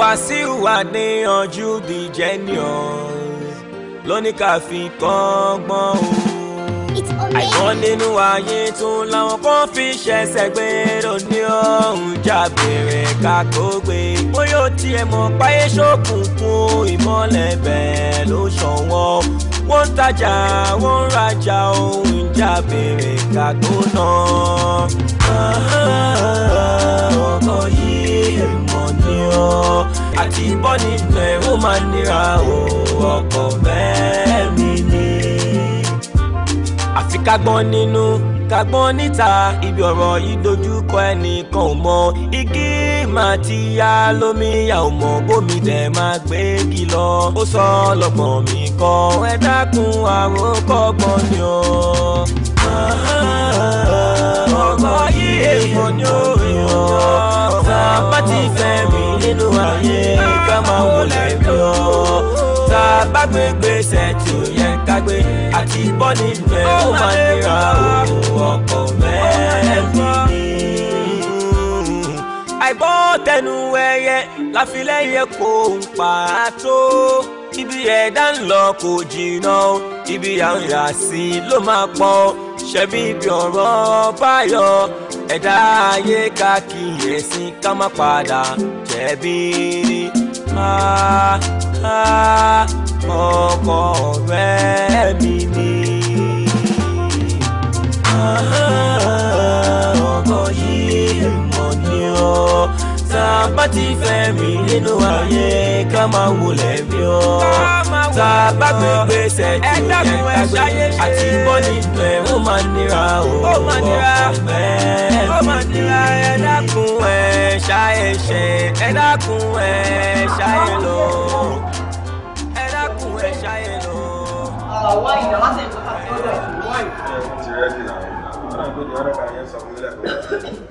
Wàsíù Adéyanjú the genius lóní káfí kọ́gbọ́n o àìmọ́ nínú ayé tún làwọn kan fi ṣẹ̀ṣẹ̀ gbé lóní ọ̀hún jà bẹ̀rẹ̀ kákógbé bóyá ó tiẹ̀ mọ̀ páyé ṣókùnkùn ìmọ̀lẹ̀ bẹ́ẹ̀ ló ṣọ̀wọ́n wọ́n ń tajà wọ́n ń rajà ohun ìjà bẹ̀rẹ̀ kákóná ọkọ̀ yìí èèmọ̀ ni ọ́ ti bọ́ nílẹ̀ ó máa nira o ọkọ̀ bẹ́ẹ̀ mi ni. àfi ká gbọ́n nínú ká gbọ́n níta ibi ọ̀rọ̀ yìí dojúkọ ẹnìkan ò mọ igi máa ti yá lómi ya ò mọ bómi dẹ̀ máa gbé kí lọ ó sọ lọ́gbọ̀n mi kọ ẹ dákun àròkọ́gbọ́n ni o. ọgbọ́n yìí èèmọ̀ ni ó yàn bá ti fẹ́ mi nínú ayé ká lọ. tá a bá gbé gbèsè tí ó yẹ ká gbé àti bọ́ níbẹ̀ ó máa nira òun ọkọ̀ mẹ́rin ni. àìbọ́ tẹnu ẹyẹ láfilẹ́yẹ kò ń pàtó ibi ẹ̀dá ń lọ kò jìnnà ibi àwọn ìràsí ló máa pọ̀ ṣẹ́bí ibi ọ̀rọ̀ báyọ̀ ẹ̀dá ayé ká kíyèsí ká má padà jẹ̀bi ọkọ ọ̀rẹ́ mi ni ọkọ yìí mọ̀ ní ọ́ tá a bá ti fẹ́ mi nínú ayé ká máa wọlé mi o tá a bá gbé gbèsè tó yẹ ká gbé àti bọ́ọ̀lì pẹ̀ ó máa nira o ó máa nira ó máa nira ẹ dákun ẹ ṣáyẹ ṣe ẹ dákun ẹ ṣáyẹ lọ ẹ dákun ẹ ṣáyẹ lọ. àwọn ìyàwó ṣe ń bá a sọ̀rọ̀ ìwọ ìfẹ́. ti rẹ́dí náà ọ̀dà tó ọ̀rẹ́ kan yẹn sọ fún mi lẹ́kọ̀ọ́.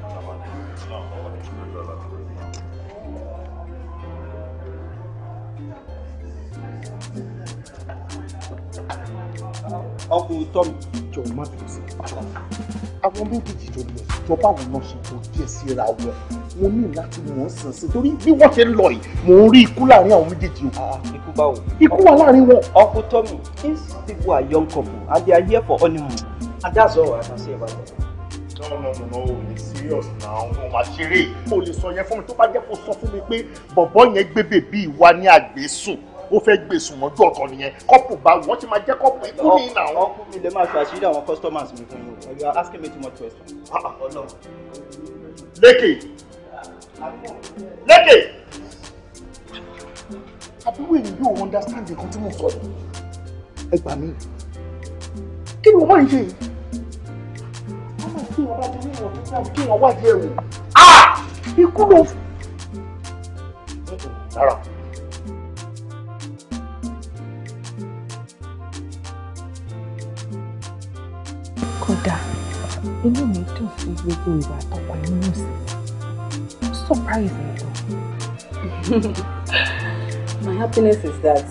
ọkùnrin tọ́ mi. jọ má bẹ̀rẹ̀ sí pàrọ̀ àwọn méjèèjì tó lọ jọ báwọn náà ṣe kò díẹ̀ síra wọn mo ní láti mọ̀ ọ́n sàn sí torí bí wọ́n ṣe ń lọ yìí mò ń rí ikú láàrin àwọn méjèèjì o. Ah, ah, ikú báwo. ikú wà láàrin wọn. ọkùnrin tọ́ mi is people are young couple and they are here for honeymoon and that's all I can say about it. No, no, no, no, serious now. Mo máa ṣeré. Mo lè sọ yẹn fún mi tó bá jẹ́ kó sọ fún mi pé bọ̀bọ́ yẹn gbé ó fẹ́ gbé sùnmọ́jú ọ̀tọ̀ nìyẹn kọ́pù bá wọ́n ti máa jẹ́ kọ́pù ikú ní ìlà ọkùnrin mi lè máa ṣàṣírí àwọn customers mi fún yín you are asking me too much question. Ah, ah. lékè lékè àbúrò èyí yóò understand nǹkan tí mo sọ yìí ẹ gbà mí kí ni wọ́n máa ń ṣe yìí kí wọ́n bá ti ní ìwọ̀n ah! ikú ló. rárá. inú mi dùn sí gbogbo ìwà àtọkọ inú mi sí surprise me my happiness is that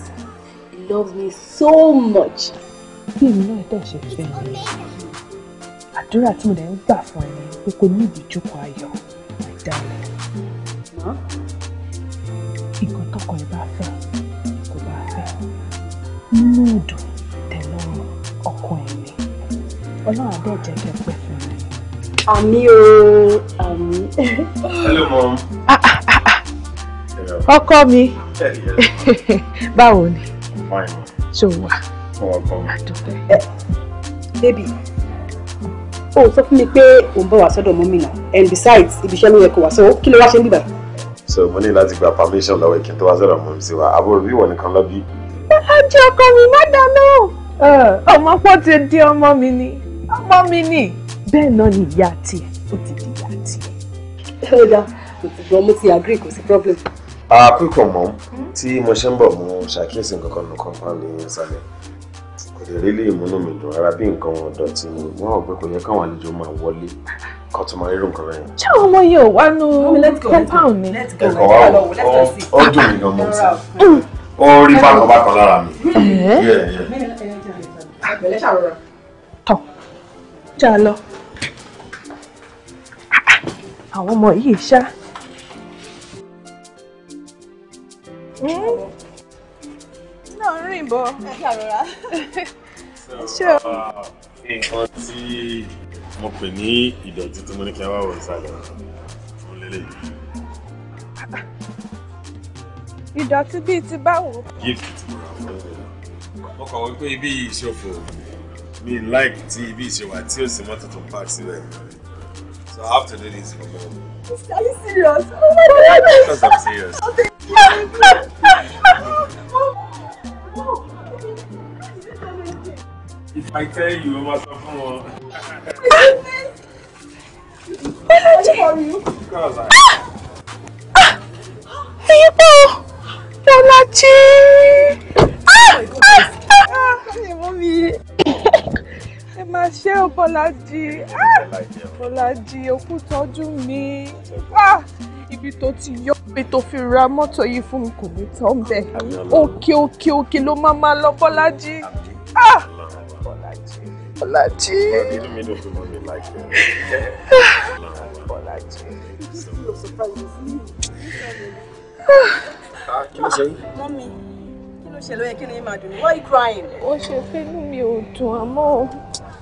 he loves me so much. bí èmi náà dẹ̀ ṣe fẹ́ mi àdúrà tí mo dẹ̀ ń gbà fún ẹ ni pé kò ní ìdíjúkọ ayọ̀ my darling. nǹkan tọkọ ẹ bá fẹ́ kò bá fẹ́ nínú ìdùn tẹ̀lọ́rùn ọkọ ẹ̀ ni ọlọ́run á dẹ̀ jẹ́ kẹ́ pẹ́ Àmì o. Àmì. Um, Hello mom. Ah, ah, ah, ọkọ mi. Báwo ni? Ṣé o wà? Àdúpẹ́. Eh, Bébì, o sọ fún mi pé o ń bọ̀ wá sọ́dọ̀ mọ́mì náà and besides ibi iṣẹ́ ló yẹ kó wá so kí ló wá ṣe ń bíbà. So mo ní láti gba permission lọ́wọ́ ìkíni tó wá sọ́dọ̀ mọ́mì sí wa àbúrò bí ìwọ nìkan lọ bí. Ọjọ́ ọkọ mi má dáná. Eh. Ọmọ pọ́n ti di ọmọ mi ni. Ọmọ mi ni bẹ́ẹ̀ náà ni ìyá tiẹ̀ ó ti di ìyá tiẹ̀. ó dá mo ti gbọ́ mo ti agree kò sí problem. àpíkọ̀ mọ́ tí mo ṣe ń bọ̀ mo ṣàkíyèsí nǹkan kan nǹkan kan ní ìsàlẹ̀ kò lè rí lè múnú mi dùn rárá bí nǹkan wọn dọ̀tí ni wọ́n ò pé kò yẹ káwọn àlejò máa wọlé kan tó máa rírun nǹkan rẹ̀. ṣé àwọn ọmọ yìí ò wá nu compound ni. ẹ̀kọ́ wa ó dùn mí gan mọ́ sí ó rí bákan bákan lára mi. Eh? jà lọ àwọn ọmọ yìí ṣá. Hmm? náà rìn bọ ẹ ṣàròrà. ṣé o. nǹkan tí mo pè ní ìdọ̀tí tí mo ní kí n wá wọ ìsàlẹ̀ fún lélẹ̀ yìí. ìdọ̀tí bíi ti báwo. gift mo kọ̀ wípé ibi ìṣòfò mi like tí ibi ìṣèwà tí ò sí mọ́tò tó ń park sílẹ̀ so I have to do this for you. Are you serious? Oh my God! Because I'm serious. If I tell you, I'm not talking more. Why not tell you? Because I. Ah! Ah! Ah! Ah! Ah! Ah! Ah! Ah! Ah! ẹ máa ṣe o Bọ́lájí ah, Bọ́lájí òkú tọ́jú mi ah, ibi tó ti yọ ibi tó fi ra mọ́tò yìí fún mi kò ní tán bẹ́ẹ̀ òkè òkè òkè ló máa máa lọ Bọ́lájí ah, Bọ́lájí Bọ́lájí. kí ló ṣe yín. kí ni yín máa dùn why crying. ó ṣe pé inú mi ò dùn àmọ́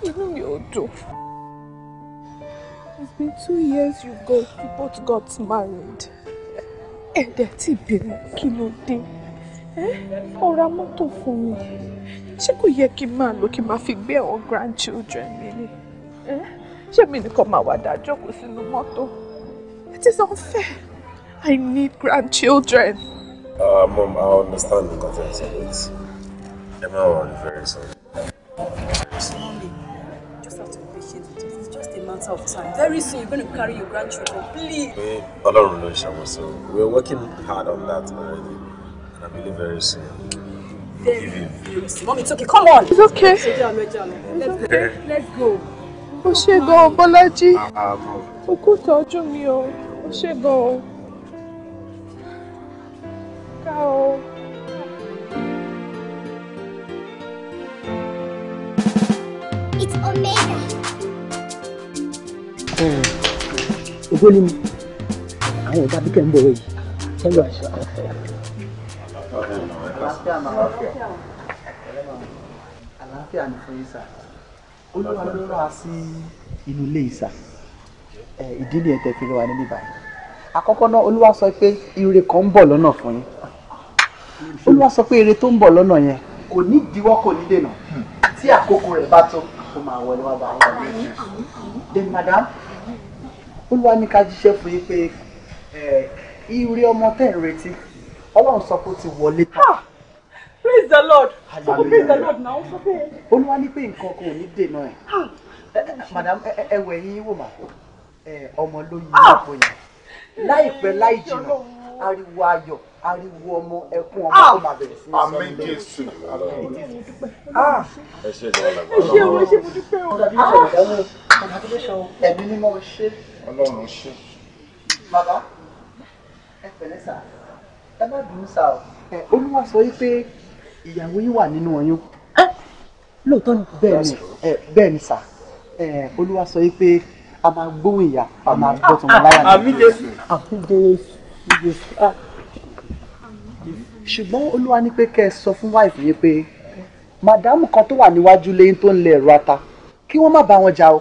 inú mi ò dùn. It's been two years you go you both got married. and ti bèrè kí ló dé? Ó ra mọ́tò fún mi. Ṣé kò yẹ kí n máa lò kí n máa fi gbé àwọn grandchildren mi ni? Ṣé mi nìkan máa wà dájọ́ kò sínú It is unfair. I need grandchildren. Uh, Mom, I understand the context of it. Emma will very sorry. of time. Very soon you're going to carry your grandchildren. Please. We, Ọlọ́run ló ṣàwọn so we're working hard on that already, and I believe very soon. Very, very soon. Mom, it's okay. Come on. It's okay. Let's go. Let's go. O ṣé gan-an, Oh O kú oh mi go. ibo ni mo àwọn ọ̀gá bí kẹ́ ń bọ̀wọ̀ yìí ṣẹ́yọ̀ àṣà. àlàáfíà ni fún yín sà olúwa ló rà sí inú ilé ìsà ìdí nìyẹn tẹ́ fi lọ wà níbí báyìí àkọ́kọ́ náà olúwa sọ pé ire kan ń bọ̀ lọ́nà fún yín olúwa sọ pé ire tó ń bọ̀ lọ́nà yẹn kò ní ìdíwọ́ kò ní dènà tí àkókò rẹ̀ bá tó ó máa wọlé wá bá wọn. then madam olúwa ní ká jíṣẹ́ fún yín pé ire ọmọ tẹ́ ń retí ọlọ́run sọ pé ó ti wọlé tán. praise the lord oh, praise the lord na ó sọ pé. olúwa ní pé nǹkan kan ò ní dènà ẹ̀ madam ẹwẹ̀ yín wò má ọmọ ló yí yẹn láìpẹ́ láì jìnnà ariwo ayọ̀ ariwo ọmọ ẹkún ọmọ ah! tó máa bẹ̀rẹ̀ sí sọ ní lẹ́yìn. Ah! ẹ ṣe ìjọba làgbà ọlọ́run ṣé wọ́n ṣe mo dúpẹ́ o. ọ̀dàbí ìṣẹ̀lẹ̀ dáhùn ẹ̀mí mímọ́ ṣe. ọlọ́run bàbá ẹ pẹ̀lẹ́ sà ẹ má dùn sà o. olúwa sọ wípé ìyàwó yìí wà nínú ọyún. lóòótọ́ ni. bẹ́ẹ̀ni bẹ́ẹ̀ni sà olúwa sọ wípé a máa gbóhùn ìyá a máa gbọ́ tọmọ láyà ní. àmì jésù. àmì jésù. Ah! ṣùgbọ́n olúwa ní pé kẹ́ ẹ sọ fún wáìfù yín pé màdámù kan tó wà níwájú lẹ́yìn tó ń lẹ ẹ̀rọ ata kí wọ́n má bá wọn jà o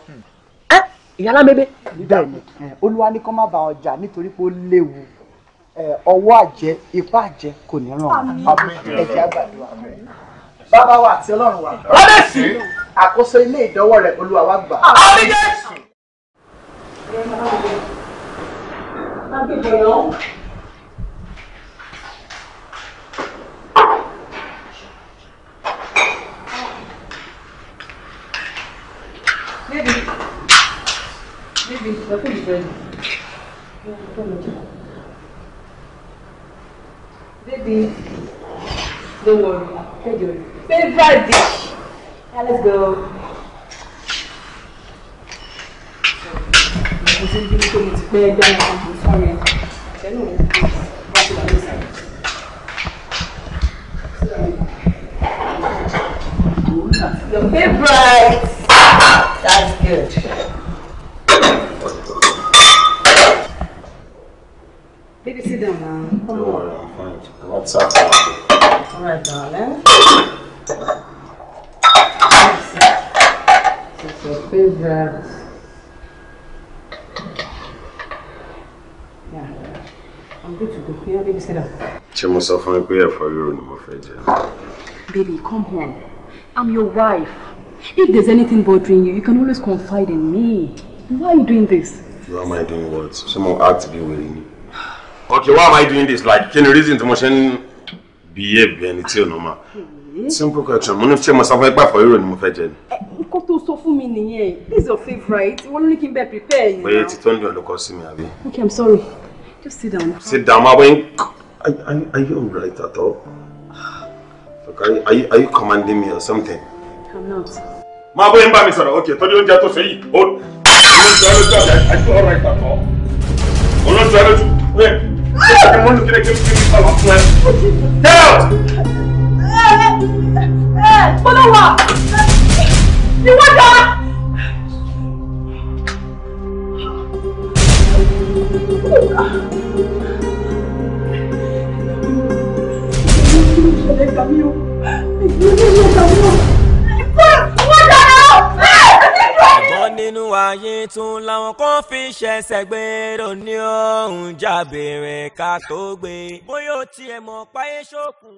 ìyálà mẹ́bẹ́ bẹ́ẹ̀ni olúwa ní kó má bá wọn jà nítorí pé ó léwu eh, ọwọ́ àjẹ́ ipá àjẹ́ kò ní ràn wọ́n ẹ̀jẹ̀ àgbàdo bàbá wa àti ọlọ́run wa ọdẹ sí àkóso ilé ìdánwò rẹ olúwa wa gbà. àbíjẹ́ Baby, don't worry. I'll tell you. Favorite dish. Now ah, let's go. Your bright. That's good. Baby, sit down now. Come on. I'm What's up? All right, darling. is your favorite. Yeah. I'm good to go. Yeah, baby, sit down. Chimo, so far, I'm here for you, no more afraid. Baby, come home. I'm your wife. If there's anything bothering you, you can always confide in me. Why are you doing this? Why am I doing what? Someone had to be willing okay why am i doing this like can you reason to motion behave bí ẹni tí ò normal hmm. simple question mo ní ṣé mo sọ fún ẹ pàfọ euro ni mo fẹ́ jẹ ni. nǹkan tó sọ fún mi nìyẹn this is your favourite ìwọ ló ní kí n bẹ prepare yìí. oye ti tó ń dùn ọlọkọ sí okay i'm sorry just sit down. sit down ma wẹ́n are, are, are you alright at all? Look, are, you, are you commanding me or something? i'm not. ma bóyá ń bá mi sọ̀rọ̀ okay tọ́jú oúnjẹ tó ṣe yìí ó ló ń jẹ́ lójú àbí àìsàn ọ̀rọ̀ ìgbà kan ó ló ń jẹ́ lójú. Eu mando querer que eu fique falar com ela. Deus! Quando eu lá! Me guarda! Camilo, camilo, camilo. Guarda não! nínú ayé tún làwọn kan fi ṣẹ̀ṣẹ̀ gbé lóní ọ̀hún jábẹ̀rẹ̀ ká tó gbé bóyá ó tiẹ̀ mọ̀ páyé ṣòkùn.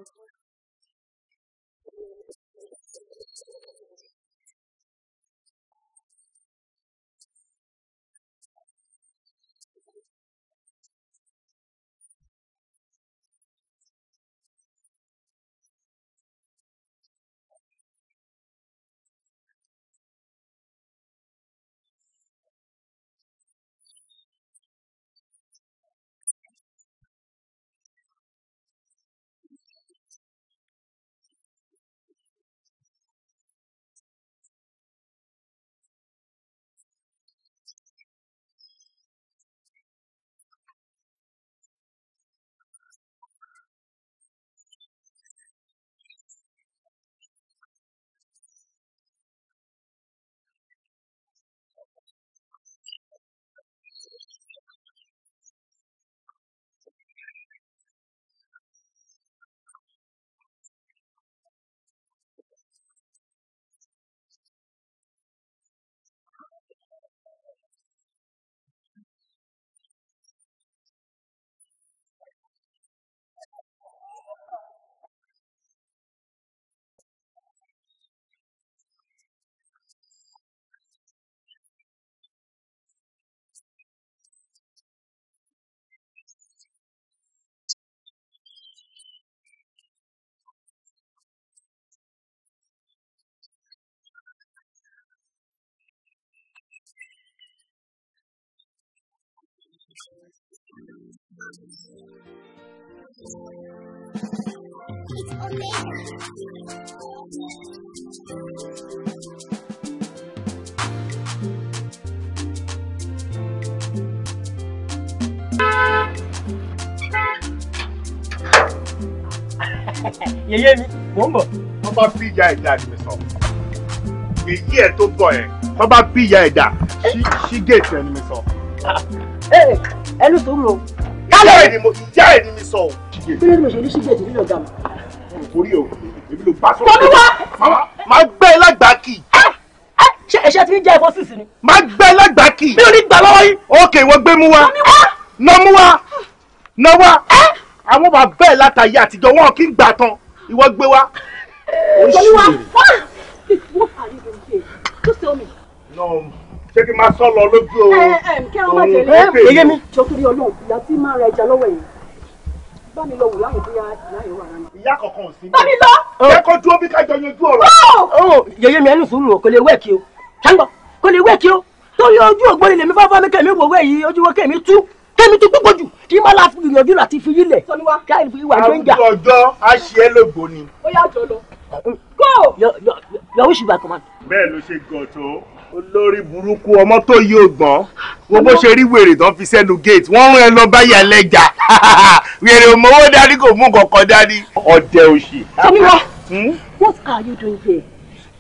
yèyé mi mò ń bọ̀. wọ́n bá bí ìyá ẹ̀dá mi sọ èyí ẹ̀ tó bọ̀ ẹ̀ wọ́n bá bí ìyá ẹ̀dá ṣí gèètì ẹ̀ ni mi sọ. Ah, ẹnu tó ń lò lálẹ́. jẹ́rìí ni mi sọ o. bílẹ̀ ni mo ṣe olùsígbò tó nílò dànù. torí o èmi ló bá sọ. tọ́bí wá. máa gbẹ́ e lágbàákì. Ah! Ah! ṣe ẹ̀ṣẹ̀ ti ń jẹ́ ẹ̀fọ́ sísìn ni. máa gbẹ́ e lágbàákì. wa. nà mú wa. nà wa. Eh? tell me. No ṣé kí n máa sọ lọ lójú o. ẹ ẹ kí wọn mi. jọkiri Ọlọ́run ìyá tí máa ra ẹja lọ́wọ́ yìí bá mi lọ wò láyé bóyá ìyá yìí wà rán. ìyá kankan ò sí. bá mi lọ. ẹ oh. kó dúró bí ká jọ yanjú ọ̀rọ̀. ó oh, yèyé mi ẹnu sùúrù o kò lè wẹ́ẹ̀kì o ṣàǹgbọ̀ kò lè wẹ́ẹ̀kì o torí ojú ògbóni lèmi fáfá kẹ́mi wò wẹ́ẹ̀ ojú kẹ́mi tú kẹ́mi tú púpọ̀ jù kí n má la gbìyànjú láti fi yílẹ̀ káyọ̀ fi ni. ó yà jọ lọ. Mm. go. yọ yọ olórí burúkú ọmọ tó yí ògbọ́n wo ṣe rí wèrè tán fi sẹ́nu gate wọ́n rún ẹ lọ báyìí ẹlẹ́jà wèrè òmòwò dání kò mú kankan dání ọ̀dẹ̀ òṣì. Tọ́míwá hmm? what are you doing here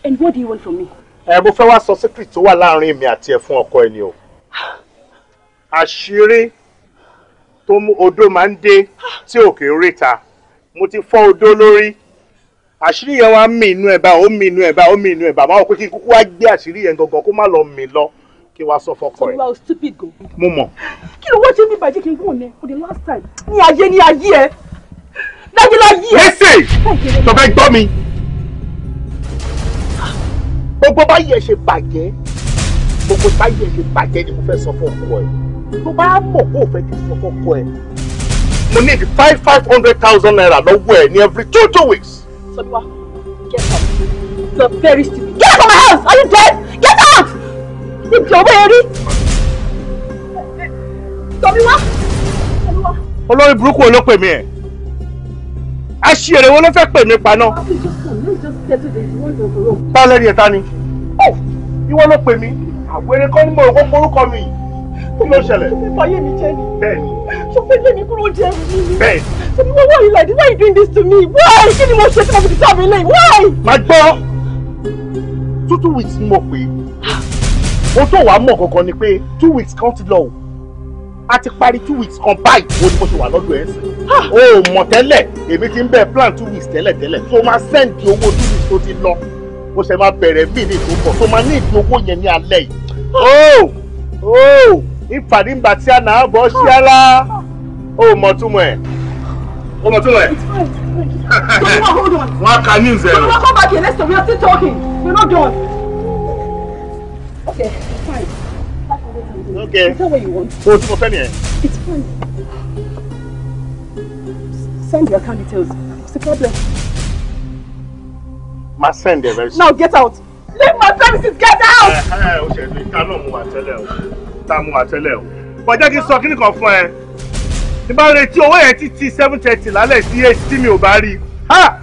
and what do you want from me. ẹ mo fẹ́ wá sọ secret tó wà láàrin èmi àti ẹ̀ fún ọkọ ẹ̀ ni o àṣírí tó mú odó máa ń dé tí òkè ń ríta mo ti fọ́ odó lórí àṣírí yẹn wá mì inú ẹ̀ bá ó mì inú ẹ̀ bá ó mì inú ẹ̀ bá máa pé kí kúkú wá gbé àṣírí yẹn gangan kó má lọ mì lọ kí wàá sọ fọkọ ẹ. stupid go. mo mọ. kí ló wọ́n ṣe mí bàjẹ́ kí n wọ̀n ẹ for the last time ní ayé ní ayé ẹ dájú láyé ẹ. lẹ́sẹ̀ tó fẹ́ gbọ́ mi gbogbo báyìí ẹ ṣe bàjẹ́ gbogbo báyìí ẹ ṣe bàjẹ́ ni mo fẹ́ sọ fọkọ ẹ tó bá mọ̀ kó o fẹ́ kí n sọ fọkọ ẹ. mo need five five hundred thousand naira lọ́wọ́ ẹ ní every two two weeks. Sodwa, get out. You're very stupid. Get out of my house! Are you dead? Get out! Leave your way, Eri. Tomiwa! Tomiwa! Olórí burúkú ló pè mí ẹ̀. Aṣèrè wo ló fẹ́ pè mí pa náà? Báwo lẹ́rìí ẹ̀ta ni? Ìwọ ló pè mí. Àwẹ̀rẹ̀ kọ́ ni mo rò kó forúkọ mi yìí kí ló ṣẹlẹ̀. ṣe fẹ́ fàyè mi jẹ́ ni. bẹ́ẹ̀ni. ṣe fẹ́ lé mi kúrò jẹ́ mi ni. bẹ́ẹ̀ni. Why are you doing this to me why kí ni mo ṣe kí mo fi ti sábẹ́ lẹ́yìn why. má gbọ́ Two weeks mọ̀ pé ohun tó wàá mọ̀ gangan ni pé two weeks kan ti lọ o a ti parí two weeks kan báyìí wo ni mo ṣe wà lọ́dọ̀ ẹ̀ sí. o ò mọ̀ tẹ́lẹ̀ èmi ti ń bẹ̀ plan two weeks tẹ́lẹ̀ tẹ́lẹ̀ So máa send owó two weeks tó ti lọ mo ṣe máa bẹ̀rẹ̀ mí ní ìtòkọ̀ tó máa ní ìdí owó yẹn ní alẹ́ yìí oh ìpàdé ìgbà tí a nà á bọ̀ ṣí á lá ó mọ̀ túmọ̀ ẹ̀. ó mọ̀ túmọ̀ ẹ̀. wọ́n á ka news ẹ̀. we will come back here next time we are still talking we not done. okay fine. okay. is that what you want. o tí mo fẹ́ nìyẹn. it's fine. send your account details what's the problem. ma send it very soon. now get out leave my services. get out. Eh, eh, o ṣe ní ká náà mú wa tẹ́lẹ̀ o tá mú wa tẹ́lẹ̀ o bọ̀ jẹ́ kí n sọ kíní kan fún ẹ tí bá retí owó yẹn títí seven thirty lálẹ́ sí eight tí mi ò bá rí i.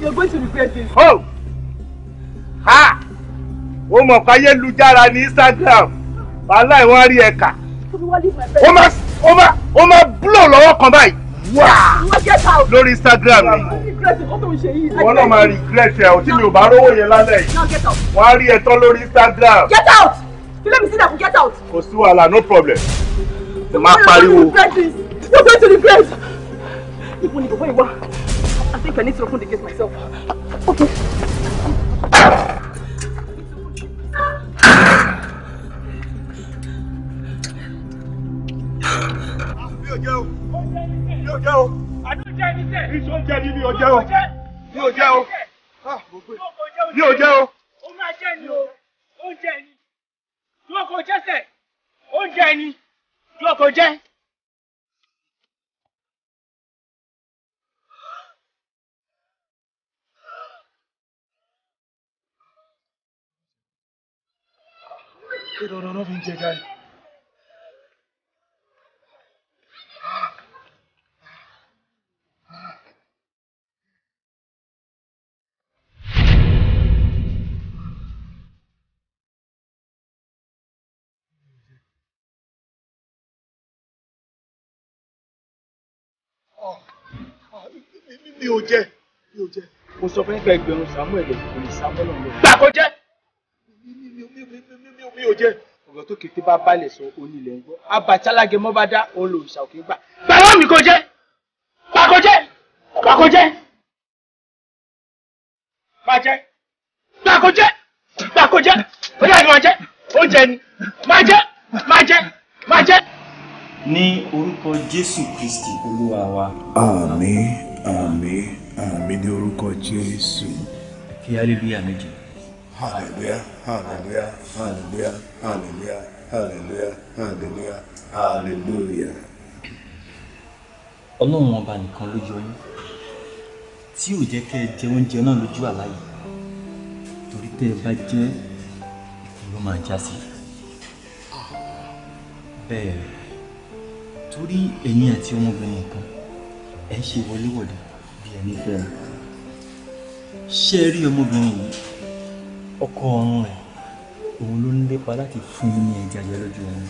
you are going to regret this. oh ha o mọ̀ pé ayélujára ní Instagram wàhálà ìwọ̀n rí ẹ̀ka o máa o máa o máa blow lọ́wọ́ kan báyìí wá lórí Instagram mi regret nǹkan tó ń ṣe yìí. wọn náà máa regret ẹ o tí mi ò bá rówó yẹn lálẹ́ yìí wọn á rí ẹtọ́ lórí Instagram. get out fílẹ̀ mi see that. get out. kò sí wàhálà no problem. mo máa pariwo. you're going to regret. ibo ni bàbá ìwà I think I need to open the gate myself. Okay. Here ah, iṣẹ́ oúnjẹ ni mi ò jẹ́ o mi ò jẹ́ o ah, mi ò jẹ́ o. o máa jẹ́ ni o oúnjẹ ni dúró kò jẹ́sẹ̀ oúnjẹ ni dúró kò jẹ́. Kí ló ń lọ fi ń jẹ jáde? mi ò jẹ mi ò jẹ. mo sọ fún ẹgbẹ̀rún samuel kò lè samuel lọ. gbàgbọ́ jẹ́ mi ò jẹ. ọ̀rọ̀ tó kété bá balẹ̀ sọ onílẹ̀ ń gbọ́ abatsalage mọ́ bá dá òun lòun ṣàkóso gbà. gbàgbọ́ mi kò jẹ́ gbàgbọ́ jẹ́ gbàgbọ́ jẹ́ máa jẹ́ gbàgbọ́ jẹ́ gbàgbọ́ jẹ́ ó yà ni máa jẹ́ ó jẹ ni máa jẹ́ máa jẹ́ máa jẹ́ ní orúkọ jésù kristi olúwa wa. àmín àmín àmín ní orúkọ jésù. kí hallelujah méje. hallelujah hallelujah hallelujah hallelujah hallelujah hallelujah hallelujah. ọlọ́run ọba nìkan ló yọ yín tí ò jẹ́ kẹ́ ẹ jẹ oúnjẹ náà lójú àlá torí tẹ́ ẹ bá jẹ́ ló máa já sí bẹ́ẹ̀ torí ẹ̀yin àti ọmọbìnrin kan ẹ̀ ṣe wọléwọ̀de bí ẹni fẹ́ra ṣé ẹ rí ọmọbìnrin yìí ọkọ ọ̀run rẹ̀ òun ló ń lépa láti fún yín ní ẹja jẹ lójú ọ̀run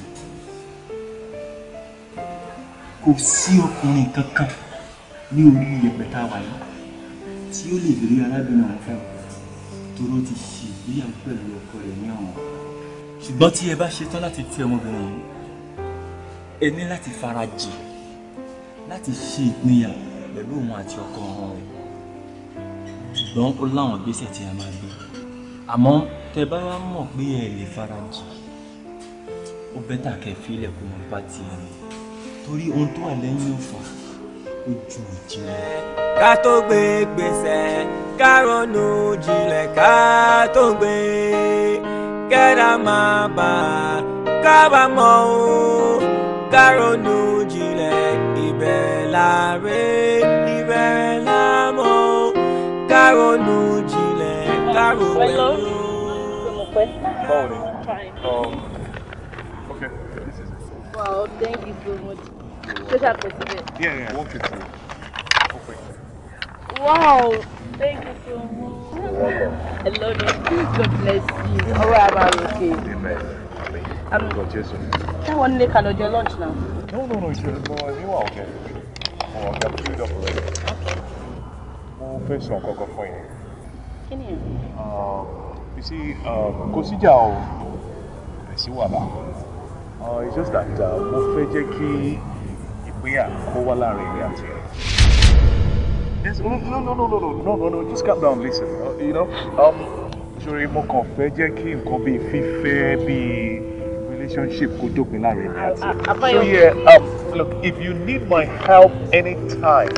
kò sí ọkùnrin kankan ní orí ìyẹ̀pẹ̀ tá a wà yìí tí ó lè rí arábìnrin ọ̀hún fẹ́ toró ti ṣègbéyàwó pẹ̀lú ọkọ rẹ̀ ní ọ̀hún ṣùgbọ́n tí ẹ bá ṣetán láti fi ọmọbìnrin yìí ẹ ní láti farajì láti ṣe ìpínyà pẹ̀lú òun àti ọkọ ọ̀hún rẹ̀ ṣùgbọ́n ó láwọn ìgbésẹ̀ tí a máa gbé àmọ́ tẹ bá wá mọ̀ pé ẹ lè farajì ó bẹ́tà kẹ́ fílẹ̀ kó máa bá tiẹ̀ lọ torí ohun tó wà lẹ́yìn ọ̀fà ó ju ìjìnlẹ̀. ká tó gbé gbèsè ká ronú jinlẹ̀ ká tó gbé kẹ́dà máa bà kábàámọ̀ o kárọ̀nù jinlẹ̀ ìbẹ̀rẹ̀ láre ìbẹ̀rẹ̀ lámọ̀ kárọ̀nù jinlẹ̀ kárọ̀nù. hello báwo um, okay wow thank you so much ṣé ṣe àpèsè yeah yeah one fifty one fifty. wow thank you so much. hello God bless you. ọwọ́ àbá òkè. amen. Um, God, yes, sir. That one Nick and your lunch now. No, no, no, it's just more. You are okay. Oh, I got food up already. Okay. Mo fẹ́ sọ kọ́kọ́ fún yín. Kí ni? Um, you see, kò síjà o, kò sí wàhálà. Uh, it's just that uh, mo fẹ́ jẹ́ kí ìpínyà kó wá láàrin ilé Yes, no, no, no, no, no, no, no, no, just calm down, listen. Uh, you know, um, sorry, mo kàn fẹ́ jẹ́ kí nǹkan bíi fífẹ́ relationship kò dópin láàrin mi àti. so yeah um, look if you need my help anytime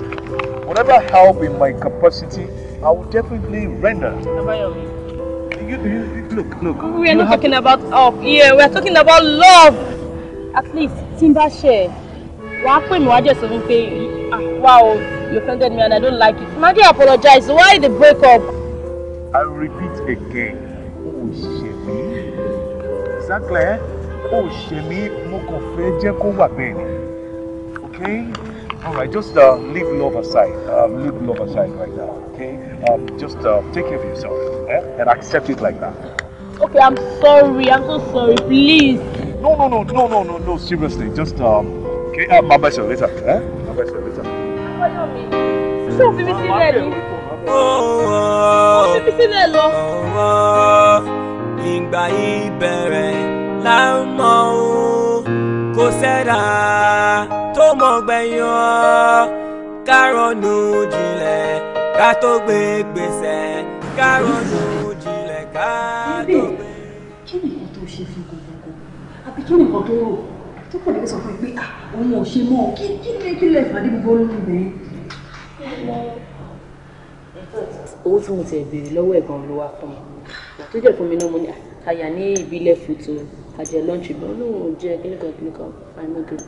whatever help in my capacity I will definitely render. You, you, look, look. We are not talking to... about Oh yeah, We are talking about love. At least, Timba share. Wàá pè mí wá jẹ́ fún pé wá o, you offended me and I don't like it. Madi apologize. Why the break up? I repeat again. Ó ṣe mí. Is that clear? Oh, ṣe mí mo kàn fẹ́ jẹ́ kó wà bẹ́ẹ̀ ni okay alright just uh, leave love aside um, leave love aside right now okay um, just uh, take care of yourself eh? and accept it like that. okay i'm sorry i'm so sorry please. no no no no no no no seriously just um, okay uh, my best later eh? my best later. wọ́n yọ mi ṣé o fi Oh. Oh. Oh. Oh. Oh. Oh. sílẹ̀ lọ. ìgbà ìbẹ̀rẹ̀ là ń mọ̀ ọ́n kò sẹ́dá tó mọ̀ gbẹ̀yìn ọ́ ká ronú jinlẹ̀ ká tó gbé gbèsè ká ronú jinlẹ̀ ká tó gbé. kí ni nǹkan tó ṣe fún gbogbo àbí kí ni nǹkan tó rò tó pọ̀ nípa sọ fún mi pé ah, òun ò ṣe mọ́ kí kí ni kí lè fàdé gbogbo olórí bẹ́ẹ̀. owó tí mo tẹ̀ béèrè lọ́wọ́ ẹ̀gbọ́n ló wá fún mi tó jẹ́ fún mi náà mo ní ah, àyà ní ìbílẹ̀ fún tòun àjẹ lọ́ọ̀jì bọ́ lóun jẹ́ kílíkan kílíkan fáìmọ́ gírí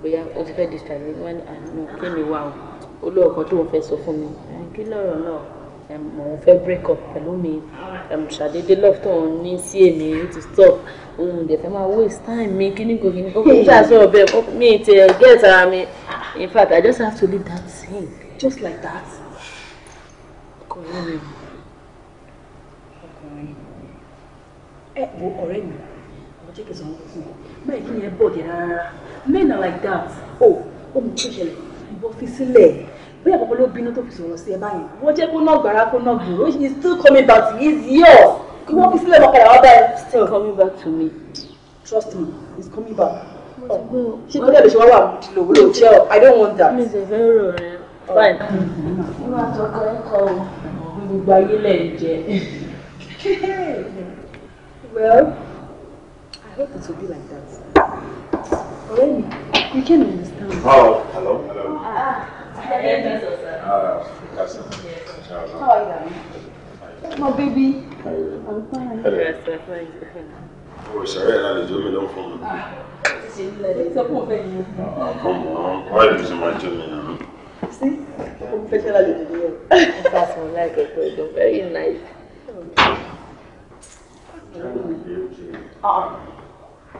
bóyá ó fẹ́ di tàbí wọ́n ní àná ah, kí ni wà o ó lọ ọkàn tó ń fẹ́ sọ fún mi kí lọ́rọ̀ náà mò ń fẹ́ break up pẹ̀lú mi ṣàdédé lọ́fọ̀tàn ní sí èmi to stop òun dẹ̀ fẹ́ máa waste time mi kí ni kò kí ni kò kí n kó mi ti get ara mi in fact I just have to leave that scene, just like that. kò rí mi. ọkùnrin ẹ wo ọ̀rẹ́ mi jẹ́ kí n sanwó fún ọ bẹ́ẹ̀ kí men are like that Oh, oh my gosh! ṣẹlẹ̀ ìbọn fi sílẹ̀ bóyá bàbá ló bínú tó fi sọ̀rọ̀ sí ẹ báyìí wọ́n jẹ́ kó náà gbàrà kó náà gbòòrò he still coming back to his year kí wọ́n fi sílẹ̀ lọ padà wá still coming back to me. trust me he is coming back. Oh, ṣé kí lóde ṣe wá wà lòwò lòwò ṣe ọ i don't want that. mi ṣe fine. You rẹ fine. ìwà àtọkọ ẹ kọ o gbogbo ayé lẹ jẹ. well. I hope it will be like that. Already, you can understand. Oh, hello, hello. Ah, uh, How are you, My baby. How I'm fine. Hello. sir. I'm fine. Oh, sorry, I had a job alone for me. Ah. It's a poor thing. Oh, come on. Why are you using my job See? Professionally, you do it. That's more like a Very nice. Ah.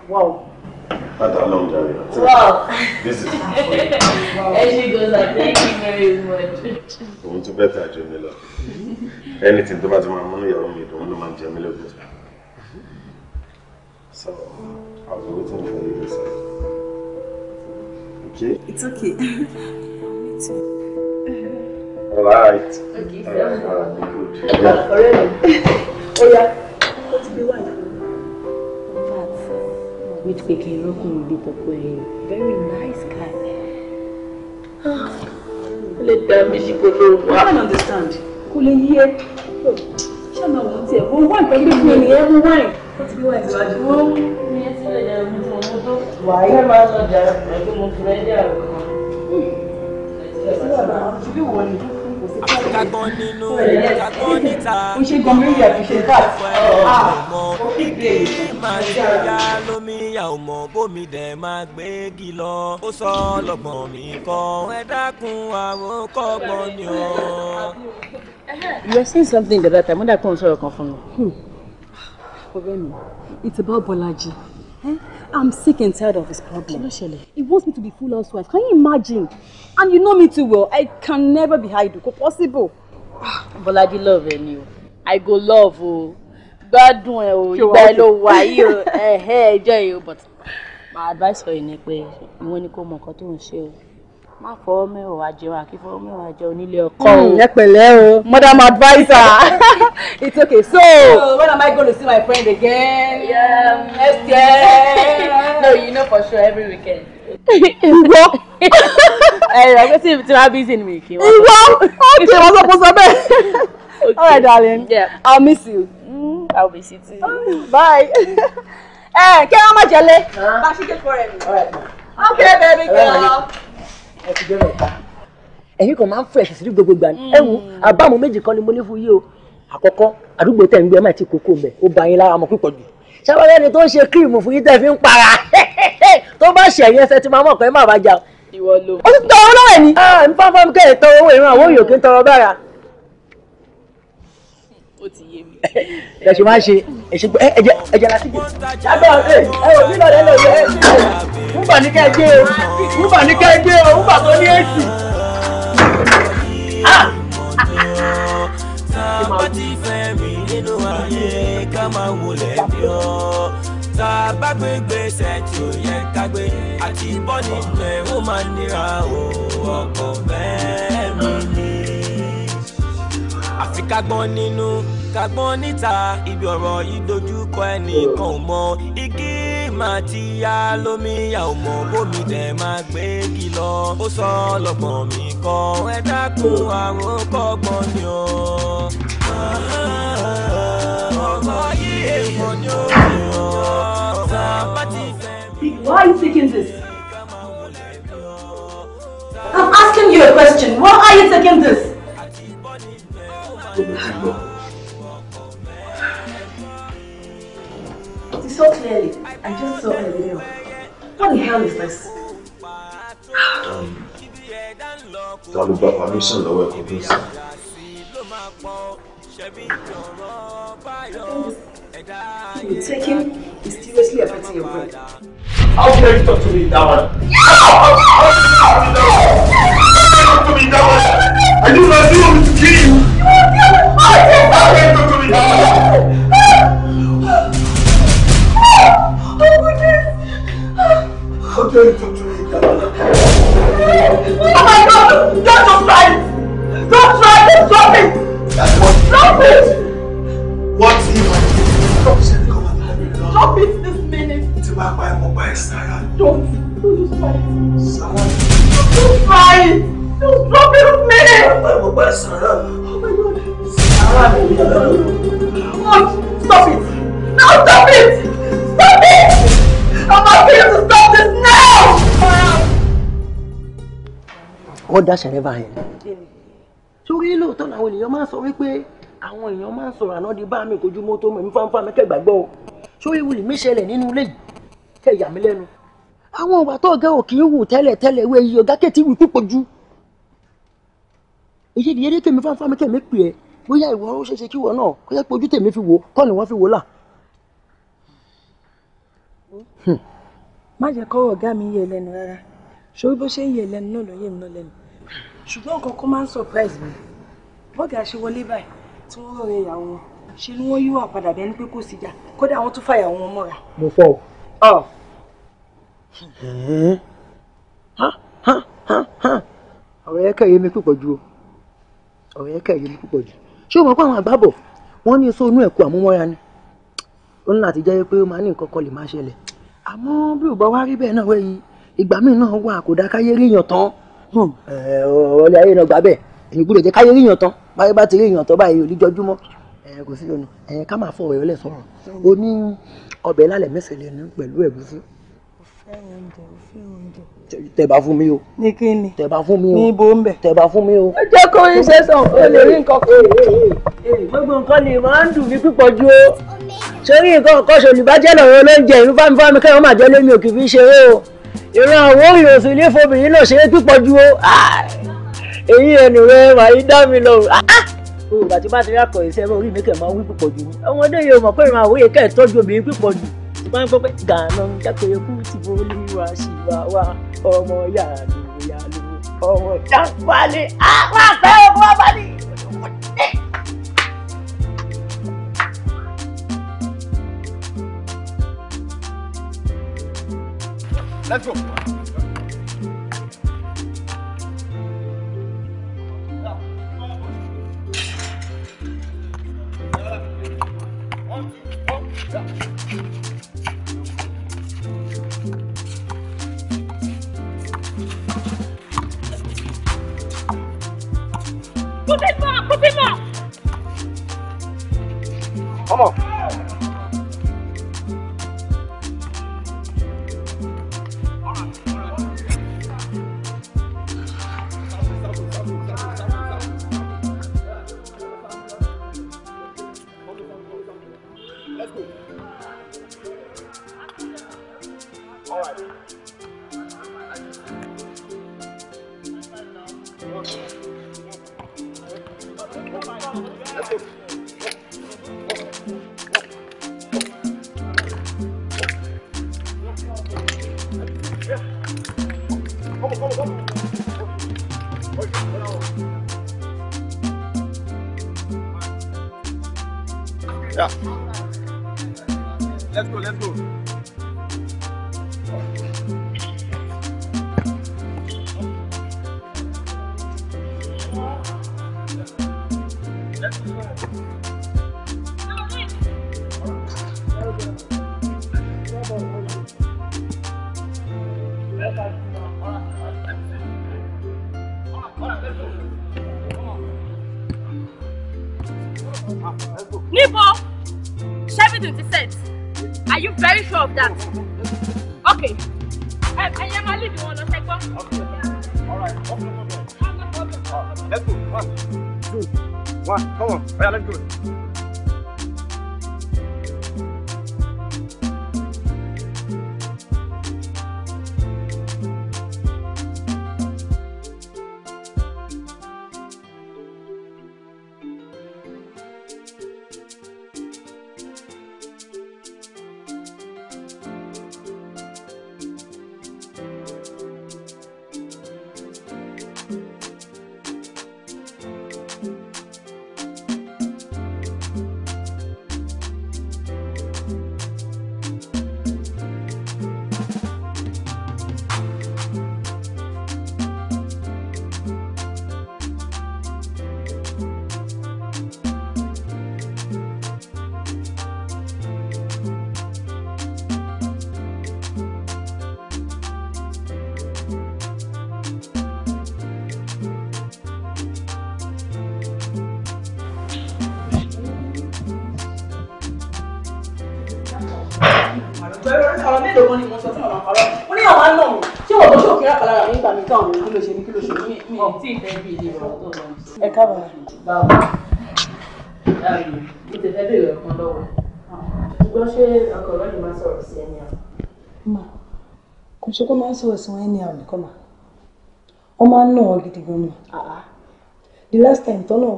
Wow. Not that long, journey. Wow. This is wow. And she goes like, thank you very much. Òun want to better jẹ mí Anything tó bá ti máa múnú ìyàwó mi dùn, òun ló máa ń So, I was waiting for you to say. Okay? It's okay. me too. All right. Okay, so. All right, good. Yeah. Already? Oh, yeah. wípé pé kí n rọ́kùnrin bíi tọpọ very nice guy. ó lè dá mi sí gbogbo wa. I don't understand. kò lè yí ẹ ṣé àwọn àwọn tiẹ̀ wọ́n wá nǹkan gbé fún ènìyàn wọ́n wá nǹkan. ó ti bí wà ìtìwájú. wọ́n ní ẹ ti lè dá mi fún Ah, you are saying something the other time When I come, n sọ̀rọ̀ kan fún mi. Hmm. ọ̀rẹ́ it's about Bọ́lájí. Eh? I'm sick and tired of his problem. He wants me to be full housewife. Can you imagine? And you know me too well. I can never be idle. Kò possible. Bọ́ládé love ẹ ni o. I go love you. Gbádùn do o. Ìgbà ẹ why you? Hey hey, Ẹ̀hẹ́ But my advice for you ni pé you ni kò mọ nǹkan tó ń má fọwọ́ mẹ́wàá jẹun àkí fọwọ́ mẹ́wàá jẹun nílé ọkọ o. Hmm, ẹ pẹ̀lẹ́ o madam adviser it's okay so. so when am I go to see my friend again. Yeah. next year. no you know for sure every weekend. Ìwọ. Ẹ̀rọ pé tí tí wàá busy ni mi kì í wá. Ìwọ okay wọ́n sọ pé sọ bẹ́ẹ̀. All darling, yeah. I'll miss you. Mm, I'll miss you too. Oh, bye. Ẹ eh, kí ẹ wọ́n má jẹ lé. Bá a ṣe kékeré mi. Okay baby girl ẹ̀yin kan máa ń fẹ̀sì sí gbogbo gbà ẹ wo àbámu méjì kan ni mo ní fún yìí o àkọ́kọ́ àdúgbò tẹ̀ ń gbé ẹ má ti kókó mẹ́ ó ba yín lára mọ́ pípọ̀ jù ṣàbẹ̀rẹ̀ ni tó ń ṣe kírìmù fún yín tẹ̀ fi ń para tó bá ṣẹ̀yìn ẹsẹ̀ tí máa mọ̀ kọ́ ẹ má bàjá. ìwọ ló. ó ti tọrọ lọ́wọ́ ẹ̀ ni. ah nfa fọmù kẹ́hìn tọrọ owó ìran àwọn òyòkè ń tọrọ bára ó ti yé mi. ẹ ṣe máa ṣe ẹ ṣe ẹ jẹ ẹ jẹ lásìkò. lábẹ́ ọ̀sẹ̀ ẹ ò nílò ẹ lọ ẹ wúbà ní kẹ́ o wúbà ní kẹ́ o wúbà tó ní èsì. tá ah! tí ó yẹ ká àti bọ́ọ̀lì jẹ́ ó máa nira o ọkọ̀ bẹ́ẹ̀ àfi ká nínú ká níta ibi ọ̀rọ̀ yìí dojúkọ ẹnìkan ò mọ igi máa ti yá lómi ò mọ bómi tẹ máa gbé kìlọ̀ ó sọ lọ́gbọ̀n mi kọ ẹ dákun àrùn kọ́gbọ́n ni o. ọ̀rọ̀ yìí èèmọ̀ ni ó yẹ ọ́ tá bá ti fẹ́. Why are you taking this? I'm asking you a question. Why are you taking this? ló ti lọ. It's so clearly, I just saw a video. What the hell is this? That'll Ta ló gba permission lọ́wọ́ ẹ̀kọ́ tó ń sọ? take him. He's seriously affecting your brain. How dare you talk to me in that No! How dare you talk to me in that manner? I do not see you. Don't try it! Don't drop it with me! Bàbá ìmọ̀gbà ìsàrà mi. Stop it! No, stop it! Stop it! I'm asking you to stop this now! Wọ́n dá ṣẹ̀rẹ́ báyẹn. Sórí lóòótọ́ làwọn ènìyàn máa ń sọ wípé àwọn èèyàn máa ń sọ̀rọ̀ àná di bá mi kojú mọ́tò mọ̀ nífàǹfà mẹ́kẹ́ gbàgbọ́ o. Sórí wùlì mí ṣẹlẹ̀ nínú ilé yìí tẹ̀ yà mí lẹ́nu. Àwọn ìwà tó ọ̀gá ò kì í wù tẹ́lẹ̀ tẹ́lẹ̀ wé iye ọ̀gá kẹ́tì wù púpọ̀ ju. Èyí ni eré kèmí fáńfà mẹ́kẹ́ mi pè é bóyá ìwọ ó ṣeéṣe kí ìwọ náà kó jẹ́ pé ojú tèmi fi wò kọ́ ni wọ́n fi wò là. Hmm. má jẹ́ kọ́ ọ̀gá mi yẹ lẹ́nu rárá ṣòwò bó ṣe ń yẹ lẹ́nu náà ló mi náà lẹ́nu ṣùgbọ́n nǹkan kan máa ń surprise mi bọ́ọ̀gì àṣewọlé báyìí tí wọ́n rọrẹ ìyàwó wọn ṣe ni wọ́n yíwà padà bẹ́ẹ̀ ni pé kò sí ìjà kódà wọ́n tún fàyàwó wọn mọ́ra. mo fọ ọ. ọ̀rọ̀ yẹn kẹ́ yé mi púpọ̀ ju ọ̀rọ̀ yẹn kẹ́ yé mi púpọ̀ ju ṣé o mọ̀ pé àwọn àgbàbọ̀ wọ́n ní sóònù ẹ̀kú àmúmọ́ra ni ó ní láti jẹ́ pé ó máa ní nǹkan kan lè máa ṣẹlẹ̀ àmọ́ bí ò bá wá rí bẹ́ẹ̀ náà wẹ̀yìn ìgbà míì náà wà kò dá káyé ríyàn tán ọ̀rọ̀ hmm, eh, ayé náà gbà bẹ́ẹ̀ èyí gbúdọ̀ jẹ́ káyé ríyàn tán báyé bá ti ríyàn tán báyìí ò ní jọjúmọ́ eh, kò sí ọ̀nà ẹ̀yìn eh, ká máa fọ ọ̀rọ̀ ẹlẹ́ sọ̀rọ̀ ó ní ọbẹ̀ lálẹ́ mẹ́sẹ̀ lẹ́nu pẹ̀lú ẹ̀gúsí. ó fẹ́ oúnjẹ ó fẹ́ oúnjẹ tẹ̀bà fún mi o. ní kí ni tẹ̀bà fún mi o. ní ibo ń bẹ̀. tẹ̀bà fún mi o. ẹ jẹ́ kó yín ṣe sàn o lè rí nǹkan kan. gbogbo nǹkan ni màá ń dùn mí púpọ̀ ju o. sórí nǹkan kan ṣòlùbájẹ́ lọ́wọ́ olóúnjẹ ìlú fámifámi kẹ́wọ́n máa jẹ́ lémi òkè fi ṣeré o. ìran àwọn òyìnbó ilé fobìnrin náà ṣeré púpọ̀ ju o. Ah, èyí ẹnu rẹ wàá dá mi lọ ògbà ah, ah. tí bá ti rí àkọ̀yẹ̀sẹ̀ wọ́n gbọ́ pé gànà jákèjì kú ti borí wa ṣìwà wa ọmọ yàrá yàrá ọmọ jábálẹ̀ àwọn àfẹ́ ọmọ abálẹ̀. Let's go. káàbọ̀. báwo mo tẹ̀ fẹ́ bèrè ọ̀kan lọ́wọ́ ṣùgbọ́n ṣé ọkọ̀ọ̀rọ̀ yìí máa sọ̀rọ̀ sí ẹni àwọn. mà kò ṣe kó máa ń sọ̀rọ̀ sí wọn ẹni àwọn nìkan mà wọ́n máa ń nà wọ́n gidi gan ni the last time tọ́nà wọn.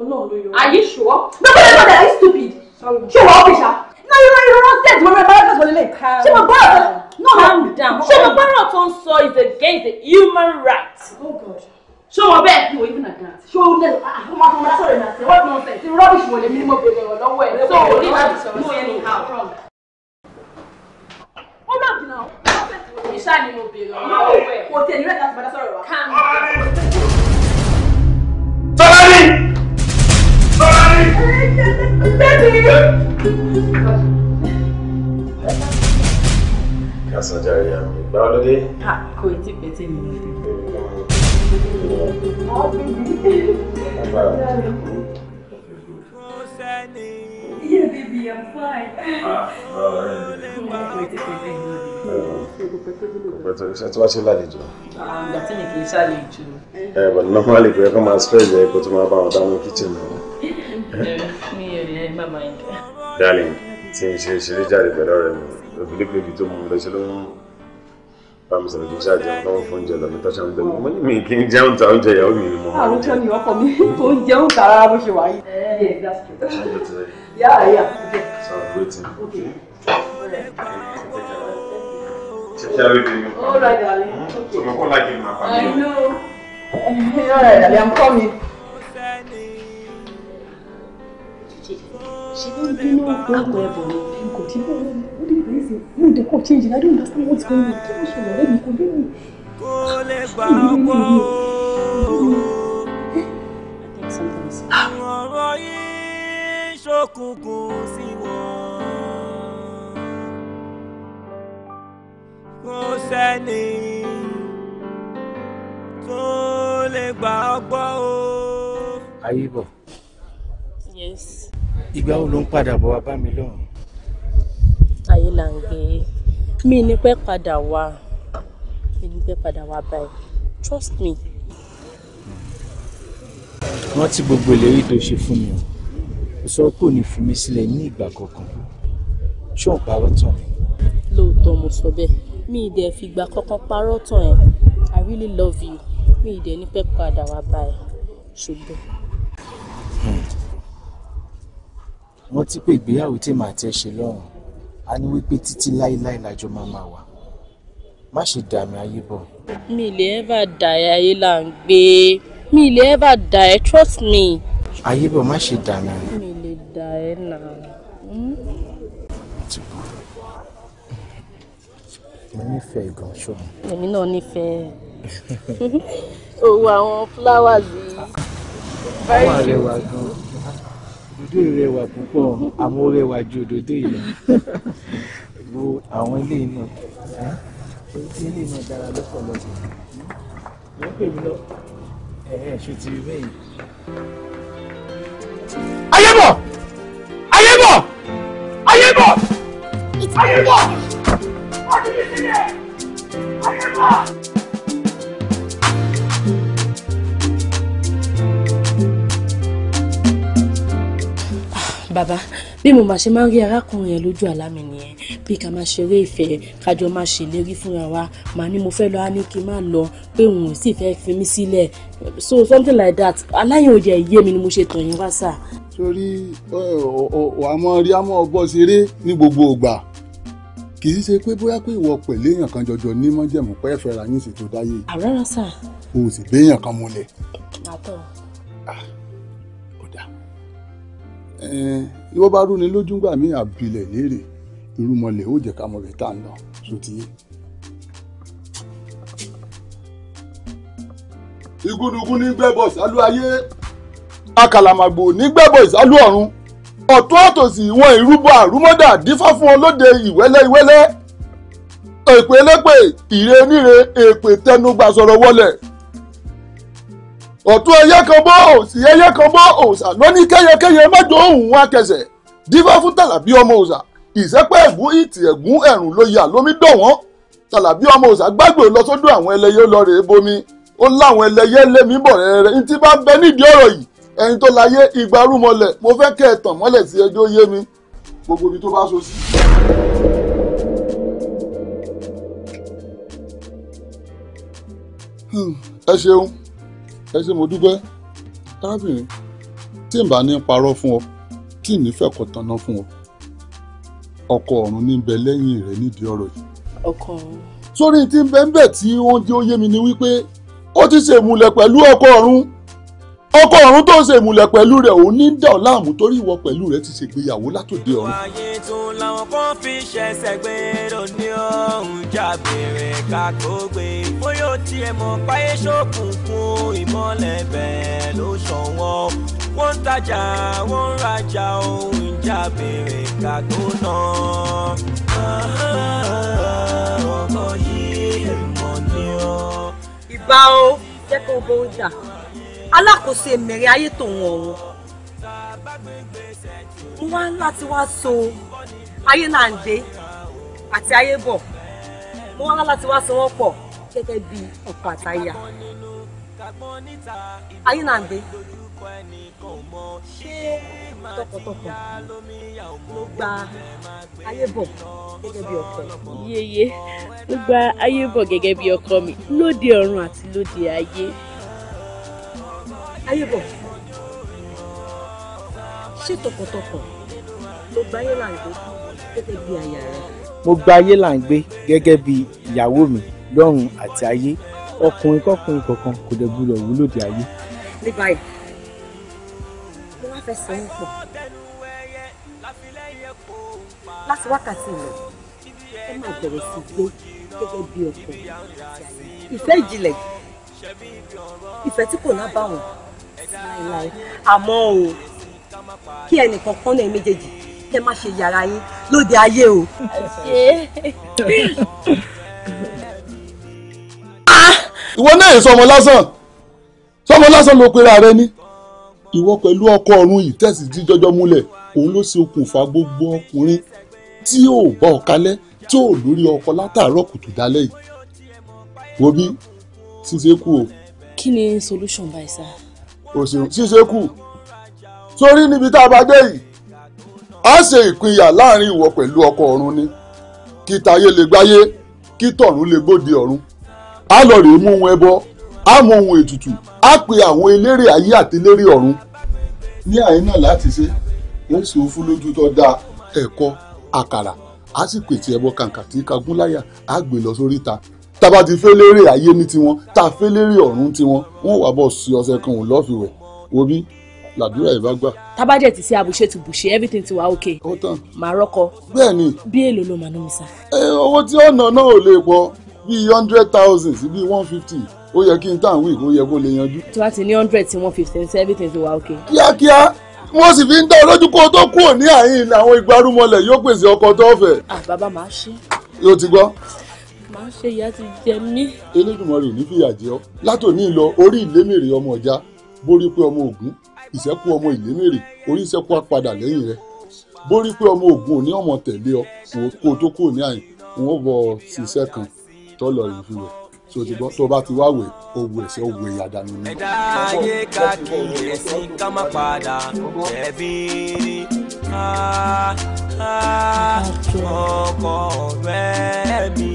ọlọ́run ló yọ. are you sure? bẹ́ẹ̀ bẹ́ẹ̀ bẹ́ẹ̀ are you stupid? ṣé wàá fi ṣá? náà yóò náà yóò ránṣẹ́ ìdúró rẹ̀ bára kẹ́sọ̀ lélẹ̀. ṣé mo gbọ́dọ̀ tó ń sọ is against the human right. Oh God ṣé wọn bẹ́ẹ̀ fi òye fúnà gan ṣé o lè ọmọ ọmọ sọ̀rọ̀ ìrìn àti what nonsense rubbish wọlé mi ni mo bèrè ọ lọ́wọ́ ẹ so o ní láti sọ̀rọ̀ sí mi how wrong. ó náà bìnnà ó ṣáà ni mo bèrè ọ lọ́wọ́ ẹ kò tiẹ̀ nílẹ̀ láti padà sọ̀rọ̀ wa. Tọ́lání Tọ́lání bẹ́ẹ̀ni kásán jàre àmì ìgbà ọlọ́dẹ. Ah, kò darling. Yeah, baby, I'm fine. Ah, Bẹ̀tẹ̀ iṣẹ́ tí wọ́n ṣe lálejò. Àgbà tí mi kì í ṣàlejò. Ẹ bọ̀ normally kò yẹ kó máa spray yẹ kó tó máa bá wọn dáná kitchen náà. Mi ò rí ẹ má máa ń dẹ. Darling, tí n ṣe ṣeré jáde pẹ̀lú ọ̀rẹ́ mi, òbí lé pèbí tó mú un lọ ṣe ló ń bámi sọ̀rọ̀ kí n ṣáà jẹun káwọn fún oúnjẹ lọ́nà tó ṣe ń bẹ̀rù mọ́ ní mi kí n jẹun ta oúnjẹ ìyàwó mi ni mo máa ń jẹ. àwùjọ ni ọkọ mi tó ń jẹun eh, Yeah, yeah. So I'm waiting. Okay. All right, darling. Hmm? Okay. So I'm like in my family. I know. All right, darling. I'm coming. ṣe ló ń bínú àpò ẹ̀bùn mi kò tí kò reason mo dey call change i don't understand what's going on kí ló ṣẹlẹ̀ ọ̀rẹ́ mi kò dé mi. kò lè gbà ọkọ ọ̀rọ̀ yìí ṣókùnkùn sí wọn kò sẹ́ni o. ayé bọ̀. yes. ìgbà wo ló ń padà bọ̀ mi lọ́rùn ayé là ń gbé mi ní pẹ́ padà wá mi ní pẹ́ padà wá báyìí trust me. rántí gbogbo ìlérí tó ṣe fún mi o kò sọ pé ní fi mí sílẹ̀ ní ìgbà kankan ṣé parọ́ tán lóòótọ́ mo sọ bẹ́ẹ̀ mi ì dẹ̀ fìgbà kankan parọ́ tán ẹ̀ I really love you mi ì ní pẹ́ padà wá báyìí ṣùgbọ́n. Hmm. rántí pé ìgbéyàwó tí màá tẹ́ ṣe lọ́rùn a ní wípé títí láéláé lájọ máa máa wà má ṣe dààmú ayé bọ̀. mi ì lè ever die ayé là ń gbé mi ì lè ever die trust me. ayé bọ̀ má ṣe dààmú. mi ì lè die náà. Hmm? mo nífẹ̀ẹ́ gan ṣọ́ọ̀. èmi náà nífẹ̀ẹ́ owó àwọn flowers yìí. àwọn àrẹwà gan òdòdó rẹwà púpọ̀ àmọ́ rẹwà ju òdòdó yìí wo àwọn ilé náà ohun tí ilé náà dára lọ́pọ̀lọpọ̀ wọ́n pè mí lọ ẹ̀ẹ́ ṣe ti rí bẹ́ẹ̀. ayébọ̀ ayébọ̀ ayébọ̀ ayébọ̀ ayébọ̀ ayébọ̀. bàbá bí mo mà ṣe máa ń rí arákùnrin yẹn lójú àlá mi nìyẹn bí ká máa ṣeré ìfẹ́ kájọ máa ṣèlérí fúnra wa màá ní mo fẹ́ lọ á ní kí n má lọ pé òun ò sì fẹ́ fi mí sílẹ̀ so something like that aláyẹn òjẹ ìyé mi ni mo ṣe tàn yín wá sà. torí àmọ́ rí àmọ́ ọgbọ́n ṣeré ní gbogbo ìgbà kì í ṣe pé bóyá pé ìwọ pẹ̀lú èèyàn kan jọjọ ní mọ́jẹ̀mú pé ẹ̀fẹ́ ra yín sì tó dáyé. àrárá sà. o sì gbé èèyàn kan múlẹ̀. màtọ́. Ah ìwọ bá rú ni lójú gbà mí àbílẹ̀ léèrè irúmọlẹ̀ ó jẹ́ ká mọ̀ rẹ̀ tá à ń lọ sóti. igúdugún ní gbẹ́bọ̀ sálú ayé akàlàmàgbò ní gbẹ́bọ̀ ìsálú ọ̀run ọ̀tún àtòsì ìwọ̀n ìrúbọ àrúmọ́dà dífá fún ọ lóde ìwẹ́lẹ́ ìwẹ́lẹ́ èpè lépè ìre oníre èpè tẹnugbà sọ̀rọ̀ wọlẹ̀ ọ̀tún ẹyẹ kan bọ́ òsì ẹyẹ kan bọ́ òòṣà lóní kẹ́yẹkẹ́yẹ mẹ́jọ òun wá kẹsẹ̀ dífá fún tàlàbí ọmọ òòṣà ìsẹ́pẹ́ ẹ̀gún ìtì ẹ̀gún ẹ̀rùn ló yà lómi dọ̀ wọ́n tàlàbí ọmọ òòṣà gbàgbé lọ sọ́dọ̀ àwọn ẹlẹ́yẹ lọ́rẹ̀ bomi ó láwọn ẹlẹ́yẹ lémi bọ̀ rẹ̀rẹ̀ ní tí bá bẹ nídìí ọ̀rọ̀ yìí ẹni tó láyé igba rúmọlẹ̀ mo fẹ́ kẹ́ ẹ tàn mọ́lẹ̀ sí ẹjọ́ yé mi gbogbo ibi tó bá so sí. Hmm, ẹ ṣeun ẹ ṣe mo dúpẹ́ arábìnrin tí n bá ní parọ́ fún ọ tí n nífẹ̀ẹ́ kọ tanná fún ọ ọkọ ọ̀run ní bẹ lẹ́yìn rẹ nídìí ọ̀rọ̀ yìí. ọkọ ọ̀run. sórí tí n bẹ́ẹ̀ bẹ́ẹ̀ tí wọ́n jẹ́ ó yé mi ni wípé ó ti ṣèmùlẹ̀ pẹ̀lú ọkọ ọ̀run ọkọ ọ̀run tó ń ṣe ìmùlẹ̀ pẹ̀lú rẹ̀ ò ní dẹ̀ ọ́ torí ìwọ pẹ̀lú rẹ̀ ti ṣègbéyàwó látòde ọ̀run. ayé tún làwọn kan fi ṣẹ̀ṣẹ̀ gbé lóní ọ̀hún já bèrè kakó bóyá ó tiẹ̀ mọ̀ páyé ṣókùnkùn ìmọ̀lẹ̀ bẹ́ẹ̀ ló ṣọ̀wọ́n wọ́n ń tajà wọ́n ń rajà ohun ìjà bèrè kakó ìbá o jẹ́ kó bó jà. alákòóso ẹ̀mẹ̀rẹ̀ ayé tòun ọ̀run mo wá láti wá so ayé náà ń dé àti ayé bọ̀ mo wá láti wá so wọ́n pọ̀ ọkọ ayé náà ń dé ṣé gba ayé bọ̀ gẹ́gẹ́ ọkọ. yeye ló gba ayé bọ̀ gẹ́gẹ́ bí ọkọ mi lóde ọ̀run àti lóde ayé. ayébọ̀ ṣé tọkọtọkọ ló gbáyé là ń gbé gẹ́gẹ́ bí aya rẹ. mo gbáyé là ń gbé gẹ́gẹ́ bí ìyàwó mi lọ́run àti ayé ọkùnrin kọkùnrin kankan kò dẹ̀ gbúdọ̀ wúlò dé ayé. ní báyìí mo wá fẹ́ sọ pọ̀ láti wákàtí ìlọ ẹ máa bẹ̀rẹ̀ sí gbé gẹ́gẹ́ bí ọkọ ìfẹ́ ìjìnlẹ̀ ìfẹ́ tí kò lábàwọ́n láéláé àmọ́ o kí ẹnìkan kan náà méjèèjì kẹ má ṣe yàrá yín lóde ayé o. ìwọ náà èso ọmọ lásán sọmọ lásán ló pera rẹ ní ìwọ pẹ̀lú ọkọ ọ̀run yìí tẹ̀sí tí jọjọ múlẹ̀ òun ló ṣe okùnfà gbogbo ọkùnrin tí ò bá ọ kalẹ̀ tí ò lórí ọkọ látàárọ̀ kùtù dálẹ̀ yìí wo bí ṣíṣe kú o. kí ni solution báyìí sáà òṣèlú ṣíṣe kù sórí níbi tá a bá dé yìí a ṣe ìpínyà láàrin ìwọ pẹ̀lú ọkọ ọ̀run ni kí tayé lè gbáyé kí tọ̀run lè gbòde ọ̀run a lọ rèé mú ohun ẹbọ a mú ohun ètùtù a pe àwọn eléré ayé àti eléré ọ̀run ní àyín náà láti ṣe wọ́n sì ń fún lójú tó dáa ẹ̀kọ́ àkàrà a sì pèsè ẹbọ kàǹkà tí kagúnláyà á gbé lọ sóríta tába ti fẹ́ lérè ayé ní tiwọn tá a fẹ́ lérè ọ̀run tiwọn wọn wà bọ̀ sí ọṣẹ kan òun lọ́ọ̀fì wẹ̀ wo làdúrà ẹ̀ bá gbà. tábàjẹ́ ti ṣe àbùṣe ti bùṣe everything ti wà okay. ó tán màá rọ́kọ. bẹ́ẹ̀ni. bí èlò ló máa ná mi sá. ẹ owó tí ó náà ò lè pọ̀ bíi hundred thousand sí bíi one fifty ó yẹ kí n tàn wí kó yẹ kó lè yanjú. tí wàá ti ní hundred tí one fifty ṣe everything ti wà okay. kíákíá mo sì fi ń dá olójú kó tó kúrò ní àyín àwọn ìgbárùmọlẹ̀ yóò pèsè ọkọ tó fẹ́. Ah, àbábá máa ṣe. yóò ti gbọ́ ṣe ìyá ti jẹ mí. elédùnmọ̀rì ò ní fìyà jẹ ọ́ látòní lọ orí ìlémèrè ọmọ ọ̀já borí pé ọmọ ògún ìṣẹ́kù ọmọ ìlémèrè orí ìṣẹ́kù apadà lẹ́yìn rẹ̀ borí pé ọmọ ògún ò ní ọmọ tẹ̀lé ọ kó o tó kó o ní àyè wọn bọ ṣiṣẹ́ kan tọ́lọ̀ yìí fi wẹ̀ so tó bá ti wá wẹ̀ owó ẹ̀sẹ̀ owó ẹ̀yà dànù ni. ẹ̀dá ayé káàkiri sí ká má padà ẹ̀bí ọkọ rẹ̀ mi.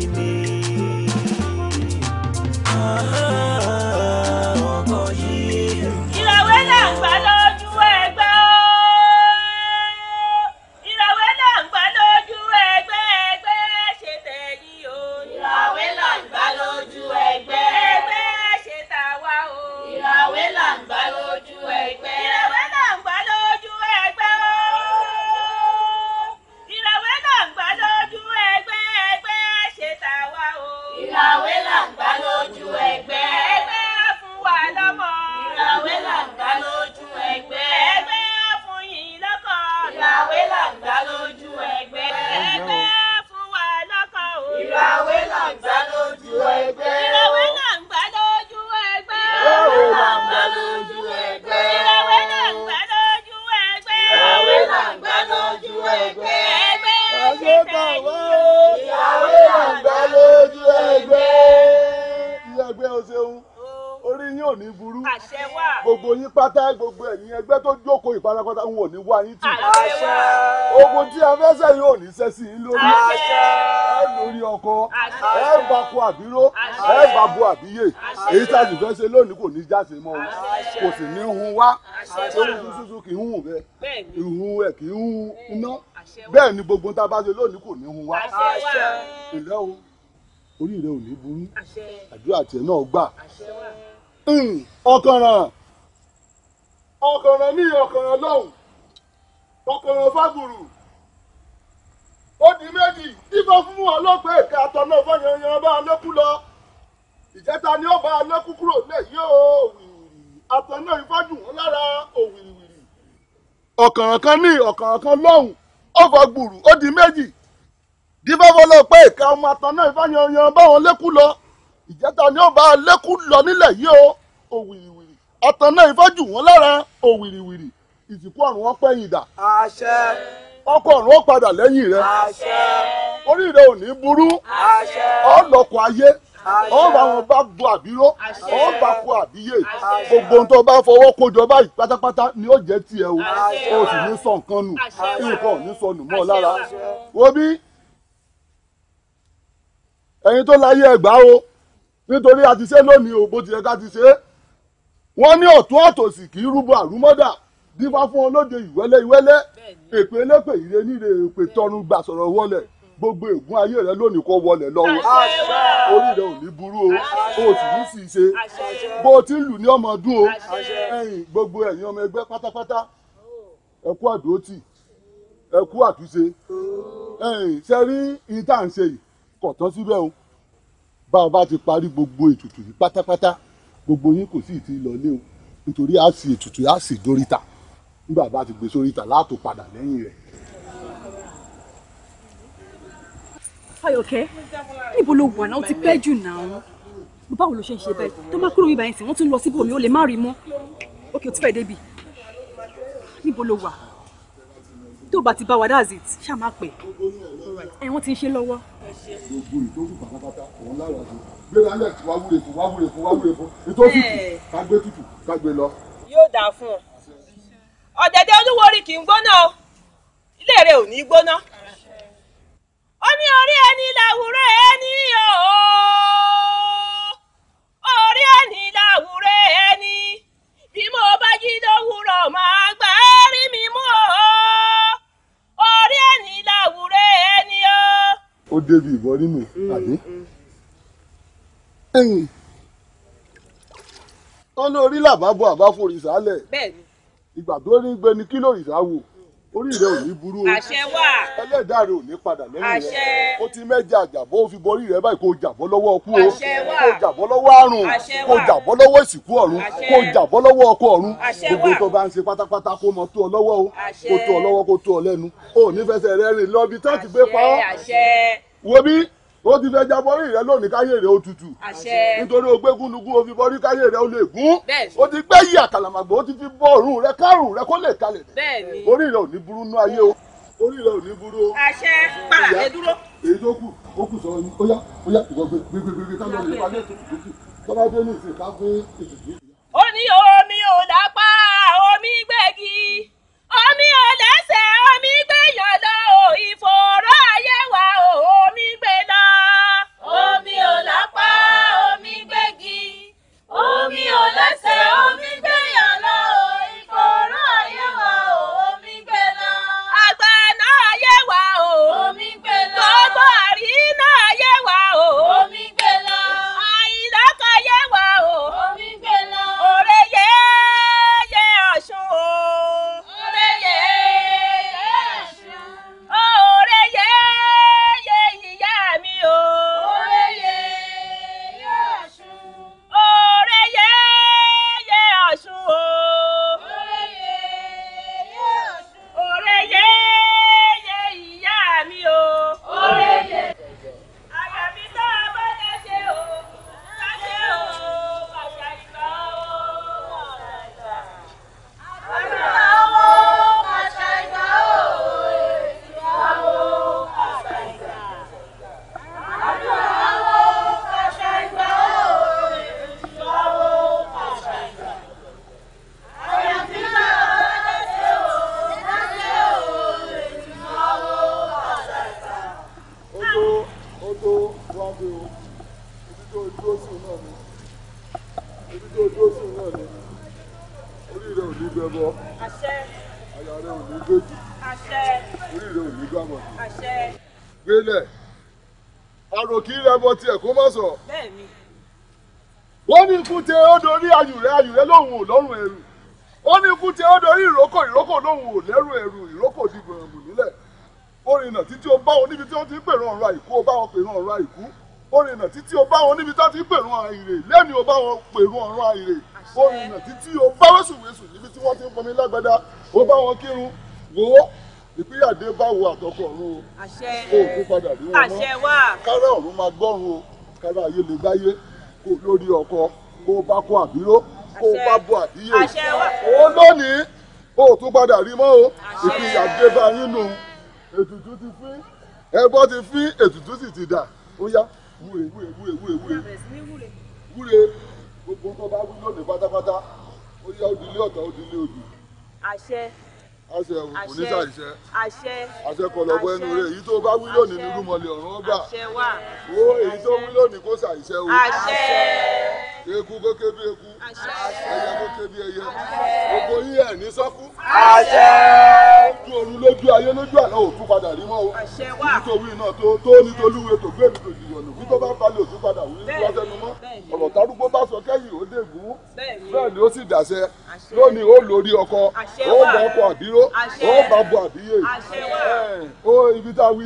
ah, ah. ah. ò ní burú gbogbo yín pátá gbogbo ẹ̀yin ẹgbẹ́ tó jókòó ìparapata ń wò ní wá yín tì ogun tí a fẹ́ sẹ́yìn ní sẹ́ yín lórí ẹ lórí ọkọ ẹ bá kó àbíró ẹ bá bo àbíyè èyí tá a sì fẹ́ ṣe lónìí kò ní jáde mọ́ kò sì ní hun wá ohun tuntun kì í hun bẹ́ẹ̀ ìhun ẹ̀ kì í hun iná bẹ́ẹ̀ ni gbogbo tá a bá ṣe lónìí kò ní hun wá ìlẹ́ o orí rẹ ò ní burú àdúrà tiẹ̀ náà gbà Hmm, ọ̀kànràn ọ̀kànràn ní ọ̀kànràn lọ́hùn ọ̀kànràn fábùrù ó di méjì díbọn fún ọlọ́pàá èka àtọ̀nà fọyọ̀yàn bá lẹ́kú lọ ìjẹta ni ó bá lẹ́kú kúrò lẹ́yìn òwìwìrì àtọ̀nà ìfọ́jú wọn lára òwìwìrì. ọ̀kànràn kan ní ọ̀kànràn kan lọ́hùn ọ̀fọ̀ gbùrù méjì díbọn fọlọ́pàá èka ọmọ àtọ̀nà ìfọyọ̀yàn bá wọn lẹ́kú lọ ìjẹta ni ó bá lẹ́kùn lọ nílẹ̀ yìí o òwìrìwìrì àtàná ìfọ́jú wọn lára òwìrìwìrì ìsìnkú ọ̀run wọn pẹ́yìn dà. àṣẹ. ọkọ ọ̀run ó padà lẹ́yìn rẹ. àṣẹ. orí rẹ ò ní burú. àṣẹ. ọlọ́kọ̀ ayé. àṣẹ. ọba wọn bá bu àbíró. àṣẹ. ọba kú àbíyè. àṣẹ. gbogbo ohun tó bá fọwọ́ kójọ báyìí pátápátá ni ó jẹ́ tiẹ̀ o. àṣẹ. o sì ní sọ nǹkan nù. nǹkan ò ní sọnù mọ́ lára. wo bí ẹ̀yin tó láyé ẹ̀gbá o nítorí a ti ṣe lónìí o bó ti yẹ ká ti ṣe. wọ́n ní ọ̀tún àtòsì kì í rúbọ àrúmọ́dà dífá fún olóde ìwẹ́lẹ́ ìwẹ́lẹ́ èpè elépè ìre níre èpè tọrun gbà sọ̀rọ̀ wọlẹ̀ gbogbo ègún ayé rẹ lónìí kó wọlẹ̀ lọ́wọ́ orí rẹ ò ní burú o o sì ní sì ṣe bó o ti ń lù ní ọmọ ọdún o ẹ̀yin gbogbo ẹ̀yin ọmọ ẹgbẹ́ pátápátá ẹ kú àdótì àtúnṣe ẹ̀yin ṣe rí ìtànṣe yìí kò tán síbẹ̀ o bá a bá ti parí gbogbo ètùtù yìí pátápátá gbogbo yín kò sì ti lọ lé o nítorí a sì ètùtù a sì dóríta nígbà bá ti gbé sóríta látò padà lẹ́yìn rẹ̀. Fáyọ̀kẹ́ níbo ló wà náà ó ti pẹ́ jù náà báwo ló ṣe ń ṣe bẹ́ẹ̀ tó má kúrò níbàyẹn sí wọ́n tún lọ síbòmí ó lè má rí mọ́ ókè ó ti fẹ́ débi níbo ló wà tó bá ti bá wa that's it ṣáà má pè ẹ wọ́n ti ń ṣe lọ́wọ́. gbogbo ìtòkù pátápátá òun láwọn àjò gbéra ńlẹ̀ tí wàá wúre fún wàá wúre fún wàá wúre fún ìtòkù eh. ká gbé tutù ká gbé lọ. yóò dáa fún ọ ọ̀dẹ̀dẹ̀ olúworí kì í gbóná o ilé rẹ ò ní gbóná. ó ní orí ẹni làwùrẹ́ ẹni ooo orí ẹni làwùrẹ́ ẹni bí mo bá jí lówùrọ̀ màá gbà á rí mi mú ooo. ó débi ìbọn nínú mm, àbí. wọ́n mm. ní orí làbábọ̀ àbáforí sálẹ̀ ìgbà tó ní gbẹni kí lòrìṣà wò orí rẹ ò ní burú o àṣẹ wà ẹlẹ́dàá rẹ ò ní padà lẹ́yìn rẹ ó ti mẹ́jẹ àjàbọ́ ó fi borí rẹ báyìí kó jàbọ́ lọ́wọ́ ọkú o kó jàbọ́ lọ́wọ́ àrùn kó jàbọ́ lọ́wọ́ ìsìnkú ọ̀run kó jàbọ́ lọ́wọ́ ọkọ ọ̀run gbogbo tó bá ń ṣe pátápátá kó mọ tó ọ lọ́wọ́ o kó tó ọ lọ́wọ́ kó tó ọ lẹ́nu o ò ní fẹsẹ̀ rẹ rìn lọ bí tó ti gbé pa ọ́ wo bí ó ti fẹ́ já bọ́rí rẹ lónìí káyé rẹ ó tutù nítorí o gbé gúnugún o fi bọ́rí káyé rẹ ó lè gún o ti gbé yí àkàlàmàgbò o ti fi bọ́ ọ̀run rẹ kárùn rẹ kó lè kalẹ̀ orí rẹ ò ní burú nú ayé o orí rẹ ò ní burú o. àṣẹ para rẹ dúró. èyí tó kù ó kù sọ̀rọ̀ ní ó yá ìwọ gbé gbé gbé gbé kálọ̀ rẹ wálé tutù tọ́lá dé ní ìsìn ká gbé ètùtù. ó ní omi ò dápá omi gbẹ̀gì omi ẹlẹ́sẹ̀ omi gbẹ̀yàn lọ o ìfòòró ayé wa o omi gbé lọ. omi ò omi gbégi omi ò lẹ́sẹ̀ omi gbẹ̀yàn lọ o ìfòòró ayé wa o omi gbé lọ. àgbàná ayé wa o omi gbé lọ. gbogbo àrí náà ayé wa o omi gbé lọ. ẹbọ tiẹ̀ kó má sọ. wọ́n ní ikú tẹ ó dorí ayùrẹ́ ayùrẹ́ lòun ò lọ́rùn ẹrù ó ní ikú tẹ ó dorí ìrókò ìrókò lòun ò lẹ́rù ẹrù ìrókò di gbọ̀ngàn nílẹ̀ orin náà títí o bá wọn níbi tí wọ́n ti ń pèrò ọ̀rọ̀ àìkú o bá wọn pèrò ọ̀rọ̀ àìkú orin náà títí o bá wọn níbi tí wọ́n ti ń pèrò àìrè lẹ́ni o bá wọn pèrò ọ̀rọ̀ àìrè orin náà títí o bá wẹ́sùwẹ́sù níbi tí wọ́n ti ń pọnmi lágbádá o bá wọn kírun wò ìpínyà dé báwo àtọkọ ọ̀run o kò padà rí wọn mọ́ kárà ọ̀run máa gbọ́run o kárà ayé lè gbáyé kó lórí ọkọ kó bá kó àbíró kó bá bọ àbíyè òun lónìí o tún padà rí mọ́ o ìpínyà bá yín nù ètùtù ti fín ẹbọ ti fín ètùtù sì ti dà ó yá wúre wúre wúre wúre wúre wúre gbogbo tó bá wí lónìí pátápátá ó yá ó dilé ọ̀tá ó dilé odù. àṣẹ àṣẹ òkùnkùn ní sàṣẹ àṣẹ kọlọbọ ẹnu rẹ èyí tó bá wí lónìí ní rúmọlẹ ọ̀run ọgbà wo èyí tó wí lónìí kó sàṣẹ o eku kó eku ẹyẹ gbogbo yín ẹ ní sọkú ojú oorun lójú ayé lójú àlọ́ òtún padà rí mọ́ o nítorí náà tó tó nítorúwe tó gbé mi tó jìyàn nù tó bá balẹ̀ òtún padà wí wá sẹ́nu mọ́ ọ̀rọ̀ tárúgbó bá sọ kẹ́yìn ó dègún bẹ́ẹ̀ ni ó sì dàṣẹ lónìí ó lórí ọkọ ó bá ọkọ àbíró ó bá bọ àbíyè ó ibi tá a wí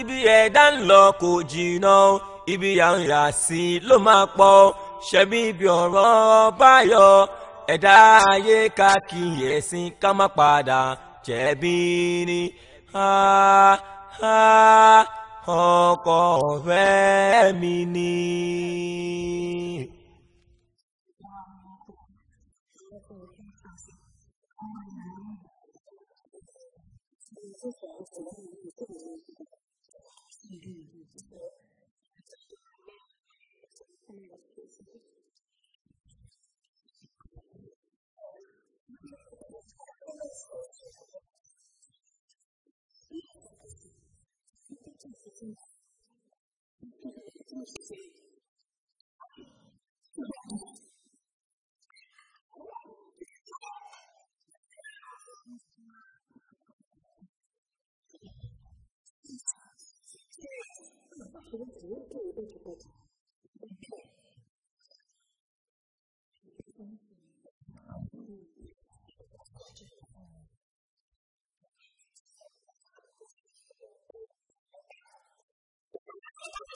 ibi ẹ̀dá ń lọ kò jìnnà ibi à ń rà sí ló máa pọ̀ ṣebí ibi ọ̀rọ̀ báyọ̀ ẹ̀dá ayé ká kíyèsí ká má padà jẹ̀bi ni ọkọ ọ̀rẹ́ mi ni.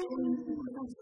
Thank you.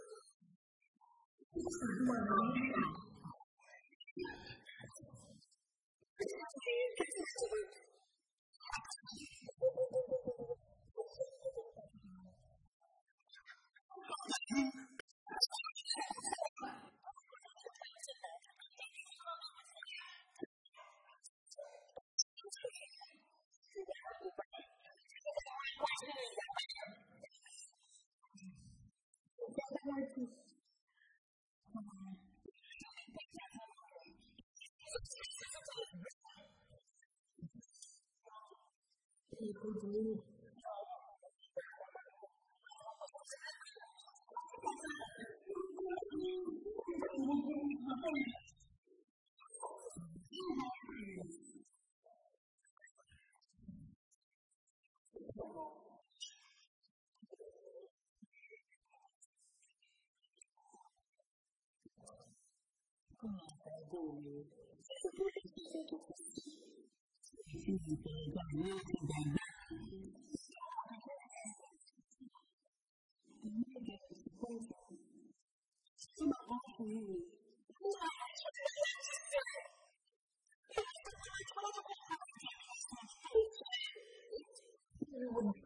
omni super ficti et in bono dantur et in bono sunt et in bono sunt et in bono sunt et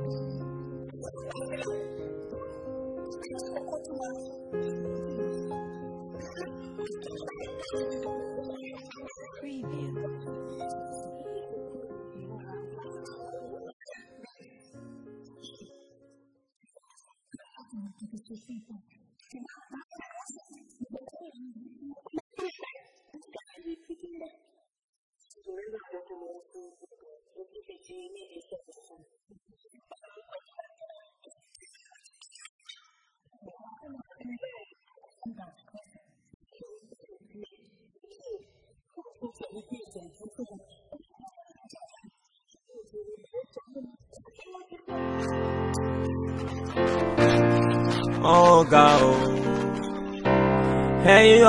คุณปู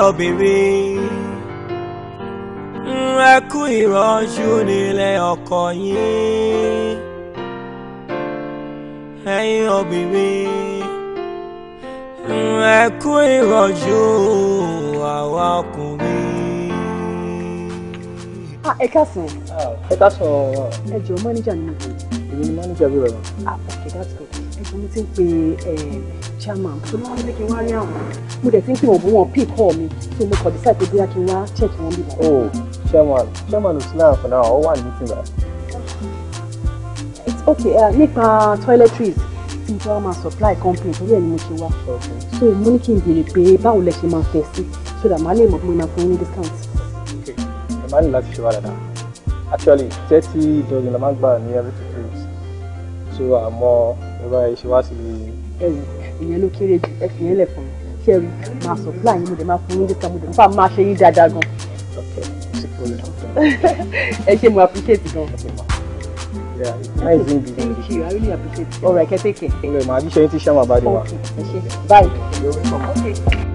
obìnrin ẹ kú ìrọ́jú nílé ọkọ yín ẹ̀yin obìnrin ẹ kú ìrọ́jú àwa ọkùnrin. ẹ káàsán. ẹ káàsán. ẹ jọ mọ́níjà nínú ìgbìmọ̀ èmi ni manager bí rọrùn. ah okay that's good ẹ jọ mo ti ń pe chairman tó máa ń ní kí n wá rí àwọn mo dẹ̀ ti ń pè wọ́n mú wọn pí kọ́ mi so mo kàn decide pé bóyá kí n wá check wọn bí báyìí. oh chairman chairman usman for now ó wà ní tìǹbà. it's okay uh, nípa toiletries tí ìjọba máa supply company torí ẹ̀ ni mo ṣe wá so mo ní kí n béèrè pé báwo lẹ ṣe máa fẹ́ sí so that màá lè mọ̀ pé mo máa fún yín discount. ok ẹ máa ní láti ṣe wá dáadáa actually thirty dozen la máa gbà ní every two weeks so àmọ́ ẹ bá ẹ ṣe wá sí i. ẹ wò ìyẹn ló kéré jù ẹ fi yẹn lẹ̀ fún mi ṣẹ́rí máa supply yín mo dẹ̀ máa fún yín dẹ́ta mo dẹ̀ nípa máa ṣe yín dáadáa gan. ẹ ṣe mo appreciate gan. Yeah, nice being busy. Thank you. I really appreciate it. All right, take care. All right, ma. Abi ṣe yín ti ṣe àwọn àbáde wa. Okay, ẹ ṣe. Bye. Okay.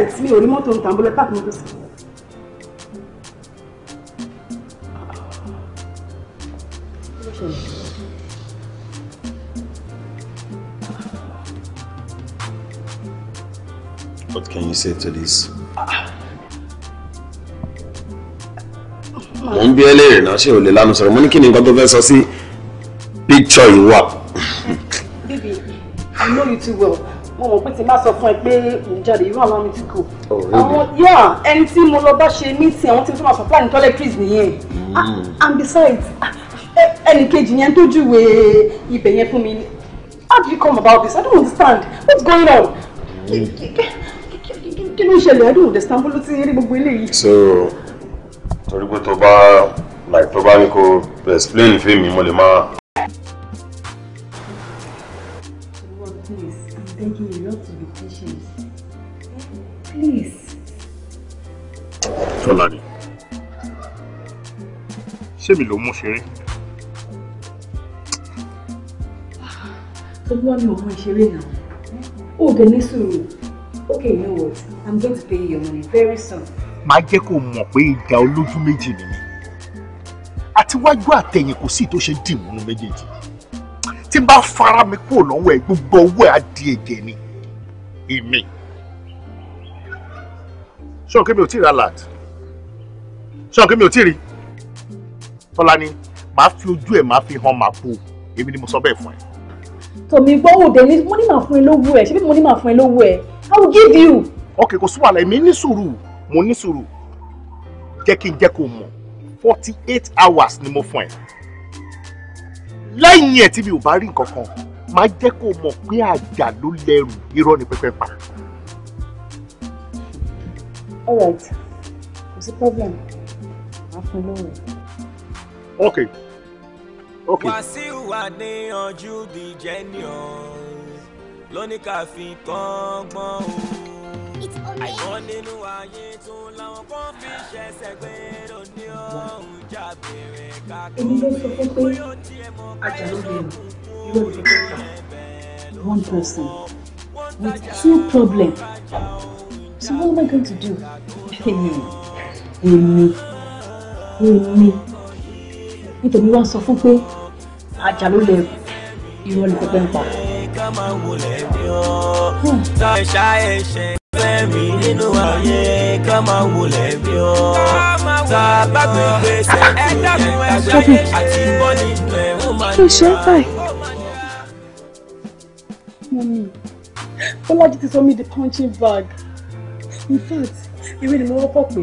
light mi ò rí mọ́tò ń tàn bọ́lẹ̀ mọ́tò sí. What can you say to this? Mo ń bí ẹlẹ́rìí náà ṣé ò lè lánàá sọ̀rọ̀ mo ní kí ni nǹkan tó fẹ́ sọ sí picture yìí wà. Baby, I know you too well mo mọ̀ pé tí n bá sọ fún ẹ pé mo jáde irú àwọn mi ti kù. àwọn ẹni tí mo lọ bá ṣe meeting àwọn tí mo fẹ́ máa supply ní toiletries nìyẹn ah, hmm. and besides ah, ẹnì kejì yẹn tó júwe ibẹ̀ yẹn fún mi how do you come about this i don't understand what's going on. kí ló ń ṣẹlẹ̀ i don't understand bó ló ti rí gbogbo eléyìí. so torí pé tó bá like tó bá ní kó explain fún mi mo lè máa. Ṣọlá ni ṣé mi ló mú ṣeré. Olúwa mi ò mọ ìṣeré náà. O ò ní sùúrù. Okay, you know what? I'm going to pay you your money very soon. Màá jẹ́ kó mọ̀ pé ìjà olójú méjì ni mí. Àtiwájú àtẹ̀yìn kò sí tó ṣe dìmúnú méjèèjì. Tí n bá fara mi kúrò lọ́wọ́ ẹ̀ gbogbo owó ẹ̀ á di ẹ̀jẹ̀ ni. Èmi. Ṣé o kébì ò láti? ṣọ́n kí mi ò tí ì rí tọ́lá ni màá fi ojú ẹ̀ màá fi hàn màá po èmi ni mo sọ bẹ́ẹ̀ fún ẹ. tòmí gbọ́wọ́ dé ní mo ní màá fún ẹ lówó ẹ ṣébí mo ní màá fún ẹ lówó ẹ i will give you. ok kò sí wàhálà èmi ní sùúrù mo ní sùúrù jẹ́ kí n jẹ́ kó mọ̀ forty eight hours ni mo fún ẹ lẹ́yìn ẹ̀ tí mi ò bá rí nǹkan kan máa jẹ́ kó mọ̀ pé àjà ló lẹ́rù irọ́ ni pẹ́pẹ́ pa. all right kò sí problem fún lóore. ok ok. Wàsíù Adéyanjú the genius lóní káfí kọ́ngbọ́n o àìmọ́ nínú ayé tún làwọn kan fi ṣẹ̀ṣẹ̀ pé lóní ọ̀hún já bèrè káàkiri bóyá tiẹ̀ mọ̀ báyìí lókùnkùn òye bẹ́ẹ̀ lọ́wọ́. with two problems. So what am I going to do? Amy, Amy, omi nítorí wọ́n sọ fún pé ajá ló lẹ irọ́ ní pẹpẹ ń pa. Fẹ́mi nínú ayé ká máa wulẹ̀ a bá gbé gbèsè ẹ̀dá fún ẹ̀ṣẹ̀ àti bọ́ọ̀lì rẹ̀ ó máa ń ta. Mọ̀mí, Bọ́lájí ti sọ mí punching bag. In fact, ìwé ni mo rọ́pọ̀ pé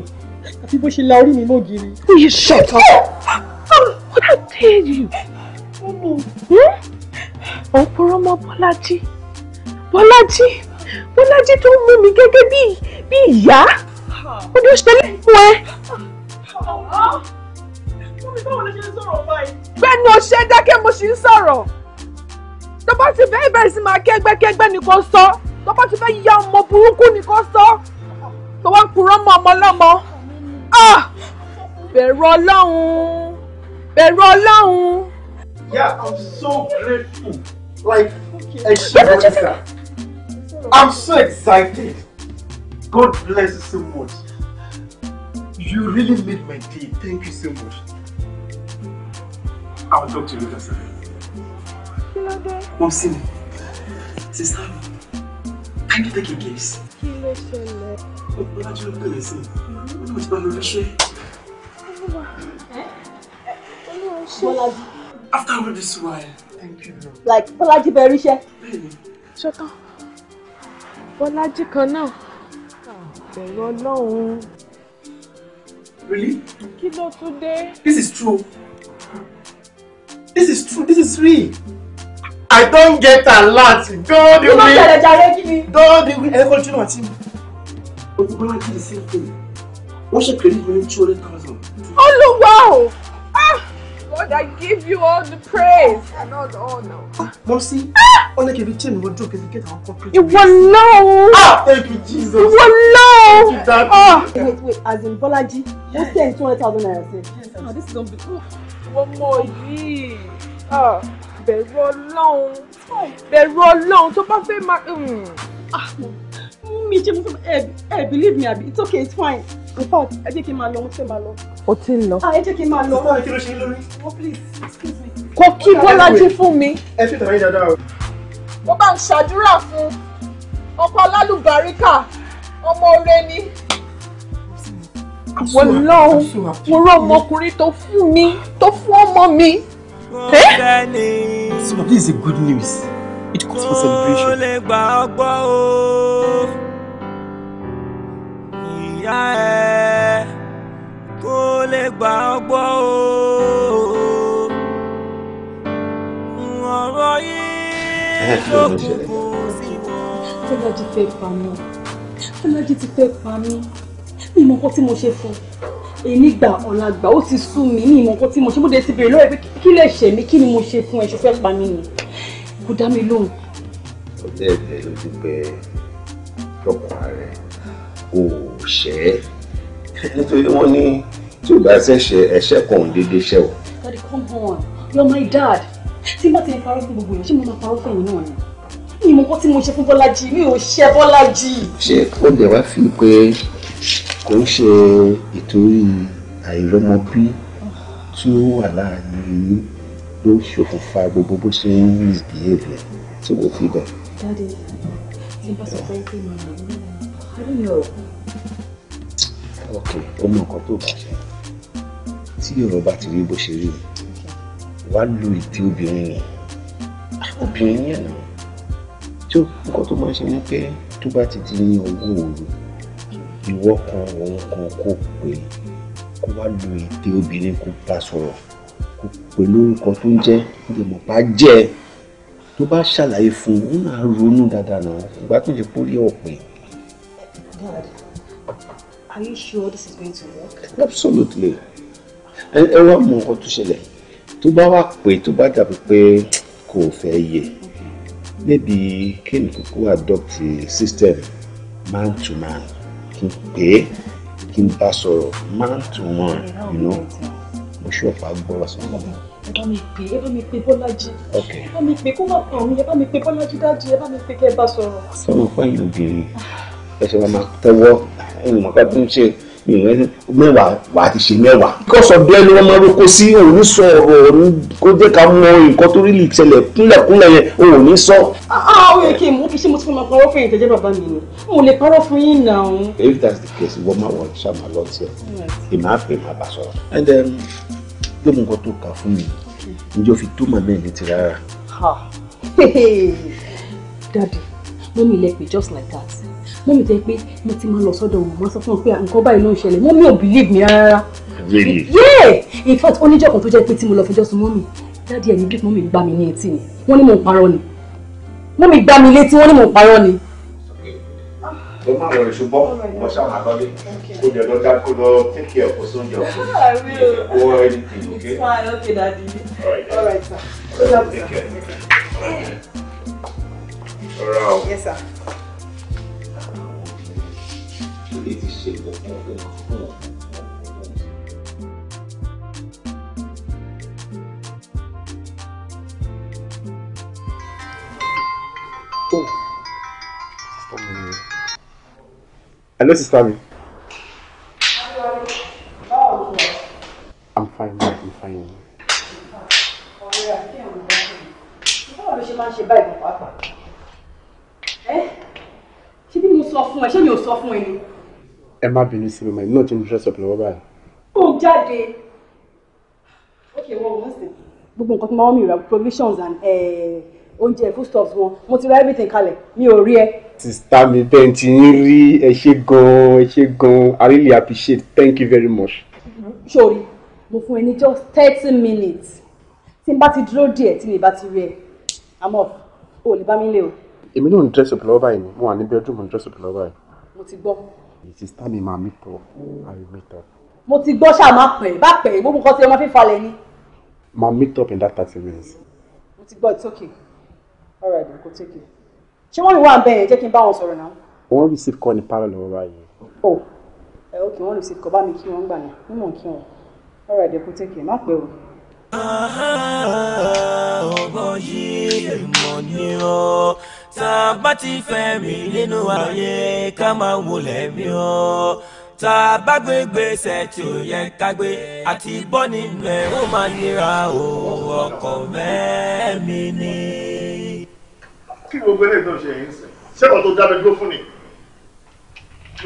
àti bó ṣe la orí mi mọ́gìrì. Will you shut up? Oh! Oh, what I tell you? Hmm? Ọ̀pọ̀rọ̀ ọmọ Bọ́lájí. Bọ́lájí. Bọ́lájí tó ń mú mi gẹ́gẹ́ bí bí ìyá. Ó ní ó ṣe lẹ́nu ẹ. Gbẹ́nu ọ̀ṣẹ́ dákẹ́ mo ṣì ń sọ̀rọ̀. Tó bá ti fẹ́ bẹ̀rẹ̀ sí máa kẹ́gbẹ́kẹ́gbẹ́ nìkan sọ. Tó bá ti fẹ́ ya ọmọ burúkú nìkan sọ. Tó wá ń purọ́ mọ́ ọmọ lọ́mọ. Ah! bẹ̀rù ọlọ́run bẹ̀rù ọlọ́run. Yeah, I'm so grateful. Like, ẹ ṣe ló I'm so excited. God bless you so much. You really made my day. Thank you so much. I will talk to you later, sir. Kí ló dé? Mom, see me. Sister, can you take a guess? kí ló ṣẹlẹ̀. ọgbẹ́ ajé ló bẹ̀rẹ̀ sí i mo ti bá lórí ṣe. after all this while. thank you. like Bọ́lájí bẹ ríṣẹ́. ṣọtán Bọ́lájí kan náà bẹ̀rù ọlọ́run. really. kí ló tún dé. this is true. this is true. this is real. I don't get alert. Don't do me. don't ló ṣẹlẹ̀ jàre kí ni? Don't do me. Ẹ kọ́ jùlọ àti mi. Ojúbọ́lá kí ni sí ìpè? Wọ́n ṣe pèrè ìwé ní two God, I give you all the praise and all the honor. Ah, Mọ̀sí, ó ní kí ibi tí èmi wọ́n to get n kí àwọn complete. Ìwọ náà. Ah, thank you Jesus. Ìwọ náà. Thank you daddy. Ah. Wait, wait, as in Bọ́lájí, who send two thousand naira Yes, ah, this is gonna be. One more yìí. Ah bẹ̀rù ọlọ́run bẹ̀rù ọlọ́run tó bá fẹ́ máa. Mm. Ah, mi ṣe mo fẹ́ ẹ believe me abi it's okay it's fine in fact ẹ jẹ́ kí n máa lọ mo fẹ́ máa lọ. o ti ń lọ. Ah, ẹ jẹ́ kí n máa lọ. ọkọ ìkíni ṣe lórí. Oh, kò kí bọ́lájí fún mi. ẹ fi tàbí dáadáa o. mo bá ń ṣàdúrà fún ọkọ alálùbáríkà ọmọ oore ni wọ́n lọ́hùn mo rọ ọmọkùnrin tó fún mi tó fún ọmọ mi Eh? So this is a good news. It calls for celebration. Ìyá ẹ kó lè gbà ọgbọ́ o. Ọ̀rọ̀ yìí eh, ló kúkú sí wọn. Tọ́lájí ti fẹ́ pa mí. Tọ́lájí ti nígbà ọ̀làgbà ó ti sú mi ní ìmọ̀ nǹkan tí mo ṣe bóde ti bèrè lọ́rẹ̀ pé kí lè ṣe mí kí ni mo ṣe fún ẹ ṣe fẹ́ pa mí ni kò dá mi lóhùn. ọjọ́ ẹ̀bẹ̀ ló ti bẹ ọkàn rẹ̀ kò ṣẹ́ nítorí wọ́n ní tí ò bá ṣẹ̀ṣẹ̀ ẹ̀ṣẹ̀ kan ò déédéé ṣẹ̀ o. daddy come on you're my dad tí bá ti ń parọ́ fún gbogbo yẹn ṣé mo máa parọ́ fún ẹ̀yin náà ni ìmọ̀ nǹkan tí mo ṣe fún Bọ́lájí mi ò ṣe Bọ́lájí. ṣé ó dẹ̀ wá fi pé kò ń ṣe ìtorí àìrọ́mọbí tí ó wà láàrin yín ló ṣokùnfà gbogbo bó ṣe ń misbehave ẹ̀ tí kò fi bẹ̀. dáadé i ọ̀rọ̀. ok ó mọ nǹkan tó bá ṣe tí ọ̀rọ̀ bá ti rí bó ṣe rí wá lu ìdí obìnrin yẹn obìnrin yẹn náà tí nǹkan tó máa ń ṣe ni pé tó bá ti di ní ọwọ́ òru ìwọ kan òun kan kò pé kó wá lu ète obìnrin kó bá sọ̀rọ̀ kó pè lórúkọ tó ń jẹ́ ìmọ̀pá jẹ́ ẹ tó bá ṣàlàyé fún un náà ronú dáadáa náà ìgbà tó lè kórè ọ̀pẹ. Dad, are you sure this is going to work? Absolutely. ẹ wá mọ nǹkan tó ṣẹlẹ̀ tó bá wà pé tó bá dàbí pé kò fẹ́ yẹ maybe kí ni adopt the system man to man kí n pè kí n bá sọ̀rọ̀ man to man you know mo ṣe ọ̀fà gbọ́rọ̀ sí mi. ẹ bá mi pè é bá mi pè Bọ́lájí ẹ bá mi pè kó má pa mí ẹ bá mi pè Bọ́lájí dájú ẹ bá mi pè kẹ́ ẹ bá sọ̀rọ̀. sọ̀rọ̀ fún ẹ̀yin obìnrin ẹ ṣe máa tẹ́wọ́ ẹ̀yin mọ̀ká tó ń ṣe mẹ́wàá wàá ti ṣe mẹ́wàá. because of there ni wọ́n máa roko sí òun ní sọ ọ̀rọ̀ òun kó jẹ́ ká mọ nǹkan tó rí lè ṣẹlẹ̀ kúnlẹ̀kúnlẹ̀ yẹn òun ní sọ. ó ah, ah, yẹ kí n mú kí mo ti fún ma parọ́ fún yín tẹ́jẹ́ bàbá mi ni mo lè parọ́ fún yín náà. if that's the case wọ́n máa wọ ṣàmà lọ sí ẹ èmi á pè má bà sọ̀rọ̀. and then ló mú nǹkan tó kà fún mi njẹ́ o fi tó mọ̀ mẹ́rin létí rárá. dadi mọ́mi lẹ pé just like that mọ́ mi tẹ́ pé mo ti máa lọ sọ́dọ̀ wọn wọ́n sọ fún mi pé nǹkan báyìí ló ń ṣẹlẹ̀ mọ́ mi ò believe mi rárá. really yeah in fact oníjọ́ kan tó jẹ́ pé tí mo lọ fẹjọ́ sùn mọ́ mi dáàdi ẹ̀ ní bí mọ́ mi gbá mi ní etí ni wọ́n ní mò ń parọ́ ni mọ́ mi gbá mi létí wọ́n ní mò ń parọ́ ni. ló má wọlé ṣùgbọ́n wọ́n ṣàmà lọ́lé kó jẹ lọ́jà kó lọ tẹ́kì ẹ̀ sóúnjẹ ọ̀fọ̀ kó ẹni tì í fine ok daddy all right sir. All right, sir. Yes, sir lè ti ṣe kankan fún wọn fún wọn. Hello, sister mi. I'm fine, ma. I'm fine. Ọ̀rẹ́ àti ẹ̀rù ń eh? bá mi. Báwo ló ṣe máa ń ṣe báyìí pàápàá? Ẹ́ ṣé bí mo sọ fún ẹ, ṣé mi ò sọ fún ẹ ni? ẹ má bínú sí mi mà èmi náà ti ń dress up lọ́wọ́ báyìí. kò jáde okay wọ́n wọ́n sì. gbogbo nǹkan tó máa wọ́n mi ra provisions and eh, oúnjẹ foodstuffs wọn mo ti ra everything kalẹ̀ mi ò rí ẹ. sista mi bẹ́ẹ̀ ti ń rí ẹ ṣé gan-an ẹ ṣé gan-an I really appreciate thank you very much. sori mo fún ẹ ní just thirty minutes tí n bá ti dúró díẹ̀ tí mi bá ti rí ẹ àmọ́ o ò lè bá mi lé o. èmi náà ń dress up lọ́wọ́ báyìí ni mo wà ní bedroom mo ń dress up lọ́wọ́ báyìí. mo ti gbọ́ sista mi máa meet up i will meet up. mo ti gbọ́ ṣáà má pẹ́ bá pẹ́ gbogbo nǹkan tí ọmọ fi falẹ̀ ni. ma meet up in that thirty minutes. mo ti gbọ́ it's okay All right, then go take it. ṣé wọ́n mi wá bẹ́ẹ̀ yẹn jẹ́ kí n bá wọn sọ̀rọ̀ náà. wọ́n receive call ní parọ́ lọ́wọ́ báyìí. o oh, ẹ eh, ok wọ́n receive call bá mi kí wọ́n gbà yẹn mo mọ̀ kí wọ́n alright then go take it má pẹ́ o. ọgbọ́n yìí èèmọ̀ ni ọ́ tá a bá ti fẹ́ mi nínú ayé ká máa wọlé mi o tá a bá gbé gbèsè tí ó yẹ ká gbé àti bọ́ nínú ẹ̀ ó máa nira o ọkọ̀ mẹ́ẹ̀mí ni. kí gbogbo eléyìí tó ṣe yìí ń sè ṣé ìwọ tó dábẹ́ dúró fún ni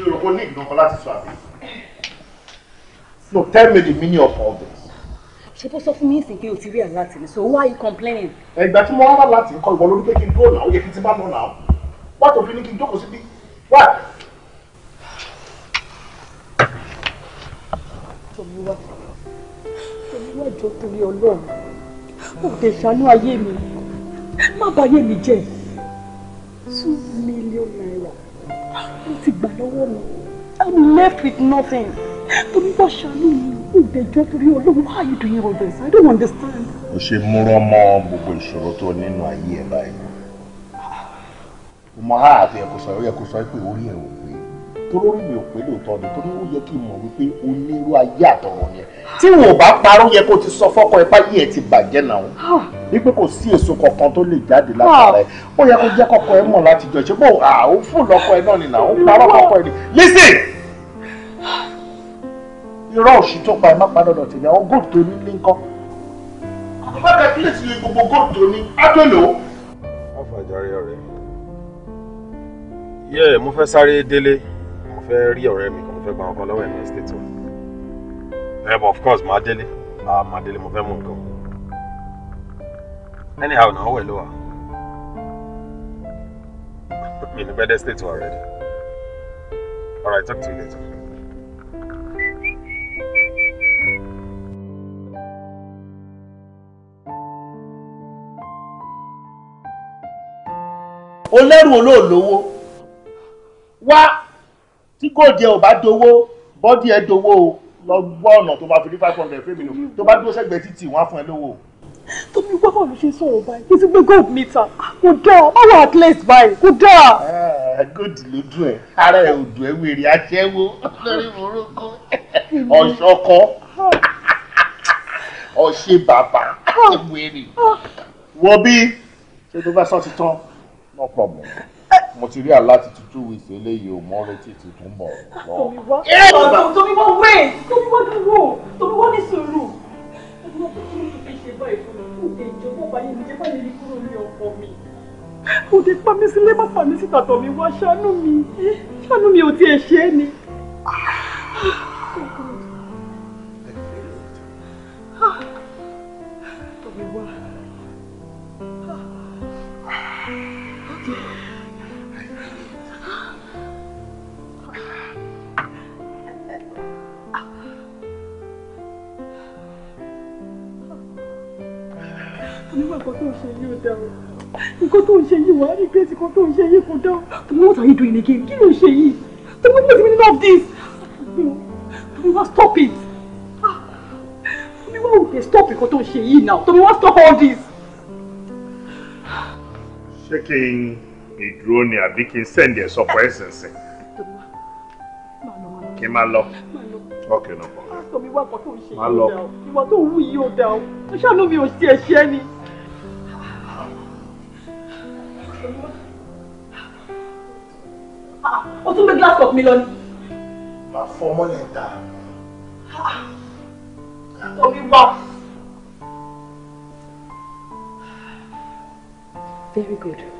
mi ò rò pé ó ní ìgbọ̀nkọ́ láti sọ àbí. no tell me the meaning of all this ṣé bó sọ fún mi ìsìn pé o ti rí àlá tèmi so why are you complaining. ẹgbẹ́ tí mo wá láti kọ ìwọ lórí pé kí n dúró náà ó yẹ kí n ti bá nù náà wá tó fi ní kí n jókòó síbí wá. tòmíwá tòmíwá jọ torí ọlọ́run ó dé ṣàánú ayé mi má bà ayé mi jẹ́ two million naira ló ti gbà lọ́wọ́ mi. I'm left with nothing. Torí bọ́ ṣàánú mi, ìgbẹ́jọ́ torí Ọlọ́run, why are you doing all this? I don't understand. O ṣe múrọ́ mọ́ gbogbo ìṣòro tó nínú ayé ẹ̀ báyìí. Mo máa hà àti ẹ̀kọ́ sọ ẹ̀kọ́ sọ pé orí ẹ̀ wò torí mi ò pé lóòótọ́ ni torí ó yẹ kí n mọ̀ wípé o ní irú ayé àtọ̀rọ̀ yẹn tí wọn ò bá parọ́ yẹ kó ti sọ fọ́kọ ẹ bá yí ẹ ti bàjẹ́ náà o ah. wípé kò sí èso kankan tó lè jáde látara ẹ ó yẹ kó jẹ́ kọ́kọ́ ẹ mọ̀ láti jọ ṣe bó àá fún lọ́kọ ẹ náà ni náà ó parọ́ kọ́kọ́ ẹ ni listen irọ́ òṣì tó pa ẹ má pa dandan tèmi àwọn góòtù tó ní ní nǹkan bàbá kílèsì gbogbo góòtù tó ní ádùnnú. wọ́n fàjà rí ọ̀rẹ́ yẹ́ẹ̀ mo fẹ́ sáré délé fẹ́ rí ọ̀rẹ́ mi kò mo fẹ́ gba ọkàn lọ́wọ́ ẹ̀mí estate wa ẹ bọ̀ of course máa délé máa délé mo fẹ́ mú nǹkan anyhow náà wẹ̀ ló wà mi ní bẹ́ẹ̀ dé estate wa already alright talk to you later. olẹ́rù olóòlówó wá tí góòdì ẹ ò bá dowó bọ́dì ẹ dowó o lọ gbọ́ ọ̀nà tó máa fi ní five hundred fún mi nù tó bá dúró sẹ́gbẹ̀ẹ́ títì wọ́n á fún ẹ lówó. tóbi gbọ́dọ̀ ló ṣe sọ̀rọ̀ báyìí kí n ti gbé gold mítà kò dáa báwo at least báyìí kò dáa. Ah, gold ló dùn ẹ ara ẹ ò dùn ẹ wèrè aṣẹ́wó lórí morocco ọ̀ṣọ́kọ́ ọ̀ṣẹ́ bàbá ah. wèrè wọ ṣé tó bá sọ ti tán no problem mo ti rí aláti tuntun wí sí eléyìí o mọ retí tuntun mọ Tomiwa ẹ ọ̀ Tomiwa wọ́n wẹ̀ tóbi wọ́n dúró tóbi wọ́n ní sùúrù. ọmọ tó kí ló fi ṣe báyìí fún mi kò dé ìjọba báyìí mi jẹ́ báyìí mi kúrò ní ọkọ mi. kò dé pa mí sílé má fà mí síta tọ̀ mí mi ṣàánú mi ò tiẹ̀ ṣe é ni. Ah. tọ̀mí nígbà kan tó ń ṣe yìí ò dá o nǹkan tó ń ṣe yìí wàá rí gírèsì kan tó ń ṣe yìí kò dá o. tọ́mọ what are you doing again kí ló ń ṣe yìí tọ́mọ what is the meaning of this tọ́mọ wá stop it tọ́mọ wá òkè stop nǹkan tó ń ṣe yìí now tọ́mọ wá stop all this. ṣé kí n ìdúró ni àbí kí n sẹ́ndì ẹ̀ sọ́pọ̀ ẹ̀ sẹ̀nsẹ̀ kí n máa lọ ọkẹ́ náà pọ̀ má lọ ìwà tó wù yìí ó dá o ṣáà ló mi ò ṣe ẹ̀ṣẹ̀ ni. o tún gbé glass cup mi lọ ni. màá fọ omi wà. very good.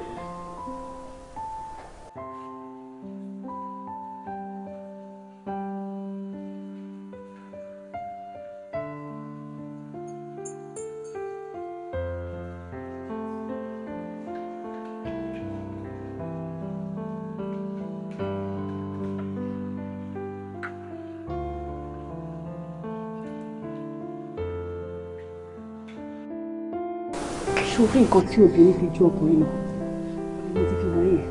pé nǹkan tí obìnrin fi ju ọkùnrin lọ mo ti fi wọ̀nyí yẹn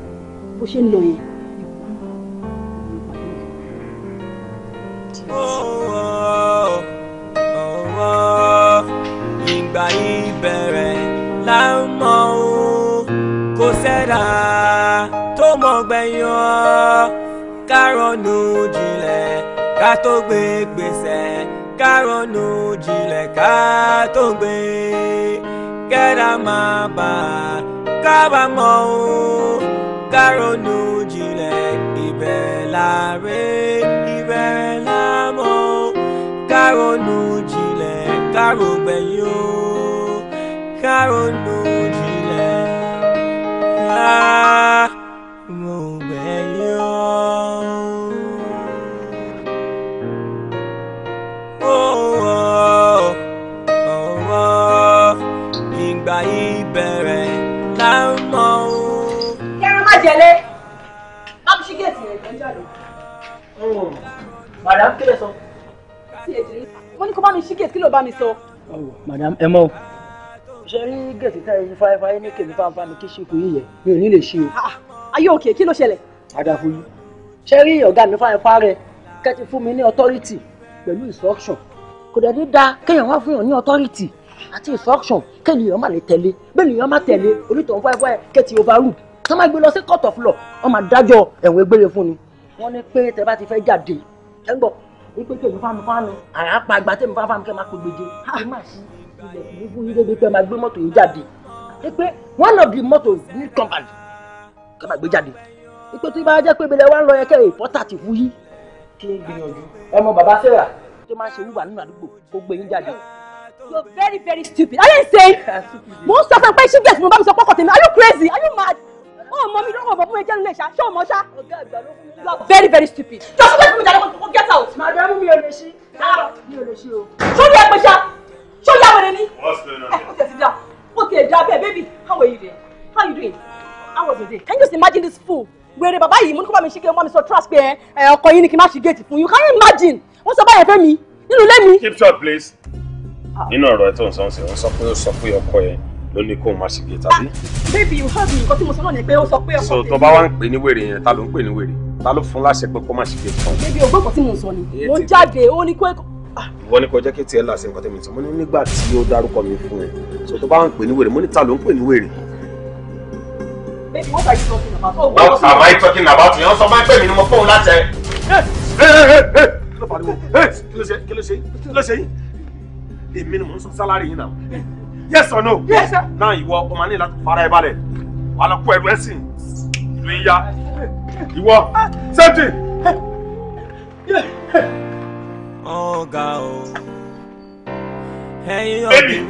bó ṣe ń lọ yẹn ìgbà ká tó gbé gbèsè ká ronú jinlẹ̀ ká tó gbé kẹ́dá máa bà á kábàámọ̀ o kárọ̀nù jinlẹ̀ ibẹ̀ láre ibẹ̀ lámọ̀ karo jinlẹ̀ kárọ̀gbẹ̀yìn o kárọ̀nù jinlẹ̀. Ah. madam kílẹ̀ sọ. wọ́n ní kó bá mi ṣí gate kí ló bá mi sọ. madam ẹ mọ o ṣe rí gate tẹ ẹyin fáyẹfáyẹ ní kèmí fáfá mi kí ṣìkú yìí yẹ mi ò ní lè ṣe o. Ah, ah, ayé òkè kí ló ṣẹlẹ̀. adáfo yìí ṣe rí ọ̀gá mi fáyẹfá rẹ kẹ́tí fún mi ní authority pẹ̀lú instruction kò dẹ̀ ní da kéèyàn wá fún yàn ní authority àti instruction kéèyàn má lè tẹ̀lé bẹ́ẹ̀ nìyàn má tẹ̀lé onítọ̀hún fáyẹfáyẹ kẹ́tí overrule tá má gbé lọ sí court of law wọ́n máa dájọ́ ẹ̀wọ̀n egbére fún ni wọ́n ní pé tẹ bá ti fẹ́ jáde ẹ ń gbọ́ wípé kí èmi fámi fámi àrà pa àgbà tẹ̀mí fámi fámi kẹ́ máa pè gbèjè ẹ má sí ilẹ̀ ìlú fún débi pé máa gbé mọ́tò yìí jáde wípé one of the motors ní company kẹ́ máa gbé jáde wípé tó bá jẹ́ pé ibẹ̀lẹ̀ wa ń lọ yẹ kẹ́ ìpọ́tà ti fún yín kí n gbìyànjú ẹ bàbá sẹ́yà tó máa ṣe wúwà nínú àdúgbò kó gbé yín jáde. You are very very stupid. Are you insane? Mo ń sọ fún ẹ pé ṣíbíẹ̀sì mo bá mi sọ pọ́kọ̀ tèmi. Are you crazy? Are you mad? Oh, mommy, don't want to tell me. Show me, sha. very, very stupid. Just wait me. Go get out. Madam, mi ò lè ṣí. Ah, ah mi ò lè Show me, sha. Show What's going on? Put your down. Put your down, baby. How are you doing? How are you doing? How was your day? Can you just imagine this fool? Where bàbá yìí mo ní kó mi ṣí kí mi sọ trust pé ẹ eh, eh, ọkọ yìí ni kí n má gate fún you can you imagine wọ́n sọ báyẹn fẹ́ mi nínú ilé mi. keep short please. Ah. nínú ọ̀rọ̀ ẹ̀ tó ń sọ ń sọ pé ó sọ pé ọkọ yẹn ló ní kóun má ṣe gé tàbí. Ah, baby you heard me nǹkan tí mo sọ náà ni pé ó sọ pé ọkọ tèmi. so tó bá wá ń pè ní wèrè yẹn ta ló ń pè ní wèrè ta ló fún láṣẹ pé kó má ṣe gé tán. baby o gbọ́kàn tí mo sọ ni mo jáde ó ní kó. Ah. ìwọ ni kò jẹ́ kí tiẹ̀ láṣẹ nǹkan tẹ̀mí sọ mo ní nígbà tí ó dárúkọ mi fún ẹ so tó bá wá ń pè ní wèrè mo ní ta ló ń pè ní wèrè. baby what are you talking about. Oh, what, what am talking about yẹn sọ máa ń kí ló ṣe kí ló ṣe kí ló ṣe yín èmi ni mò ń sọ sálárì yín náà yes or no. yes sir. náà ìwọ ọmọ ní láti fara ẹ balẹ̀ wà lọ kó ẹrù ẹ sìn ìlú yín ya ìwọ safety. ọ̀gá o ẹ̀yin ọ̀gbìn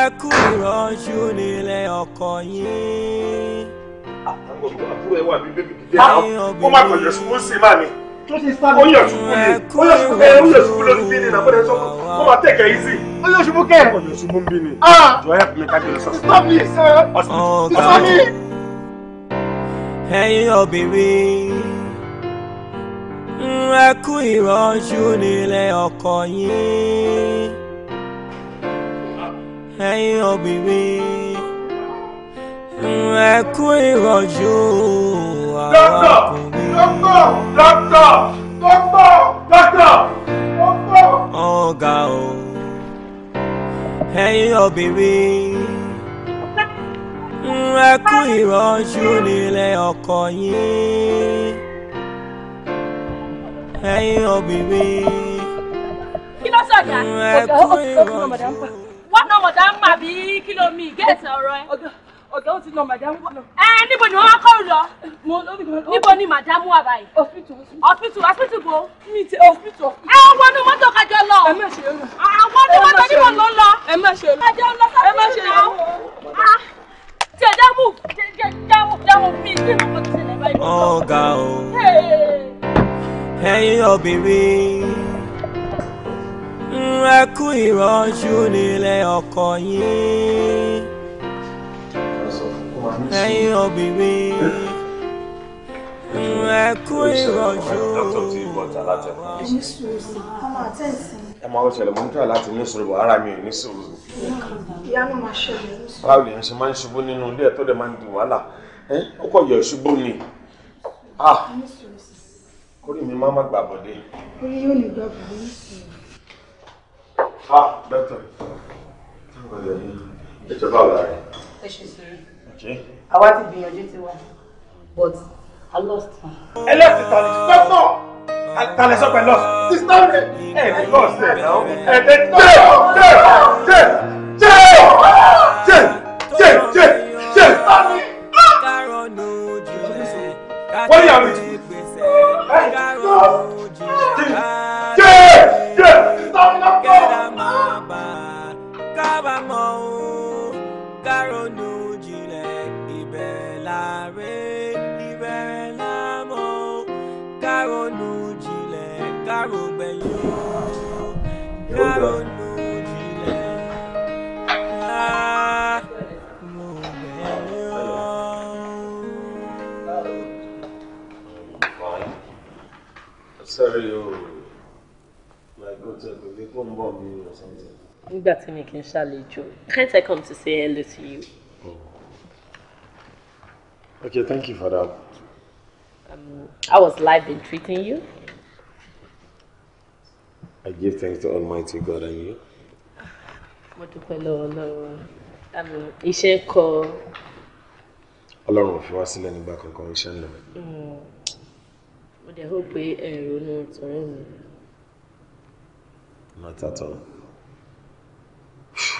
ẹ kú rọ́jú nílé ọkọ yín. Ah, àbúrò ẹ wà ní bébí kìdí àwọn ọmọ àgbàjọ sùn ó sì máa ní tó ṣe sábà. oyè ṣubú ni oyè ṣubú kẹ oyè ṣubú lórí bí ni nàbọ̀dẹ̀ sọ mo máa tẹ̀kẹ̀ easy. oyè ṣubú kẹ. oyè ṣubú ń bí ni. Ah. jọ help me kájú lọ sọsọ. stop me sir. stop obìnrin mm, ẹ kú ìrọ́jú nílé ọkọ yín ẹ̀yin obìnrin ẹ kú ìrọ̀jú àwọn ọkùnrin. dókítà dókítà dókítà dókítà dókítà. ọ̀gá o ẹ̀yin obìnrin ẹ kú ìrọ̀jú nílé ọkọ yín ẹ̀yin obìnrin kí ló sọ̀dá? ọ̀gá ọ̀gá ọ̀gá mọ̀dá ń pa. wọ́n náà mọ̀dá ń mà bí kí ló mi gẹ̀ẹ́sì ọ̀rọ̀ ẹ ọ̀gá ó ti lọ màdámù wà náà. ẹ níbo ni wọn kọ́ lọ. mo lórí mi. níbo ni màdámù wà báyìí. hospital hospital hospital bo. mi ti hospital. ẹ wọ́n wọnú mọ́tò kájọ lọ. ẹ má ṣe é lọ. àwọn ah, ní mọ́tò níbo ló lọ. ẹ má ṣe é lọ. kájọ lọ sábẹ́ lọ. ẹ má ṣe é lọ. dámù dámù dámù mi kí ló mọ̀ tẹ̀lé báyìí. ọ̀gá o ẹ̀yin obìnrin ẹ kú ìrọ́jú ọkọ yín ẹ̀yin obìnrin ẹ kú ìrọ̀jú. ẹ máa ń ṣẹlẹ̀ mo ń tọ́ láti ní sùúrù ara mi ò ní sùúrù. ìyá náà máa ṣẹlẹ̀ ní sùúrù. báwo lèèyàn ṣe máa ń ṣubú nínú ilé ẹ̀ tó dẹ̀ máa ń di wàhálà ó kọ̀ yọ̀ ṣubú ni ah! orí mi máa má gbà bọ̀dé. orí yóò ní gbà bọ̀dé ní sùúrù. ah dókítà táwọn ọ̀rẹ́ yìí ẹ jọba ọ̀la rẹ̀. ẹ ṣe sùúrù àwa ti gbìyànjú tiwa but I lost am. ẹ lọ́ọ̀sì tán ni dókítà àtàlẹ́ sọ pé lọ́ọ̀sì sísítà mi ẹ̀ ẹ̀ lọ́ọ̀sì ẹ̀ ẹ̀ ẹ̀ jẹ́ jẹ́ jẹ́ jẹ́ jẹ́ jẹ́ jẹ́ jẹ́ wọ́n yà mí. jẹ́ jẹ́ jẹ́ sísítà mi lọ́kọ̀. lọ. sorry my god ẹ kò lè or something. nígbà tí mi kì í ṣàlejò can't I come to say hello to you. Oh. okay thank you for that. Um, I was live in treating you. I give thanks to Almighty God and you. Mo dúpẹ́ lọ́wọ́ lọ́wọ́. Iṣẹ́ kọ. Ọlọ́run ò fi wá sílẹ̀ nígbà kankan iṣẹ́ ń lọ. Mm. Mo dẹ̀ hó pé ẹ ń ronú tọ̀rẹ́ mi. Má tàtọ̀.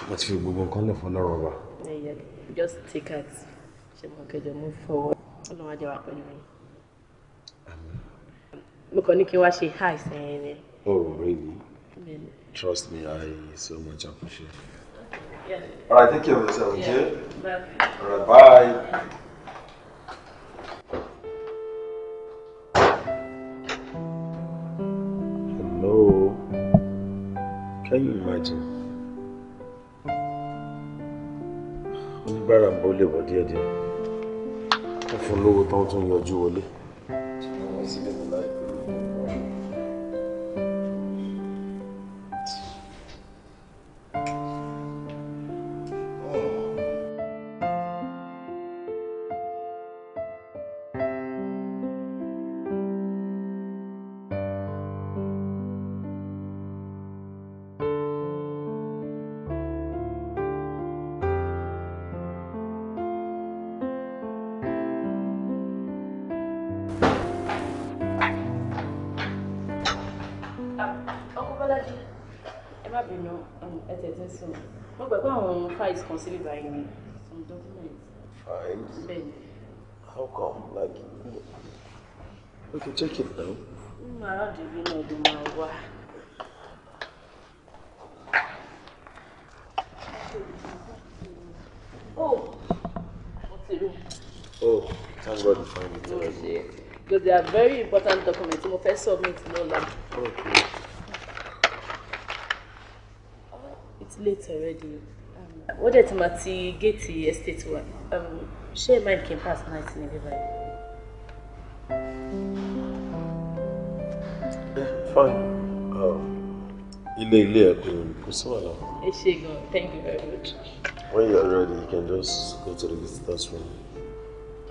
Mo ti fi gbogbo nǹkan lẹ̀ fún ọlọ́run ọba. Just take it. Ṣé mo kẹjọ move forward? Ọlọ́run á jẹ́ wá pẹ̀lú mi. Mo kàn ní kí n wá ṣe hi sẹ́yìn Oh, really? really? Trust me, I so much appreciate it. Yeah. All right, take care of yourself, yeah. okay? Bye. All right, bye. Yeah. Hello. Can you imagine? oníbàárà ń bọ́ lè wọ́ díẹ̀díẹ̀ I fún lówó tán tún yọjú wọlé. Fine. How come? Like, okay, check it now. Mm, oh, Oh, thank God you found it. Oh, shit. Because they are very important documents. You first submit Lola. Okay. Oh, it's late already ó dẹ̀ ti máa ti géètì estate wa ṣé ẹ mind can pass night ní bíbá yìí. fine oh, ilé ilé ẹ̀kọ́ kò sí wàhálà. ẹ ṣe gan thank you very much. when you are ready you can just go to the visitors room.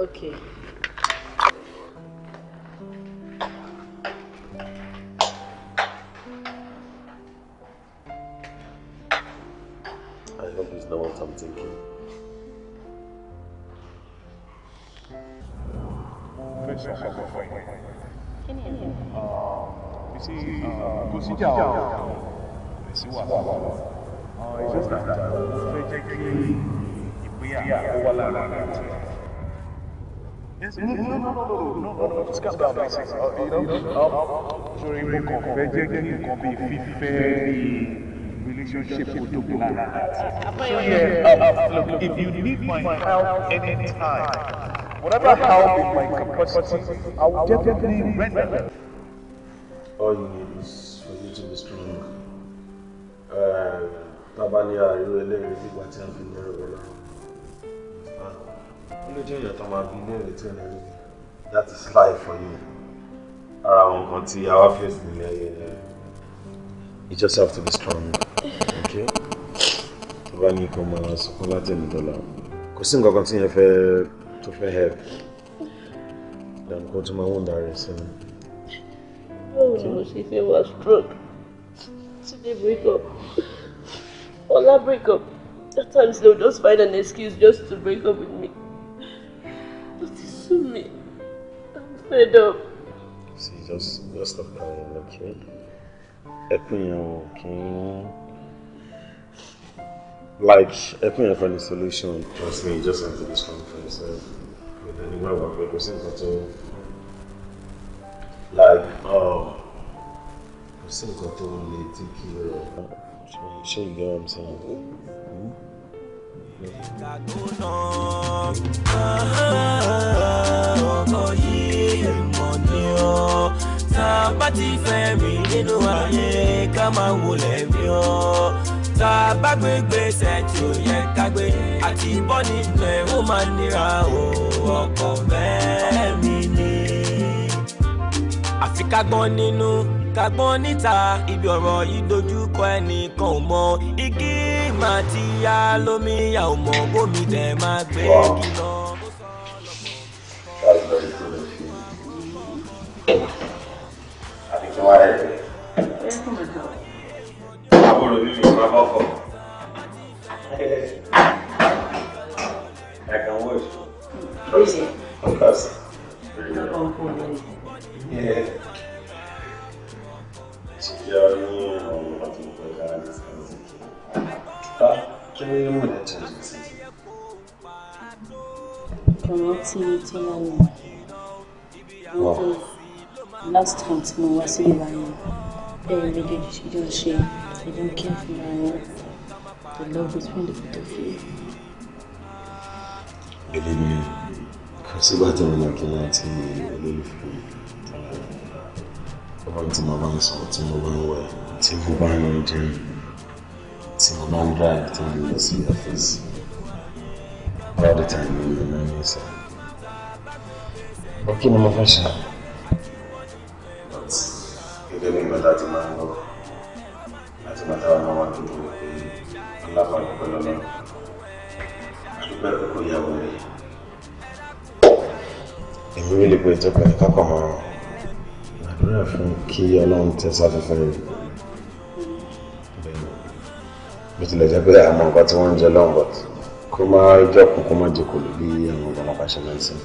okay. jíjà ọ̀ rẹ̀ if you need my help anytime, whatever help in my capacity, I will definitely render. All you need is for you to be strong. Tábà ní àríwá ẹlẹ́rìí nígbà tí a fi ní ẹ̀rọ lọ́rùn. Ah, Ó lè jẹ́ èèyàn tó máa That is life for you. Around àwọn nǹkan tí a wá You just have to be strong. Okay? Tó bá ní so máa sọkún láti ẹ̀mí dọ́là. Kò sí nǹkan kan tí yẹn fẹ́ tó fẹ́ help. Dànù kó tó máa wọ́n darí Oh, ni mo ṣe fẹ́ wá stroke today break up Ola break up at times they just find an excuse just to break up with me but it's sue me I'm fed up. see just just stop crying okay ẹkún yẹn ò like ẹkún yẹn find a solution. trust me you just have to be strong for yourself. with dání wá wà pé kò like oh. kò sí nǹkan tó lè tí kí o ṣe you get what I'm saying. ìdàgbọ́nà uh-huh, ọkọ yìí kagbọ́n nínú kagbọ́n níta ibi ọ̀rọ̀ yìí dojúkọ ẹnìkan ò mọ igi máa ti yá lómi yà ò mọ bómi tẹ̀ máa gbé kí lọ. can watch. Who is Yeah ya yi mafi kwaga da tsarin ziki a kiyoyin mu da canjin ziki kamar ti tunani wato last time tí mo wá sí ìlànà bẹ́ẹ̀ méjèèjì ṣe jọ ṣe I don't care for my own the love between the two of you. eléyìí kò sígbà tí mo máa kí n láti olólùfẹ́ mi ọ̀rọ̀ tí mo bá ń sọ tí mo bá ń wẹ̀ tí mo bá ń oúnjẹ tí mo bá ń drive tí mo ń lọ sí ọ́fíìsì all the time ni mo máa ń ní sọ. ọkì ni mo fẹ́ ṣe but gẹ́gẹ́ bí ìgbà láti máa ń lọ láti máa táwọn ọmọ wa dúró pé alábàánu pẹ̀lú náà àdúgbò ẹ̀kọ́ ìyàwó rẹ̀. èmi rí i pé tó pẹ̀lú kápá máa ń àdúrà fún kí ọlọ́run tẹ̀sáfẹ́fẹ́ rẹ̀ bó tilẹ̀ jẹ́ pé àmọ́ nǹkan tí wọ́n ń jẹ lọ́wọ́ kó má jọ kún kó má jòkó lò bí àwọn ọmọ bá ṣe máa ń sìn.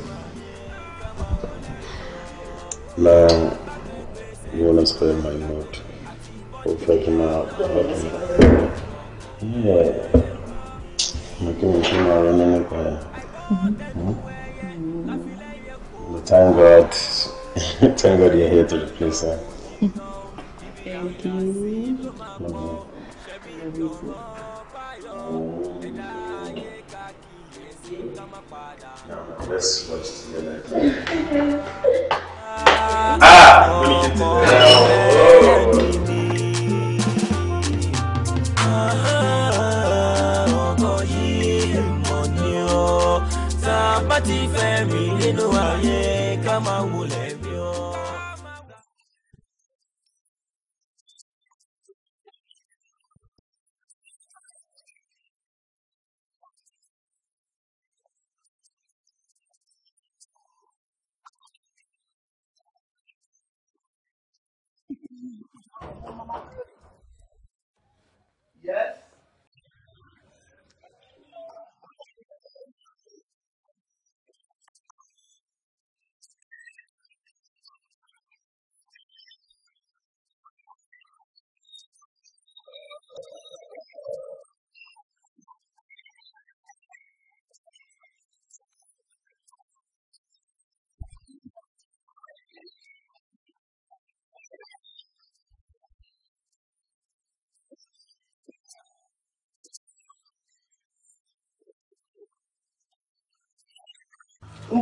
la wọ́n sọ ẹ̀ máa ń lọ ó fẹ́ kí máa lọ́dún mi. mo kí mi kí máa ronú nípa ẹ̀. Hmm? Hmm? thank God. Thank God you're here to replace her. Thank mm-hmm. you. let's watch together. ah! ah! ah!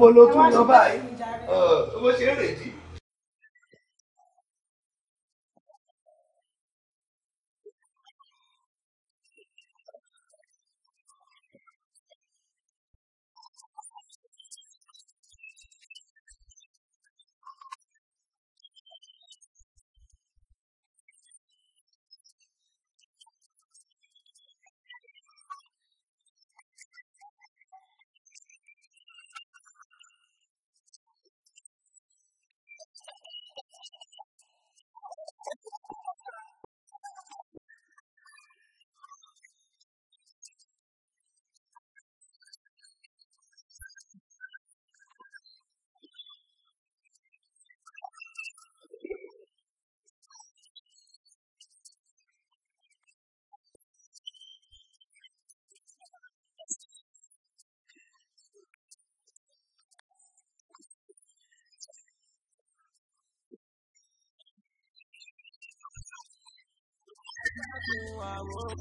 níbo ló tún lọ báyìí bó ṣe ń rèé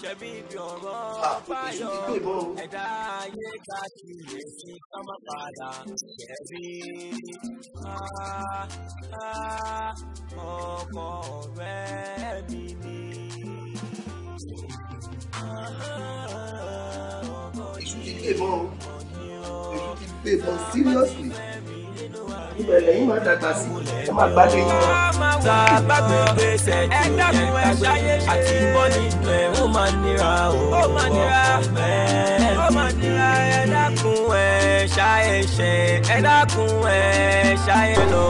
ṣebí ibi ọ̀rọ̀ báyọ̀ ẹ̀dá ayé ká kí lè fi kámá padà ṣẹ̀rí. Ah, ah, ọkọ ọ̀rẹ́ mi ni èṣù ti gbé bọ́ èṣù ti gbé bọ́ seriously ibẹ̀ lẹ́yìn máa dàgbà sí ẹ máa gbádùn yìí. ta bá gbé gbèsè jù ẹ ṣayé àti bọ́ọ̀lì ẹ̀ ó máa nira ó máa nira ó máa nira ẹ̀ dákun ẹ̀ ṣayé ẹ̀ dákun ẹ̀ lọ.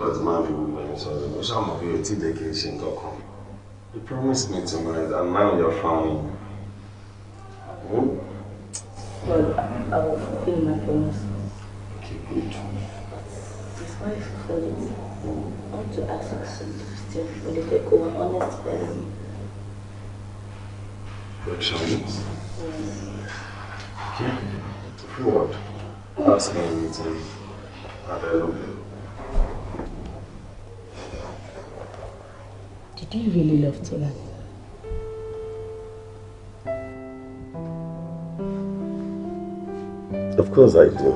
but máa fi gbogbo ẹni sọ̀rọ̀ mo ṣàmọ̀ pé o ti jẹ́ kí n ṣe nǹkan you promised me tonight and now you're found. Hmm? Well, I will fulfill my promise. Okay, good. Despite fulfilling, I want to ask you some um, questions you the an honest person. Questions? Yes. Okay. Ask me I don't know. Did you really love Tolani? Of course I do.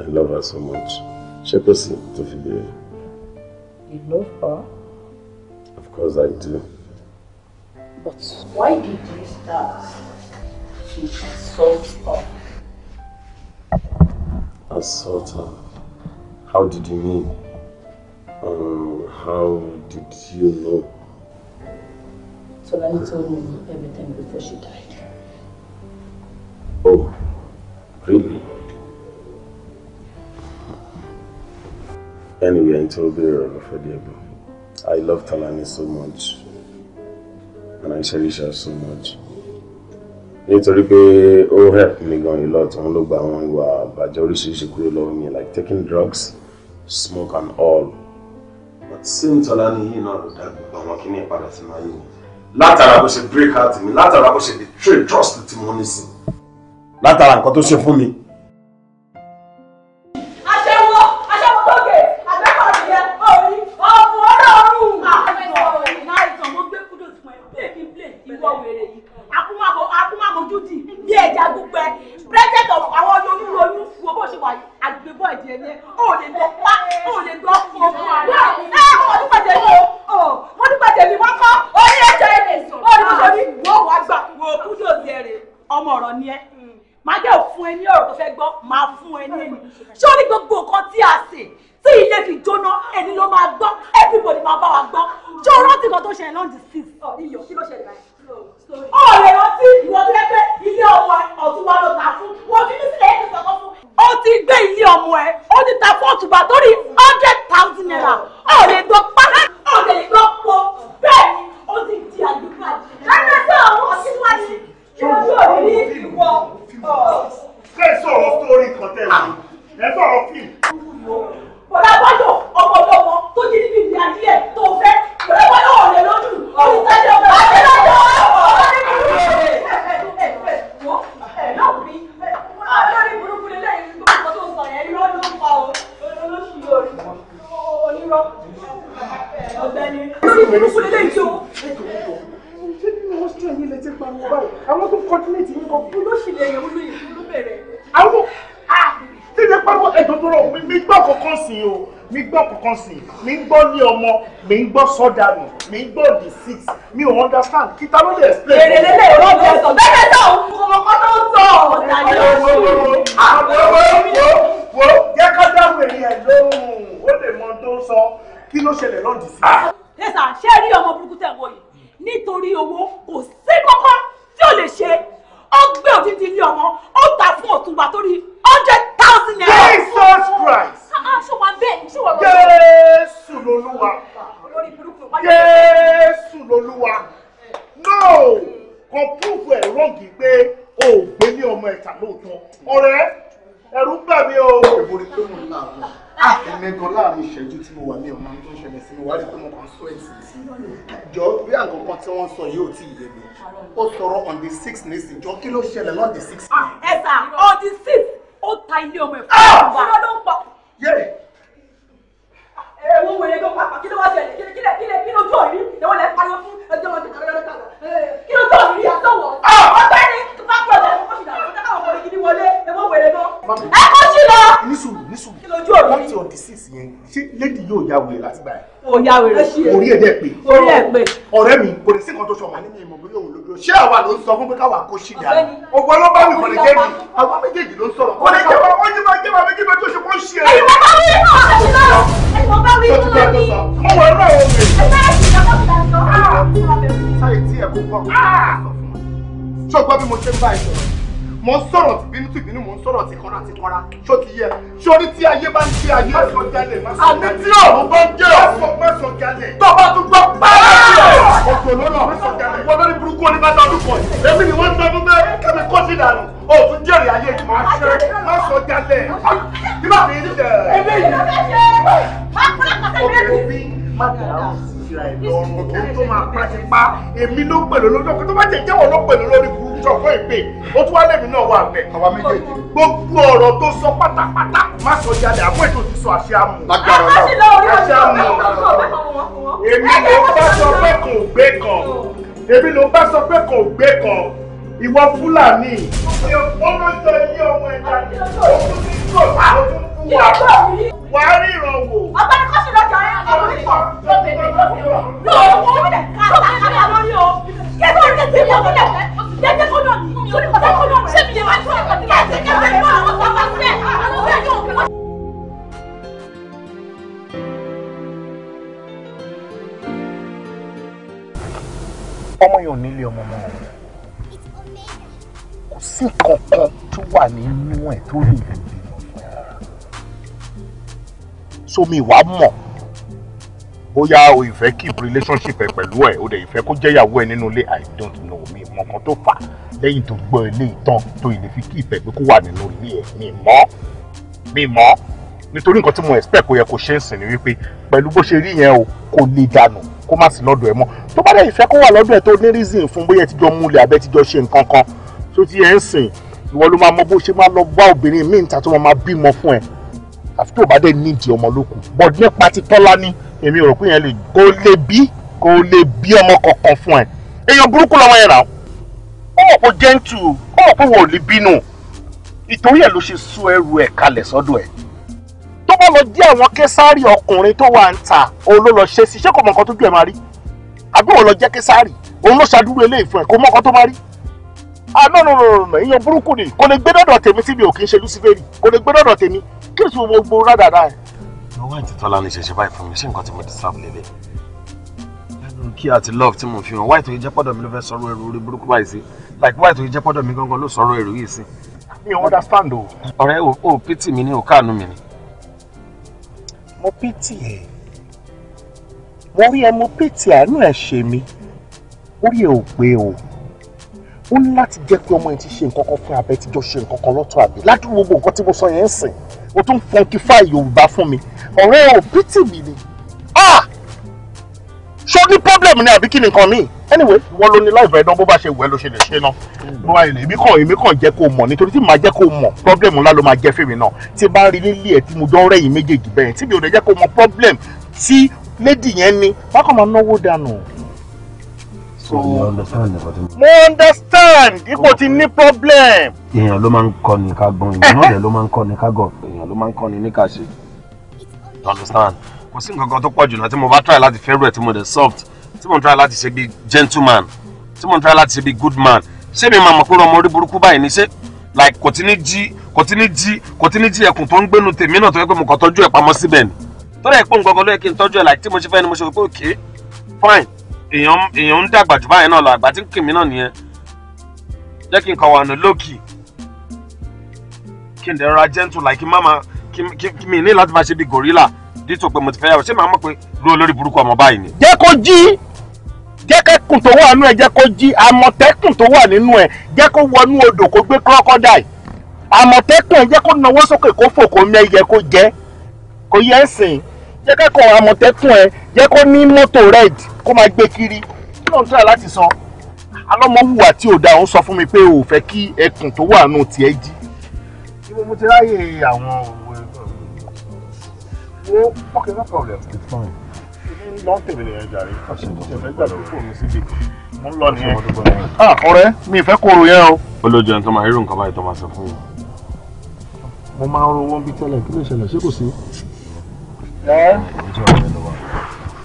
I love her so much. Ṣé kò sí tó fi You love her? Of course I do. But why did you start to assault her? Assault her? How did you mean? Um, how did you know? Solani told me everything before she died. Oh, really? Anyway, I told her unforgettable. I love Talani so much. And I cherish her so much. nítorí pé ó help me gan a lot òun ló gba àwọn ìwà àbàjẹ́ oríṣiríṣi kúrò lọ́wọ́ mi like taking drugs smoke and all sèǹtọ́lá ní yìí náà ló dá gbogbo àwọn kíní ìpadà sí máa yé mi látara bó ṣe break out mi látara bó ṣe betray trust tí mo ní sí látara nǹkan tó ṣe fún mi. mi ń gbọ́ sọ́dànù mi ń gbọ́ the six mi ò understand kí ta ló lè explain. èrè lélẹ̀ ìrọ̀ jẹ sọ bẹ́ẹ̀ tó ọmọkọ tó ń sọ ọ̀tà ni ó ṣe. àwọn ọmọ wo wo jẹ́ ká dáhùn èyí ẹ̀ lóhùn ó lè mọ tó sọ kí ló ṣẹlẹ̀ lọ́ọ̀dì sí i. Ah. kí ló ṣẹlẹ̀ lọ́n di six. ẹ sà ọ di six ó ta ilé ọmọ ẹ̀fọ́ wa kí ló ń pọ̀. ẹ wo wèrè tó pàpà kí ló wá ṣẹlẹ̀ kí lè kí lè kí ló tó rí ẹwọ lẹ pariwo fún ẹjọ́ wọn tẹkẹrẹ lọta kí ló ah! tó rí àtọwọ. ọgbẹ́ ni pápá ọ̀dọ́ ẹ̀fọ́ kọ́ṣì dàrú ọjọ́ káwọn ọmọdé gidi wọlé ẹ wo wèrè lọ. ẹ kọ́ sí lọ. nísùrù nísùrù kí ló tó rí. láti ọ̀dì six yẹn ṣé lady yóò ya wèrè láti gbà yẹn. ò ya wèrè. orí ẹ̀ dẹ́ pé. orí ẹ̀ pé. ọ̀rẹ́ mi sí nǹkan tó ṣọwọ́ ní mi ìmọ̀ bóyá òun lójú ṣé àwa ló ń sọ fún pé káwa kó ṣì dáa ọgbọ ló bá wù kọ́ni jẹ́bi àwa méjèèjì ló ń sọ̀rọ̀ kọ́ni jẹ́bi wọ́n ní máa jẹ́bi méjèèjì tó ṣe kó ń ṣe é. ẹ̀yin wọ́n bá wí ìlú ọ̀sẹ̀ sí ẹ̀yin wọ́n bá wí ìlú lọ́rọ̀ mo wọ ẹ̀rọ ẹ̀ omi. ẹ bá ẹ̀sìn ìjọba mi ta sọ. Ah! ṣé o gbọ́ bí mo ṣe ń bá ẹ sọ̀rọ̀ ah! mo ń sọ̀rọ̀ tìbínú tìbínú mo ń sọ̀rọ̀ tìkọ́ra tìkọ́ra ṣó ti yẹ sórí tí ayé bá ń ṣe ayé ẹ̀sọ́ jalè má sọ jalè àní tí ọ̀run bá ń jẹ́ ọ̀run má sọ jalè tó bá tún gbọ́ pẹ́ẹ́rẹ́ ọ̀tọ̀ lọ́nà wọn lórí burúkú oníbàdàn ọdún kan èmi ni wọ́n ń sọ fún bẹ́ẹ̀ kẹ́mi kọ́ sí ìdànù o tún jẹ́rìí ayé yìí má ṣe má sọ jalè kí má fi ń jẹ síra ẹ̀ lọ́rùn kó tó máa pàṣẹ pa èmi ló pẹ̀lú lórí ọkọ tó bá jẹ́ jẹ́wọ́ ló pẹ̀lú lórí burúkú ọkọ ìpè ó tún wá lẹ́mìí náà wà bẹ̀. àwa méjèèjì. gbogbo ọ̀rọ̀ tó sọ pátápátá má sọ jáde àbọ̀ ètò ti sọ àṣẹ àmù. lágbára náà àṣẹ àmù. èmi ló bá sọ pé kò gbé kan èmi ló bá sọ pé kò gbé kan ìwọ fúlàní. ọmọ ìjọ ilé ọmọ ẹ̀dá ni ó tún ní kí ọmọ yẹn nílé ọmọ mọ́ kò sí kankan tó wà nínú ẹ̀ tó lè so mi wàá mọ̀ bóyá o ìfẹ́ keep relationship ẹ pẹ̀lú ẹ o dẹ̀ ìfẹ́ kó jẹ́ ìyàwó ẹ nínú ilé i don't know mi mọ nǹkan tó fà lẹ́yìn tó gbọ́ ilé ìtàn tó ìlè fi keep ẹ pé kó wà nínú ilé ẹ mi mọ̀ mi mọ̀ nítorí nǹkan tí mo expect kó yẹ kó ṣe ń sìn ni wípé pẹ̀lú bó ṣe rí yẹn o kò lè dànù kó má sí lọ́dọ̀ ẹ mọ́ tó bá dẹ̀ ìfẹ́ kó wà lọ́dọ̀ ẹ tó ní reason fún bóyá ẹ ti jọ múlẹ̀ abẹ́ ti jọ ṣe nǹkan kan tó ti yẹn ń sìn ìwọ ló máa mọ bó ṣe máa lọ wá obìnrin míì níta tó máa bímọ fún ẹ àfi tó bá dé nídìí ọmọ ló kù bọ́d nípa ti tọ́lá ní èmi rò pé yẹn lè kó lè bí kó lè bí ọmọ kankan fún ẹ èèyàn burúkú lọ́wọ́ yẹn rà ó mọ̀ pé gentu ó mọ̀ pé wọn ò lè bínú ìtorí ẹ̀ ló ṣe sú ẹrù ẹ̀ kalẹ̀ sọ́dọ̀ ẹ̀ tó bá lọ jẹ́ àwọn késárì ọkùnrin tó wà ń ta òun ló lọ ṣe sí ṣé kò mọ nǹkan tó ju ẹ̀ máa rí àbí òun lọ jẹ́ késárì òun ló ṣàdúró eléyìí fún ẹ̀ kò mọ nǹkan tó máa rí ah no no no no ìyẹn burúkú ni kò lè gbé dọ̀dọ̀ tèmi tí mi ò kì í ṣe lucifere kò lè gbé dọ̀dọ̀ tèmi kí èso gbogbo rádàdà ẹ̀. ọwọ́ ìtìtọ́lá ni ṣẹ̀ṣẹ̀ báyìí fún mi ṣé nǹkan tí mo ti sáà lélẹ̀ nínú kí àti love tí mo fi hàn wáì tó yẹ jẹ́ pọ́dọ̀ mi ló fẹ́ sọ̀rọ̀ èrò orí burúkú báyìí sí like wáì tó jẹ́ pọ́dọ̀ mi gangan ló sọ̀rọ̀ èrò yìí sí. mi ò understand o. ọ̀rẹ́ o ò pity mi ni o káàánú mi ni. mo pity ẹ mo rí ẹ mo pity àánú ẹ ṣe mi orí ẹ ò pé o ó ní láti jẹ́ pé ọmọ yẹn ti ṣe nǹkan kan fún abẹ́ tíjọ́ ṣe nǹkan kan lọ́tọ̀ àbí ládùúgbò gbogbo nǹkan tí mo sọ yẹn ń sìn o tún fọnkífà yorùbá fún mi ọ̀rẹ́ ò bítì mi ni ah! ṣó ní problem ni àbí kí ni nǹkan mi anyway wọ́n ló ní láìpẹ́ dán bó bá ṣe wẹ̀ ló ṣe lè ṣe náà bó bá yẹn èmi kàn èmi kàn jẹ́ kó mọ̀ nítorí tí màá jẹ́ kó mọ̀ problem ńlá ló máa jẹ́ fèmí náà tí bá rí nílé ẹ̀ tí mo dán rẹ́yìn méjèèjì bẹ́ẹ̀ tí mi ò lè jẹ́ kó mọ̀ problem tí lady yẹn ní wákàn máa náwó dànù so mo understand ipò ti ní problem. èèyàn ló máa ń kọ́ ni ká gbọ́n èèyàn náà dẹ̀ ló máa ń kọ́ ni ká gọ̀ èèyàn ló máa ń kọ́ ni ní ká ṣe you understand kò sí nǹkan kan tó pọ̀ jù náà tí mo bá try láti fẹ́rẹ̀ tí mo dẹ̀ soft tí mo try láti ṣe bí gentleman tí mo try láti ṣe bí good man ṣé mi máa mọ̀ pé ọmọ orí burúkú báyìí ní ṣe like kò tí ní jí kò tí ní jí kò tí ní jí ẹkùn tó ń gbénu tèmi náà tó yẹ pé mo kàn tọ́jú ẹ̀ pamọ́ síbẹ̀ ni tó dẹ̀ pọ̀ nǹkan kan ló kí n tọ́jú ẹ̀ like tí mo ṣe fẹ́ ni mo ṣe pé okay fine èèyàn èèyàn ń dàgbà jù báyẹn náà lọ àgbà tí kìmí náà nìyẹn jẹ́ kí n kọ̀ wà ní lókì kí n dẹ̀ rọra gentle like kí n má ma kí mi ní láti máa ṣe bí gorilla dítò pé mo ti fẹ́ yàwó ṣé màá mọ̀ pé ló olórí burúkú ọmọ báyìí ni. jẹ́ kó jí jẹ́ kẹ́kùn tó wà nínú ẹ̀ jẹ́ kó jí àmọ̀tẹ́kùn tó wà nínú ẹ̀ jẹ́ kó wọnú odò kó gbé crocodile àmọ̀tẹ́kùn ẹ̀ jẹ́ kó nawọ́ sókè kó fò kó mẹ́yẹ kó jẹ́ kó yẹ ń sìn jẹ́ kẹ́kọ̀ọ́ àmọ̀tẹ́kùn ẹ jẹ́ kó ní mọ́tò red kó máa gbé kiri kí ló ń tíra láti sọ alọ́mọ hùwà tí ò dáa ń sọ fún mi pé o fẹ́ kí ẹkùn tó wà nù tiẹ̀ jí. ibo mo ti ráyè àwọn òwe wo okay no problem èmi ń lọ tèmi nìyẹn jàre tèmi gbà tó fò mí síbi mo ń lọ nìyẹn. Ah, ọ̀rẹ́ mi ìfẹ́ kóró yẹn o. olójú ẹni tó máa rírun nǹkan báyìí tó máa sọ fún mi. mo máa ń rówó ń bí tẹ́lẹ̀ kí ló ṣẹlẹ̀ ṣé kò sí. Eh?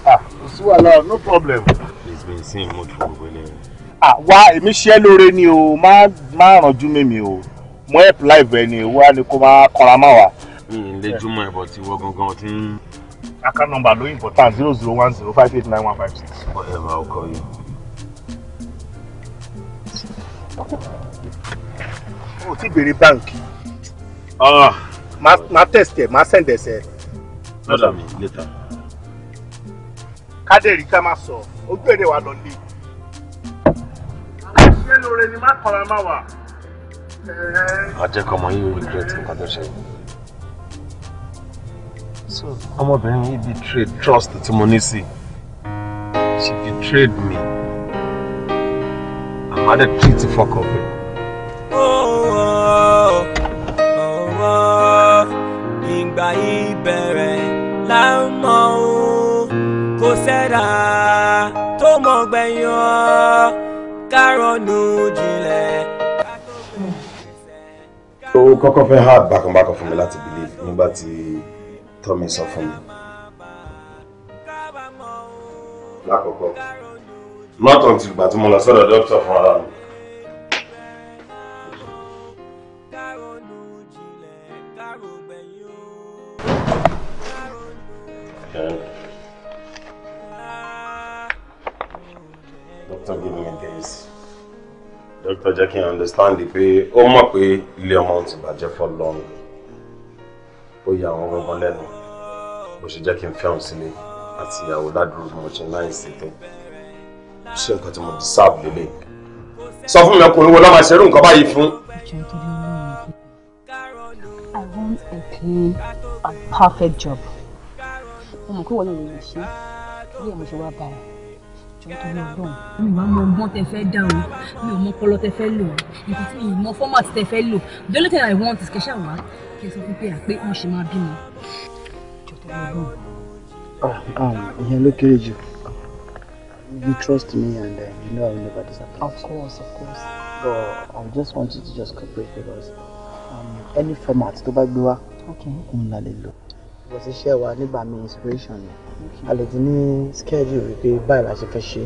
Ah, ọ̀rẹ́ ló no problem. it's been seen mood for gbogbo ilé rẹ. àwa èmi ṣẹ́ lóore ni o má má rànjú mímì o mo help live ẹni wá ni kó máa kọra máa wà. mi ì lẹ́júmọ́ ẹ̀bọ̀ tí gangan ti ń. account number ló important zero zero one zero five eight nine one five six. whatever I'll call you. o ti bèrè báńkì. máa tẹ̀sítẹ̀ máa sẹ̀ǹdẹ̀sẹ̀ lọ́dọ̀ mi later. kádẹ́rì ká má sọ ojú èdè wa lọ lé. ṣé lóore ni má kọra má wà. àjẹkọ̀mọ yìí ò regret nǹkan tó ṣe. so ọmọbìnrin yìí betrayed trust tí mo ní sí she betrayed me and had a treaty fuck up with. Oh, oh, oh, ìgbà ìbẹ̀rẹ̀ là ń mọ̀ ọ́n kò sẹ́dà tó mọ̀ gbẹ̀yìn ọ́ kárọ̀nù jinlẹ̀. ó kọ́kọ́ fẹ́ há bákanbákan fún mi láti believe nígbà tí Tommy sọ fún mi. lákòókò not until ìgbà tí mo lọ sọ́dọ̀ dókítà fún ara mi. tó jẹ́ kí n understand pé ó mọ̀ pé ilé ọmọ ti bàjẹ́ for ó yà àwọn gbọ́ngàn lẹ́nu bó ṣe jẹ́ kí n fẹ́hùn sílé àti ìyàwó ládùúgbò mo ṣe náà ń ṣètò ṣé nǹkan tí mo deserve lélẹ̀ sọ fún mi ọkùnrin wo ló máa ṣerú nǹkan báyìí fún. I want a clean and perfect job. Mo mọ̀ pé wọ́n lè lè ṣe bí ẹ̀ ṣe wá báyìí jọ́tọ̀rí ọlọ́run mi máa mọ ọgbọ́n tẹ fẹ́ dá o mi ò mọ ọpọlọ tẹ fẹ́ lò ibi tí mi mọ fọ́màtì tẹ fẹ́ lò the only thing I want is kẹsà wá kí ẹ sọ fún pé àpé mo ṣe máa bímọ jọ́tọ̀rí ah, ah, ìyẹn ló kéré jù you trust me and uh, you know I will never disappoint. of course of course. but I um, just want you to just cooperate because um, any format tó bá gbé wá òun la lè lò bó ti ṣe wà nígbà mi inspiration ni a lè ti ní schedule wípé báyìí la ṣe fẹ́ ṣe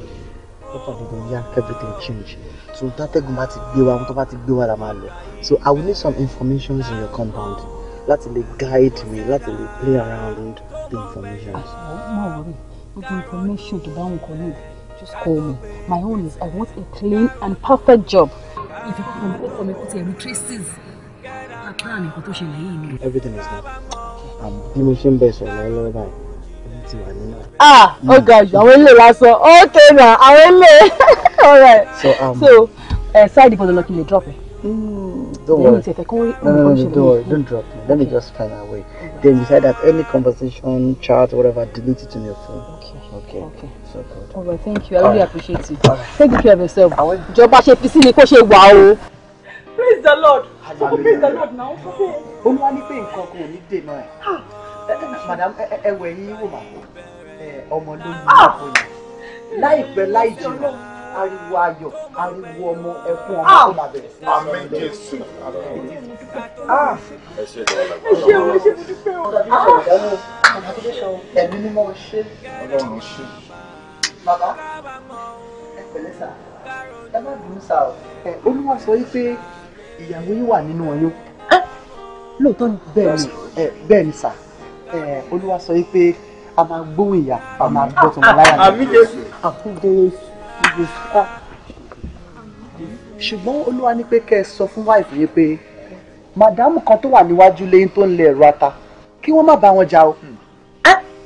pọ́pọ́ dídé yá everything change so tátẹ́gùn bá ti gbé wa tó bá ti gbé wa la máa lọ so i will need some information in your compound láti lè guide me láti lè play around the information. Ah, oh, má worry with information to báwọn kan need just call me my own is i want a clean and perfect job if you come for me put your retraces àdúrà nìkan tó ṣẹlẹ̀ yìí ni. everything is done um, bí mo ṣe ń bẹ sọ̀rọ̀ lọ́wọ́lọ́wọ́ báyìí èmi ti wà nínú. ah ọgá àjọ àwọn ilé lásán okay na àwọn ilé all right so, um, so uh, side ìbọn lọlọ kí n lè drop it. Mm, don't worry. No, no, no, don't worry. Don't drop me. Let me just find our way. Then you said that any conversation, chat, whatever, delete it in your phone. Okay. Okay. Okay. So good. All right. Thank you. I really right. appreciate it. Right. Take good care of yourself. Jọba ṣe fi sí ni kó ṣe wà o praise the lord praise the lord now. olúwa ní pé nǹkan kan ò ní dènà ẹ madam ẹwẹ yín wò eh, ọmọ ló ń bá ah! ọkọ yìí láìpẹ́ láì jìnnà ariwo ayọ̀ ariwo ọmọ ẹkún ọmọ ah! tó máa bẹ̀rẹ̀ sí ọmọ ọmọ Ah, ẹsẹ ẹ ṣe ọmọ ẹṣẹ mo dúpẹ́ o. ẹ̀mí mímọ́ ṣe ọlọ́run ṣe. bàbá ẹ pẹ̀lẹ́ sà ẹ má dùn sà o. olúwa sọ wípé ìyàwó yìí wà nínú ọyún. lóòótọ́ ni. bẹ́ẹ̀ ni sà olúwa sọ pé a máa gbóhùn ìyá a máa gbọ́ tọmọ láyà ni. àmì jésù. àmì jésù. Ah. ṣùgbọ́n olúwa ní pé kẹ́ ẹ sọ fún wáìfù yìí pé màdàmù kan tó wà níwájú lẹ́yìn tó ń lẹ ẹ̀rọ ata kí wọ́n má bá wọn jà o.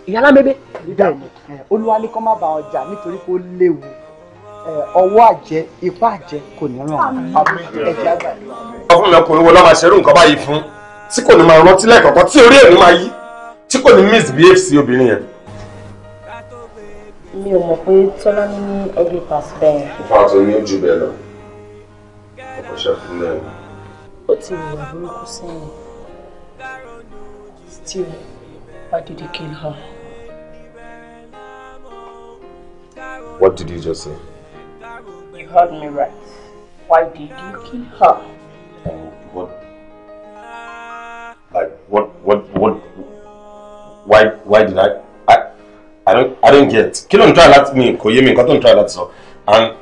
ìyá alámẹ́bẹ́. olúwa ní kó má bá wọn jà nítorí pé léwu Eh, ọwọ́ àjẹ́ ipá àjẹ́ kò ní ràn ẹ̀jẹ̀ ọkùnrin ọkùnrin wo ló máa ṣerú nǹkan báyìí fún tí kò ní máa rántí lẹ́ẹ̀kọ̀ọ̀kan tí orí ẹ̀ máa yí tí kò ní misbehave sí obìnrin yẹn. mi ò mọ̀ pé tọ́lá ní ẹgbẹ́ pàṣẹ bẹ́ẹ̀. pàtó ní ojú bẹ́ẹ̀ lọ ọkọ̀ ṣẹ́fún lẹ́yìn. ó ti wùwà burúkú sẹ́yìn still why did What did you just say? You heard me right. Why did you kill her? What? Like what? What? What? Why? Why did I? I? I don't. I don't get. Kí ló try that, me. kò yé mi try that, sọ. And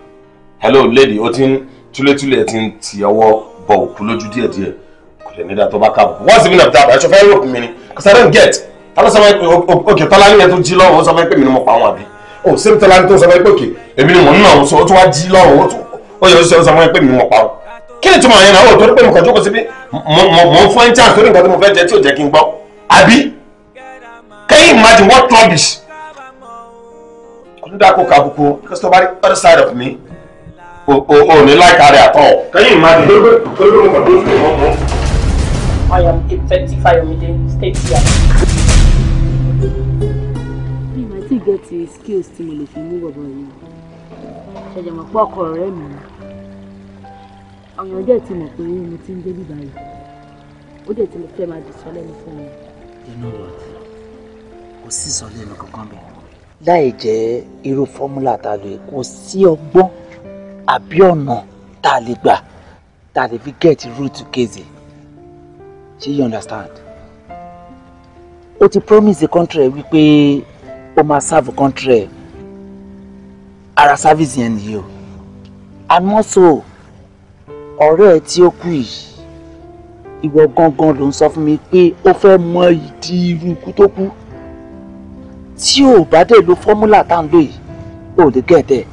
hello lady, o ti ń túlétúlé ẹ ti ń ti ọwọ́ bọ òkú lójú díẹ̀díẹ̀. What's even meaning of that? Aṣọ fẹ́ rò mí ni. Cause I don't get. Ta ló sọ fún mi? Okay, Tọ́lá ní ẹ tó jí lọ́wọ́, ó sọ fún mi pé mi ni mo pa àwọn o oh, ṣé mi tẹ́lá ní tó sọ èmi ni mò ń nà ó sọ ó tún wá jí lọ́rùn ó yẹ ó sọ sọ pé mi mọ̀ pa o kí ni túmọ̀ yẹn náà ó torí pé mo kàn jókòó síbi mo ń fún ẹ́ chance torí nǹkan tí mo fẹ́ jẹ tí ò jẹ́ kí n gbọ́ àbí can you imagine what rubbish ọdúndàkọ kàbùkù because tó side of me o o ní láìka rẹ̀ àtọ̀ can you imagine torí mo kàn jókòó síbi mo mọ̀. àti skills tí mo lè fi mú bọ̀bọ̀ yìí ṣẹ̀ṣẹ̀ mọ̀ pé ọkọ ọ̀rẹ́ mi ọ̀yàn dẹ̀ ti mọ̀ pé mo ti ń débí báyìí ó dẹ̀ ti fẹ́ máa dìsọ́ lẹ́nu fún mi. you know what kò sí ìsọlẹ́nu kankan bẹ́ẹ̀. láì jẹ́ irú fọ́múlà tá a lò kò sí ọgbọ́n àbí ọ̀nà tá a lè gbà tá a lè fi get root to Keze ṣé you understand? ó ti promise the country wípé ó máa serve country ẹ̀ ara service yẹn nìyí o àmọ́ so ọ̀rẹ́ ẹ tí ó kú yìí ìwọ gangan ló ń sọ fún mi pé ó fẹ́ mọ ìdí irú ikú tó kú tí ò bá dé lo fọ́múlà tá à ń lò yìí ò lè gẹ̀ẹ́dẹ̀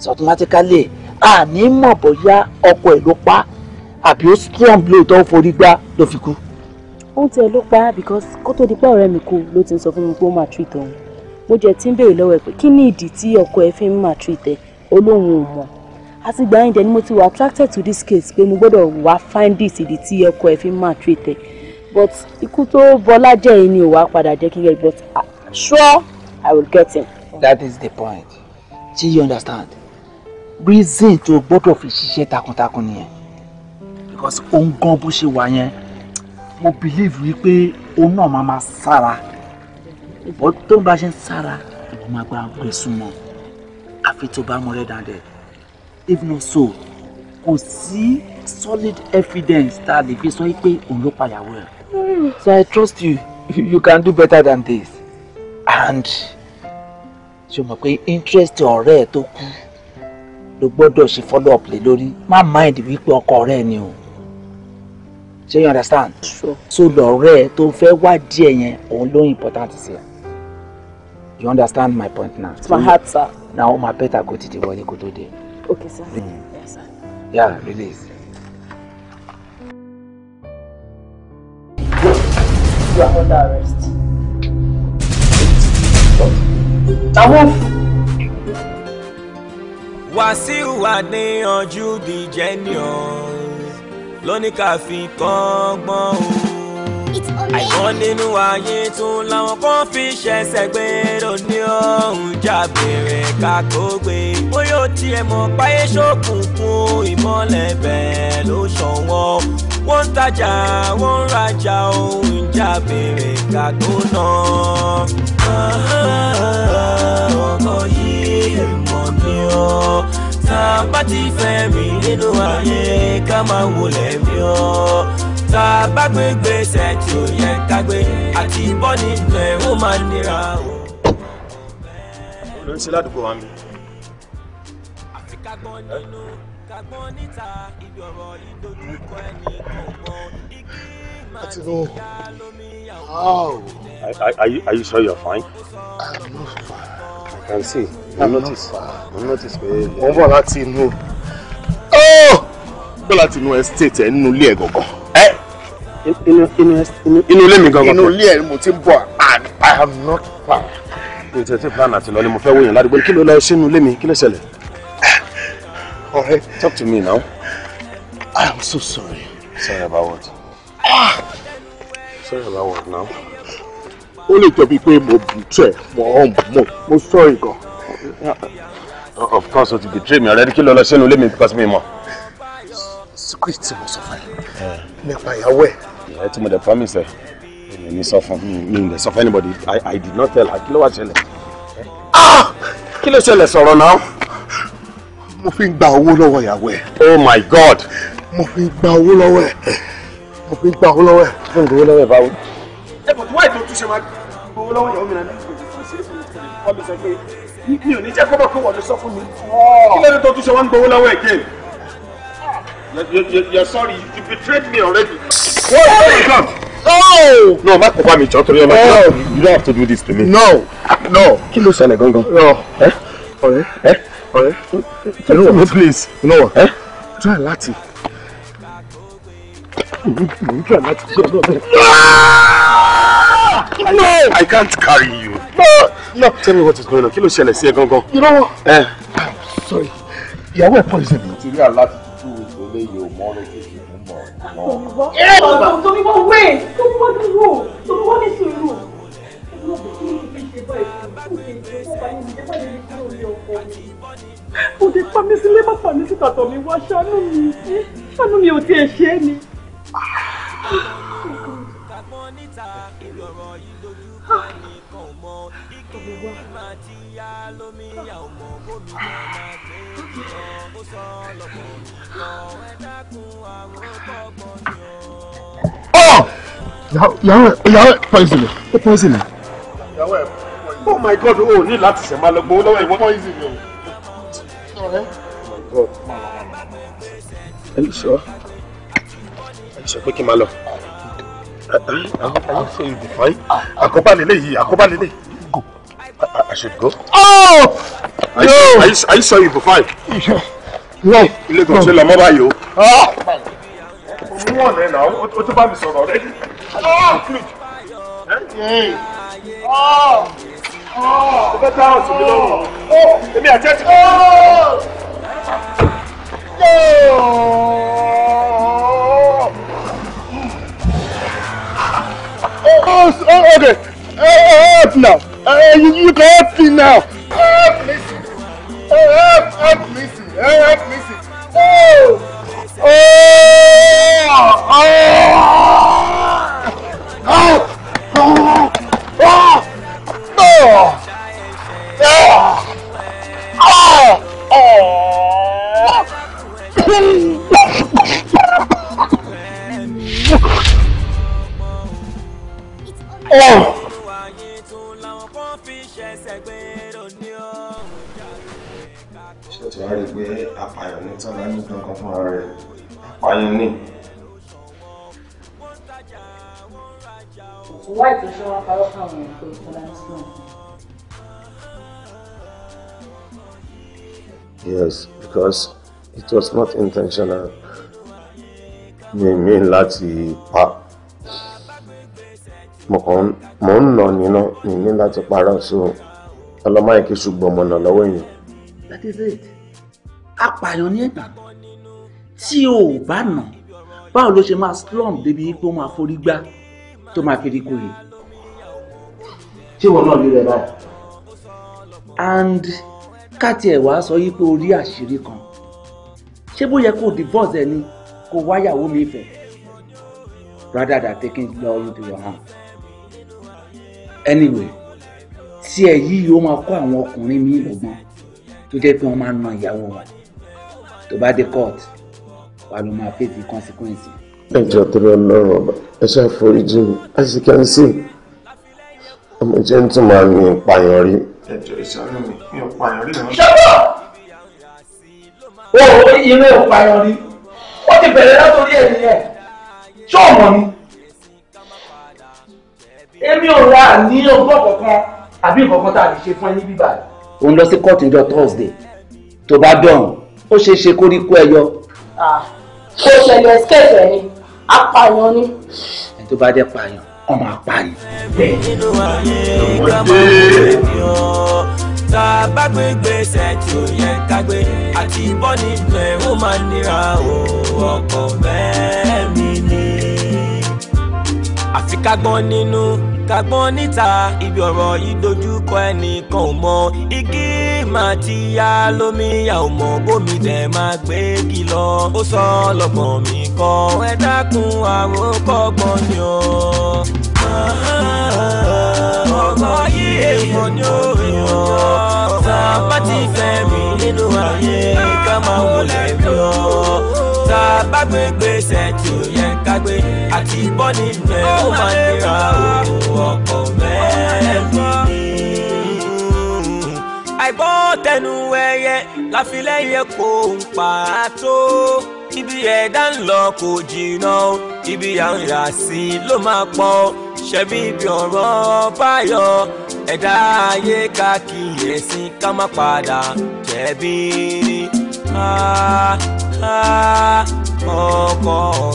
so automatically àní mọ̀ bóyá ọkọ ẹ̀ ló pa àbí ó strong lóòótọ́ forí gbá ló fi kú. ó ń tẹ ló pa because kó tó di pé ọ̀rẹ́ mi kú ló ti ń sọ fún mi pé ó máa treat òun mo jẹ tí ń béèrè lọ́wọ́ ẹ pé kí ni ìdí tí ọkọ ẹ fi ń mà treat ẹ olóhùn ò àti gbà yín jẹ ni mo ti wà attracted to this case pé mo gbọ́dọ̀ wá find this ìdí tí ọkọ ẹ fi ń mà treat ẹ but ikú tó bọlá jẹ yìí ni ò wá padà jẹ kí n get but sure I will get him. that is the point do you understand reason to gbọ́dọ̀ fi ṣiṣẹ́ takuntakun nìyẹn because òun gan bó ṣe wà yẹn mo believe wípé òun náà máa ma sára bọ́ tó ń bá ṣe ń sára ìwọ máa gba gbé súnmọ́ àfi tó bá mọ́lẹ̀ dáadẹ́ if not so kò sí solid evidence tá a lè fi sọ pé òun ló payàwó ẹ̀. so I trust you you can do better than this and ṣe mọ̀ pé interest ọ̀rẹ́ ẹ̀ tó kú ló gbọ́dọ̀ ṣe follow up lé lórí má mind wípé ọkọ ọ̀rẹ́ ni o ṣé you understand. Sure. so lọ̀rẹ́ tó fẹ́ wádìí ẹ̀ yẹn òun ló important sí ẹ you understand my point now. it's my heart sir. Now my ma better kó tètè wọlé kó tó dé. okay sir. Mm. yes sir. yeah release. you are under arrest. Now na wolf. Wàsíù Adéyanjú the genius lóníkàfin kọ́gbọ́n o àìmọ́ nínú ayé tún làwọn kan fi ṣẹ̀ṣẹ̀ gbé lóní ọ̀hún jábẹ̀rẹ̀ kákógbé bóyá ó tiẹ̀ mọ̀ páyé ṣókùnkùn ìmọ́lẹ̀ bẹ́ẹ̀ ló ṣọ̀wọ́ wọ́n ń tajà wọ́n ń rajà ohun jábẹ̀rẹ̀ kákóná. ọkọ̀ yìí mọ̀ ní ọ́ tá a bá ti fẹ́ mi nínú ayé ká máa wọlé mi ọ́ tá a bá gbé gbèsè tí ó yẹ ká gbé àti bọ́ nínú ẹ̀ ó máa nira o. ló ń ládùúgbò wa mi. àfi kágbọ́n nínú kágbọ́n níta ibi ọ̀rọ̀ ìdojúkọ ẹni kọ̀ọ̀kan igi máa ti yá lómi àwọn. Are you, are you sure you're fine? I can see. I'm not notice. I'm not pé. Wọ́n bọ̀ láti inú. Oh! Bọ́lá ti inú estate ẹ̀ nínú ilé ẹ̀ gọ̀gàn ẹ. inú inú inú ilé mi gangan. inú ilé ẹ mo ti ń i have not far. mi ò tẹ̀ tí plan àti lọ ni mo fẹ́ wòyàn ládùúgbò kí ló lọ sínú ilé mi kí ló ṣẹlẹ̀. ọ̀rẹ́ talk to me now. i am so sorry. sorry about what. Ah! sorry about what now. ó lè jọ bíi pé mo bù tẹ̀ mo hàn mo mo sọ ìgàn. of course o ti betray me already kí ló lọ sínú ilé mi because mi mọ̀ secret tí mo sọ fún ẹ nípa ìyàwó ẹ. ìyá tí mo dẹ̀ promise ẹ èmi ní sọ fún mi mi dẹ̀ sọ fún anybody I, I did not tell her kí ló wá ṣẹlẹ̀. Ah! kí ló ṣẹlẹ̀ sọ̀rọ̀ náà. mo fi ń gba owó lọ́wọ́ ìyàwó ẹ. oh my god. mo fi ń gba owó lọ́wọ́ ẹ mo fi ń gba owó lọ́wọ́ ẹ. mo fi ń gba owó lọ́wọ́ ẹ báwo. ẹ bọ̀ tí wọ́n ètò ìtúnṣe máa gbowó lọ́wọ́ ìyàwó mi náà ní ìgbésẹ̀ mi ò ní jẹ́ kó bọ̀ kó wọ̀ lọ sọ fún mi. Oh. kí ló tó tún ṣe gbowó lọ́wọ́ ẹ̀ kéèyàn. You're, sorry. You betrayed me already. What? Hey! Come. No! No, má kópa mi jọ You don't have to do this to me. No! No! Kí ló ṣẹlẹ̀ gangan? No. Eh? ọ̀rẹ́ Eh? ọ̀rẹ́ You know what? Please. You know what? Ẹ eh? try láti. Mo try láti ṣe No. bẹ́ẹ̀. No! I can't carry you. No! No! Tell me what is going on. Kill us ṣẹlẹ̀ sí ẹ gangan? You know what? Ẹ. Eh. Sorry. Ìyàwó ẹ̀ poison mi. Torí àlá ti more restrictive fún mọ̀ mọ́. Tòmíwọ́ Tòmíwọ́ wẹ̀ Tòmíwọ́ dúró Tòmíwọ́ ní sùúrù. Kò dé pa mí sílé má pa mí síta Tòmíwọ́ ṣàánú mi ṣàánú mi ò tiẹ̀ ṣe é ni. Tòmíwọ́ yá lómi àwòkọ́ bómi jẹ́ máa pé ìtọ́ ó sọ lọ́pọ̀ ìtọ́ ẹ dákun àwọn ọgbọ́n ni ọ. yàwó yàwó poison ẹ poison ẹ. yàwó ẹ oh my god o ní láti ṣe máa lọ gbowó lọ́wọ́ ìwọ poison o. oh my god. ẹ ní sọ ẹ ní sọ pé kí n máa lọ. àwọn ọmọ ṣe ìdìfọ́ yìí lélẹ́yìí àkóbá lélẹ́yìí. I, I should go. Oh! Are you, no. are you, are you sure you'll be fine? No. Lagos, ṣe lọ́mọ́ báyìí o. Mú ọ̀nà ẹ̀ náà, ó tó bá mi sọ̀rọ̀ rẹ̀. Ah! Ah! Ah! Ó fẹ́ dáhùn sí mi lọ́rùn. Oh! Èmi àti ẹ̀ ti kú. Oh! Oh! Okay, help now. Hey, you, you can help me now. Help me. Oh, help, help me. Help me. Oh. Oh. Oh. Oh. Oh. Oh. Oh. Oh. Oh. Oh. fi ṣẹ̀ṣẹ̀ gbé lóní ọ̀hún jáde káàkiri. ṣètò àrí pé apààyàn ní tọ́lá ní kankan fún rẹ̀ apààyàn ní. ìwà ìtòṣe wa parọ́ fáwọn èèyàn pé ní sùn. Yes, because it was not intentional. Mi mean láti pa mo ń nà níná ní láti parọ́ so ọlọ́mọ àìkí ṣùgbọ́n mo nà lọ́wọ́ èèyàn. that is it apààyàn ní ìtàn tí o ò bá nà báwo ló ṣe máa slum débi tó máa forí gbá tó máa fi rí kúrè. ṣé ìwọ náà rí rẹ báyìí. and ká tiẹ̀ wá sọ yí pé o rí àṣírí kan ṣé bó yẹ kó divorce ẹ ni kó o wáyàwó mi fẹ́ rather than taking law into your hand anyway tí ẹ yìí ó máa kó àwọn ọkùnrin míì lọ́gbọ́n tó jẹ́ pé wọ́n máa na ìyàwó wọn tó bá dé court wà ló máa face the consequence. ẹ jọ tó lọ lọrọ ọba ẹ ṣe àforíjì mi as you can see ọmọ jẹ ń tún máa ní ìpààyàn rí. ẹ jọ ìṣàánú mi mi ò pààyàn rí mi. ṣọ́pọ̀ o ò rí irú ìpààyàn rí wọ́n ti bẹ̀rẹ̀ látòrí ẹ̀ nìyẹn ṣọ́ọ̀mọ̀ ni èmi ò wá ní ọgbọ́n kankan àbí nǹkan tá a lè ṣe fún ẹ ní bíbá yìí. òun lọ sí kóòtù níjọ́ Thursday tó bá dọ̀hún ó ṣeé ṣe kó rí kú ẹ yọ. kó o escape ẹ̀ ni apààyàn ni. ẹni tó bá jẹ́ pààyàn ọmọ apààyàn. ọmọdé gbèsè tí yẹ ká àti bọ́ nínú ó máa nira o ọkọ̀ bẹ́ẹ̀ mi kagbọ́n nínú kagbọ́n níta ibi ọ̀rọ̀ ìdojúkọ ẹnìkan ò mọ igi máa ti yá lómi ò mọ bómi tẹ̀ máa gbé kí lọ ó sọ lọ́gbọ̀n mi kọ́ ẹ dákun àròkọ́gbọ́n ni o. ọgbọ́n yìí èèmọ̀ ni ó èèyàn tá a bá ti fẹ́ mi nínú ayé ká máa wọlé bí ọ tá gbé gbèsè tó yẹ gbàgbé àti bọ́ nínú ẹ̀ ó máa nira òun ọkọ̀ mẹ́ẹ̀ẹ́dì ni. àìbọ́ tẹnu ẹyẹ láfilẹ́yẹ kò ń pa tó ibi ẹ̀dá ń lọ kò jìnnà ibi à ń rà sí ló máa pọ̀ ṣebí ibi ọ̀rọ̀ báyọ̀ ẹ̀dá ayé ká kíyèsí ká má padà jẹ̀bi ah, ah, ọkọ̀.